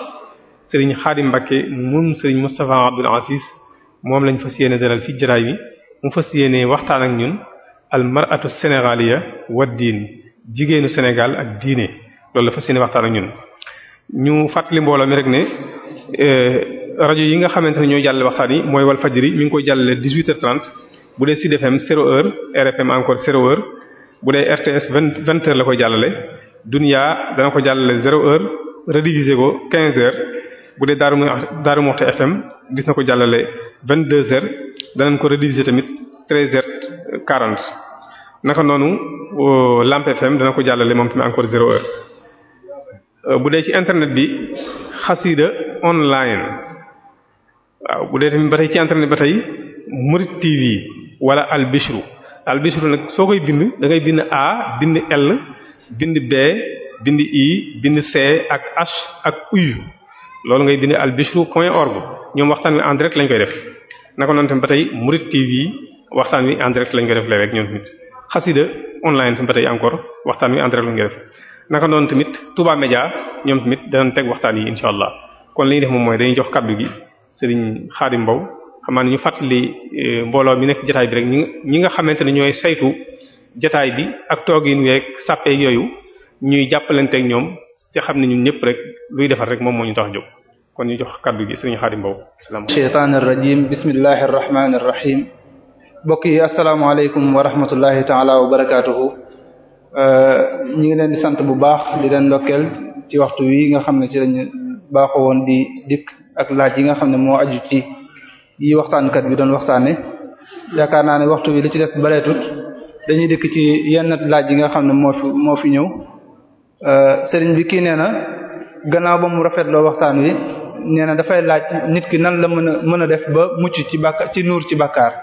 sëriñ Xaadim Mbakke moom sëriñ Moustapha Abdul Aziz moom lañ fas yéene dalal fi jaraay bi mu fas yéene waxtaan ak ñun al mar'atu sénégaliya wa diin jigéenu Sénégal ak diine loolu la fas waxtaan ak ñun. ñu fàttali mbooloo mi rek ne euh, rajo yi nga xamante ne ñooy jàllale waxtaan yi mooy wal Walfadjri mi ngi koy jàllale 18h30 bu dee Sud FM 0h RFM encore 0h bu dee RTS 20 20 la koy jàllale Dunia dana ko jàllale 0h rediffusé ko 15 bu dee Darou Darou Moukhty FM gis na ko jàllale. 22 heures danañ ko rediffuser tamit 13 heures naka noonu euh, Lamp FM dana ko jàllale moom tamit encore zéro heure euh, bu dee ci internet bi xasida online waaw bu dee tamit ba tey ci internet ba tey Murid TV wala Al Bichru Al Bichru nag soo koy bind da ngay bind A bind L bind B bind I bind C ak H ak U. loolu ngay bind albishru point org ñoom waxtaan wi en direct lañ koy def naka noonu tamit ba tey Murid TV waxtaan wi en lañ koy def léeg-léeg ñoom tamit xasida online tamit ba tey encore waxtaan wi en direct lañ koy def naka noonu tamit Touba Média ñoom tamit danañ teg waxtaan yi incha allah kon li ñuy def moom mooy dañuy jox kàddu gi Serigne Khadim Mbow xam naa ñu fàttali euh, mbooloo mi nekk jotaay bi rek ñi ñi nga xamante ne ñooy saytu jataay bi ak toog yi nu yeeg yooyu ñuy jàppalanteeg ñoom te xam ne ñun ñëpp rek luy defar rek moom moo ñu tax jóg kon ñu jox kaddu gi Serigne Khadim Mbow. shaytaani rajiim bismillahi rahmaani rahiim mbokk yi asalaamaaleykum wa rahmatullahi taala wa barakaatuhu euh, ñu ngi leen di sant bu baax di leen ndokkeel ci waxtu wi nga xam ne ci lañu baaxo woon di dikk ak laaj yi nga xam ne moo aju ci yi waxtaankat bi doon waxtaane yaakaar naa ne waxtu wi li ci des bareetut dañuy dikk ci yenn laaj yi nga xam ne moo fi moo fi ñëw sëriñ bi kii nee na gannaaw ba mu rafet loo waxtaan wi nee na dafay laaj nit ki nan la mën a mën a def ba mucc ci bàkkaar ci nuur ci bàkkaar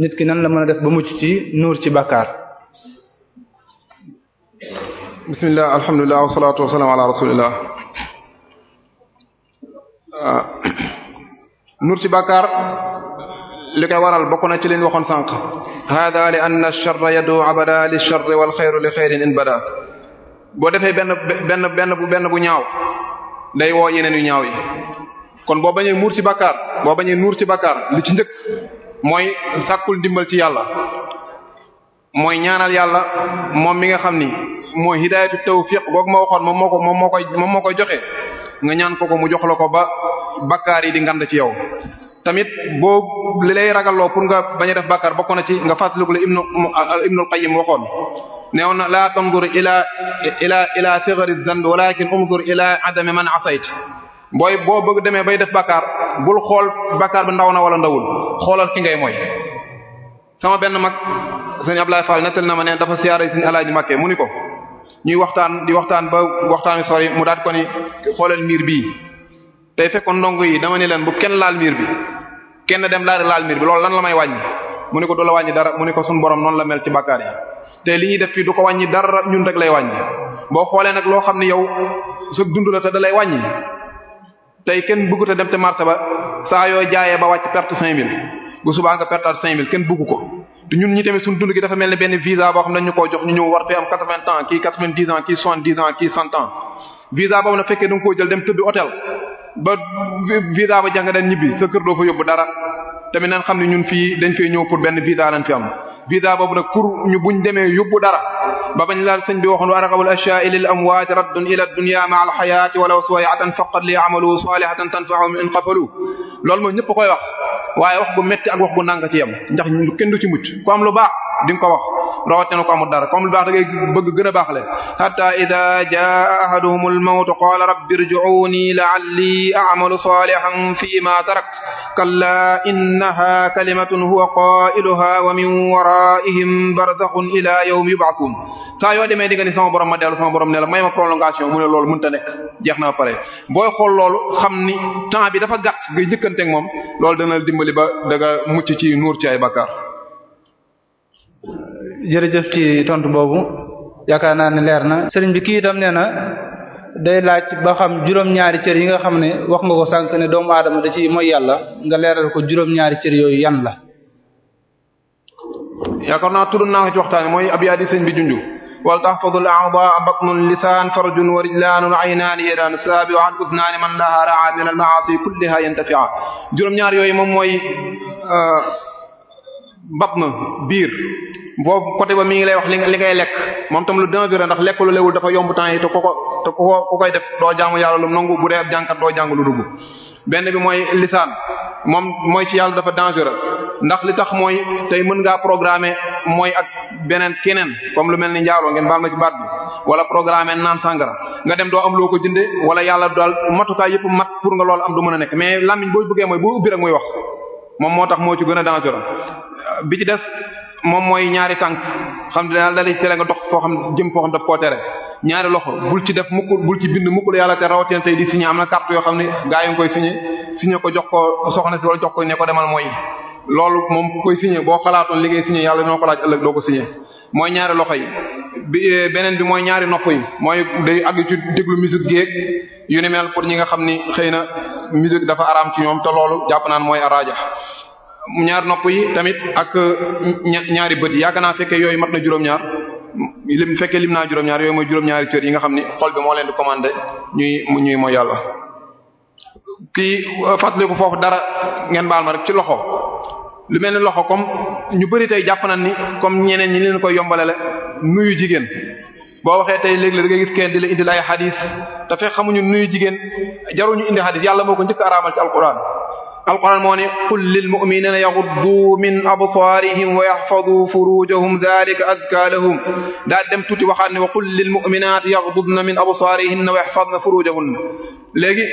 nit ki nan la mën a def mucc ci nuur ci bàkkaar bismillah alhamdulillah wasalaatu wasalaam ah, ci bàkkaar li koy waral bokk ci liñ waxoon sànq hada li anna ash-sharra yadu abada lish-sharri wal khayru li khayrin in bada boo defee benn benn benn bu benn bu ñaaw day woo yeneen yu ñaaw yi kon boo bañee muur ci bakkaar boo bañee nuur ci bakkaar lu ci njëkk mooy sàkkul ndimbal ci yàlla mooy ñaanal yàlla moom mi nga xam ni mooy hidaayatu tawfiq googu ma waxoon moom moo ko moom moo koy moom moo koy joxe nga ñaan ko ko mu jox la ko ba bakkaar yi di ngand ci yow. tamit boo li lay ragalloo pour nga bañ def bakkaar bokk na ci nga fàttaliku la ibnu ibnu qayyim waxoon neewoon na laa tanzur ila ila ila sighari dhanb walakin unzur ila adami man asayt booy boo bëgg demee bay def bakkaar bul xool bakkaar bi ndaw na wala ndawul xoolal ki ngay mooy sama benn mag sëñ Ablaye Fall nettali na ma ne dafa siyaare sëñ Alaaji Màkke mu ni ko ñuy waxtaan di waxtaan ba waxtaan wi sori mu daat ko ni xoolal miir bii tey fekkoon ndongo yi dama ni leen bu kenn laal miir bi kenn dem daal di laal miir bi lool lan la may wàññi mu ni ko du la wàññi mu ni ko suñu borom noonu la mel ci bakkaar te li ñuy def fii du ko wàññi dara ñun rek lay wàññi boo xoolee nag loo xam ne yow sa dund la te da lay wàññi tey kenn bëggu te dem te marché ba saa yoo jaayee ba wàcc perte 5000 bu subaa nga perte 5000 kenn bëggu ko te ñun ñi tamit suñu dund gi dafa mel ni benn visa boo xam ne jox ñu ñëw war fee am 80 ans kii 90 ans kii 70 ans kii 100 ans visa na fekkee da koo jël dem tëdd hôtel ba visa ba jàng dañ ñibbi sa kër doo fa yóbbu dara tamit nañ xam ne ñun fii dañ fee ñëw pour benn visa lañ fi am bidaa boobu nag pour ñu buñ demee yóbbu dara ba bañ laal sëñ bi waxoon wa arghabul ashya'i lil amwaat raddun ila dunya ma'a al hayati walaw suwayatan faqad li ya'malu salihatan tanfa'uhum in qafalu loolu mooy ñëpp koy wax waaye wax bu metti ak wax bu nang ci yem ndax kenn du ci mucc ku am lu baax di nga ko wax rawatina ko amul dara ko am lu baax da ngay bëgg gën a baaxle hatta idha jaa ahaduhum al mawt qala rabbi irji'uni la'alli a'malu salihan fi ma tarakt kalla innaha kalimatun huwa qa'iluha wa min wara wara'ihim barzakhun ila yawmi yub'athun saa yoo demee di nga ni sama borom ma dellu sama borom ne la may ma prolongation mu ne loolu mënta nekk jeex na ma pare booy xool loolu xam ni temps bi dafa gàtt ngay njëkkanteeg moom loolu dana dimbali ba danga mucc ci nuur ci ay bakkaar. jërëjëf ci tontu boobu yaakaar naa ne leer na. sëriñ bi kii itam nee na day laaj ba xam juróom-ñaari cër yi nga xam ne wax nga ko sànq ne doomu aadama da ci mooy yàlla nga leeral ko juróom-ñaari yooyu yan la. yaakaar naa tudd naa ko ci waxtaan mooy abyaadi sëñ bi junju wal tahfazu al a'daa batnun lisaan farjun wa ay aynaan yadaan saabi wa udnaani man laha ra'a min al ma'aasi kulliha yantafi'a juróom ñaar yooyu moom mooy euh, batn biir boobu côté ba mu ngi lay wax li li ngay lekk moom tam lu dangereux ndax lekk lu lewul dafa yomb temps yi te ko ko te ko koy def doo jaamu yàlla lu nangu bu dee ab jànkat doo jàng lu dugg benn bi mooy lisaan moom mooy ci yàlla dafa dangereux ndax li tax mooy tey mën ngaa programme mooy ak beneen keneen comme lu mel ni njaaroo ngeen baal ma ci baat bi wala programmer naan sangara nga dem doo am loo ko jënde wala yàlla daal matukaay yëpp mat pour nga loolu am du mën a nekk mais làmmiñ boo bëggee mooy boo ubbi rek muy wax moom moo tax moo ci gën a dangereux bi ci des moom mooy ñaari tànk xam ne daal tere nga dox foo xam jëm foo xam daf koo tere ñaari loxo bul ci def mukk bul ci bind mukk la yàlla te rawatina tey di signé am na carte yoo xam ne gaa yi nga koy signé signé ko jox ko soxna si wala jox ko ne ko demal mooy loolu moom ku koy signé boo xalaatoon liggéey ngay yàlla dina ko laaj ëllëg doo ko signé mooy ñaari loxo yi bi eh, beneen bi mooy ñaari nopp yi mooy day àgg ci déglu musique géeg yu ni mel pour ñi nga xam ni xëy na musique dafa araam ci ñoom te loolu jàpp naan mooy araja ñaar nopp yi tamit ak euh, ñaari bët yi yaakaar naa fekkee yooyu mat na juróom-ñaar lim fekkee lim naa juróom-ñaar yooyu mooy juróom-ñaari cër yi nga xam ni xol bi moo leen di commandé ñuy mu ñuy mooy yàlla. kii euh, fàttaliku foofu dara ngeen baal ma rek ci loxo lu mel ni loxo comme ñu bëri tey jàpp na ni comme ñeneen ñi leen koy yombalale nuyu jigéen. boo waxee tey léegi la da ngay gis kenn di la indil ay xadis te fekk xamuñu nuyu jigéen jaruñu indi xadis yàlla moo ko njëkk araamal ci alquran alquran moo ne qul lil mu'minina yaghuddu min absaarihim wa yahfazu furujahum dhalika azka lahum daa dem tuuti waxaat ne wa qul lil mu'minati yaghdudna min absaarihinna wa yahfazna furujahunna léegi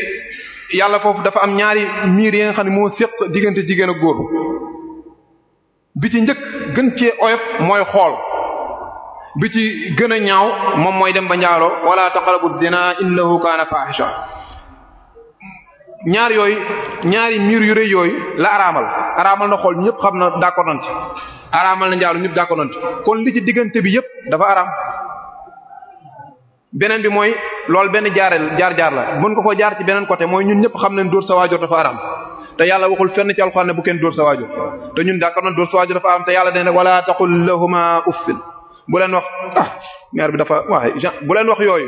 yàlla foofu dafa am ñaari miir yi nga xam ne moo séq diggante jigéen ak góor bi ci njëkk gën cee mooy xool bi ci gën a ñaaw moom mooy dem ba njaaloo wala taqrabu zina innahu kana fahisha ñaar yooyu ñaari miir yu rëy yooyu la araamal araamal na xool ñëpp xam na d'accord nañ ci araamal na njaalu ñëpp d'accord nañ kon li ci diggante bi yëpp dafa araam beneen bi mooy lool benn jaareel jaar jaar la mën ko koo jaar ci beneen côté mooy ñun ñëpp xam na dóor sa waajur dafa araam te yàlla waxul fenn ci alxuraan ne bu kenn dóor sa waajur te dafa araam te yàlla nee na wala taqul lahuma uffin bu leen wax ah bi dafa waaye bu leen wax yooyu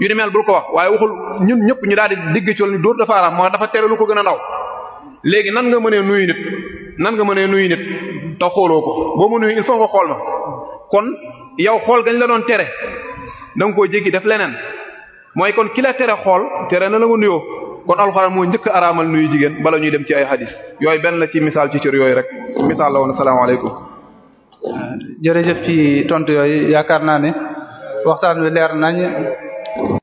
yu ni mel bul ko wax waaye waxul ñun ñëpp ñu daal di digg ci loolu dóor dafa araam moo dafa tere lu ko gën a ndaw léegi nan nga mënee nuyu nit nan nga mënee nuyu nit te xooloo ko boo mu nuyu il faut nga xool ma kon yow xool gañ la doon tere da nga koo jéggi def leneen mooy kon ki la tere xool tere na la nga nuyoo kon alxuraan moo njëkk araamal nuyu jigéen bala ñuy dem ci ay hadis yooyu benn la ci misaal ci yooyu rek misaal la woon jërëjëf ci tontu yooyu yaakaar naa ne waxtaan wi leer nañ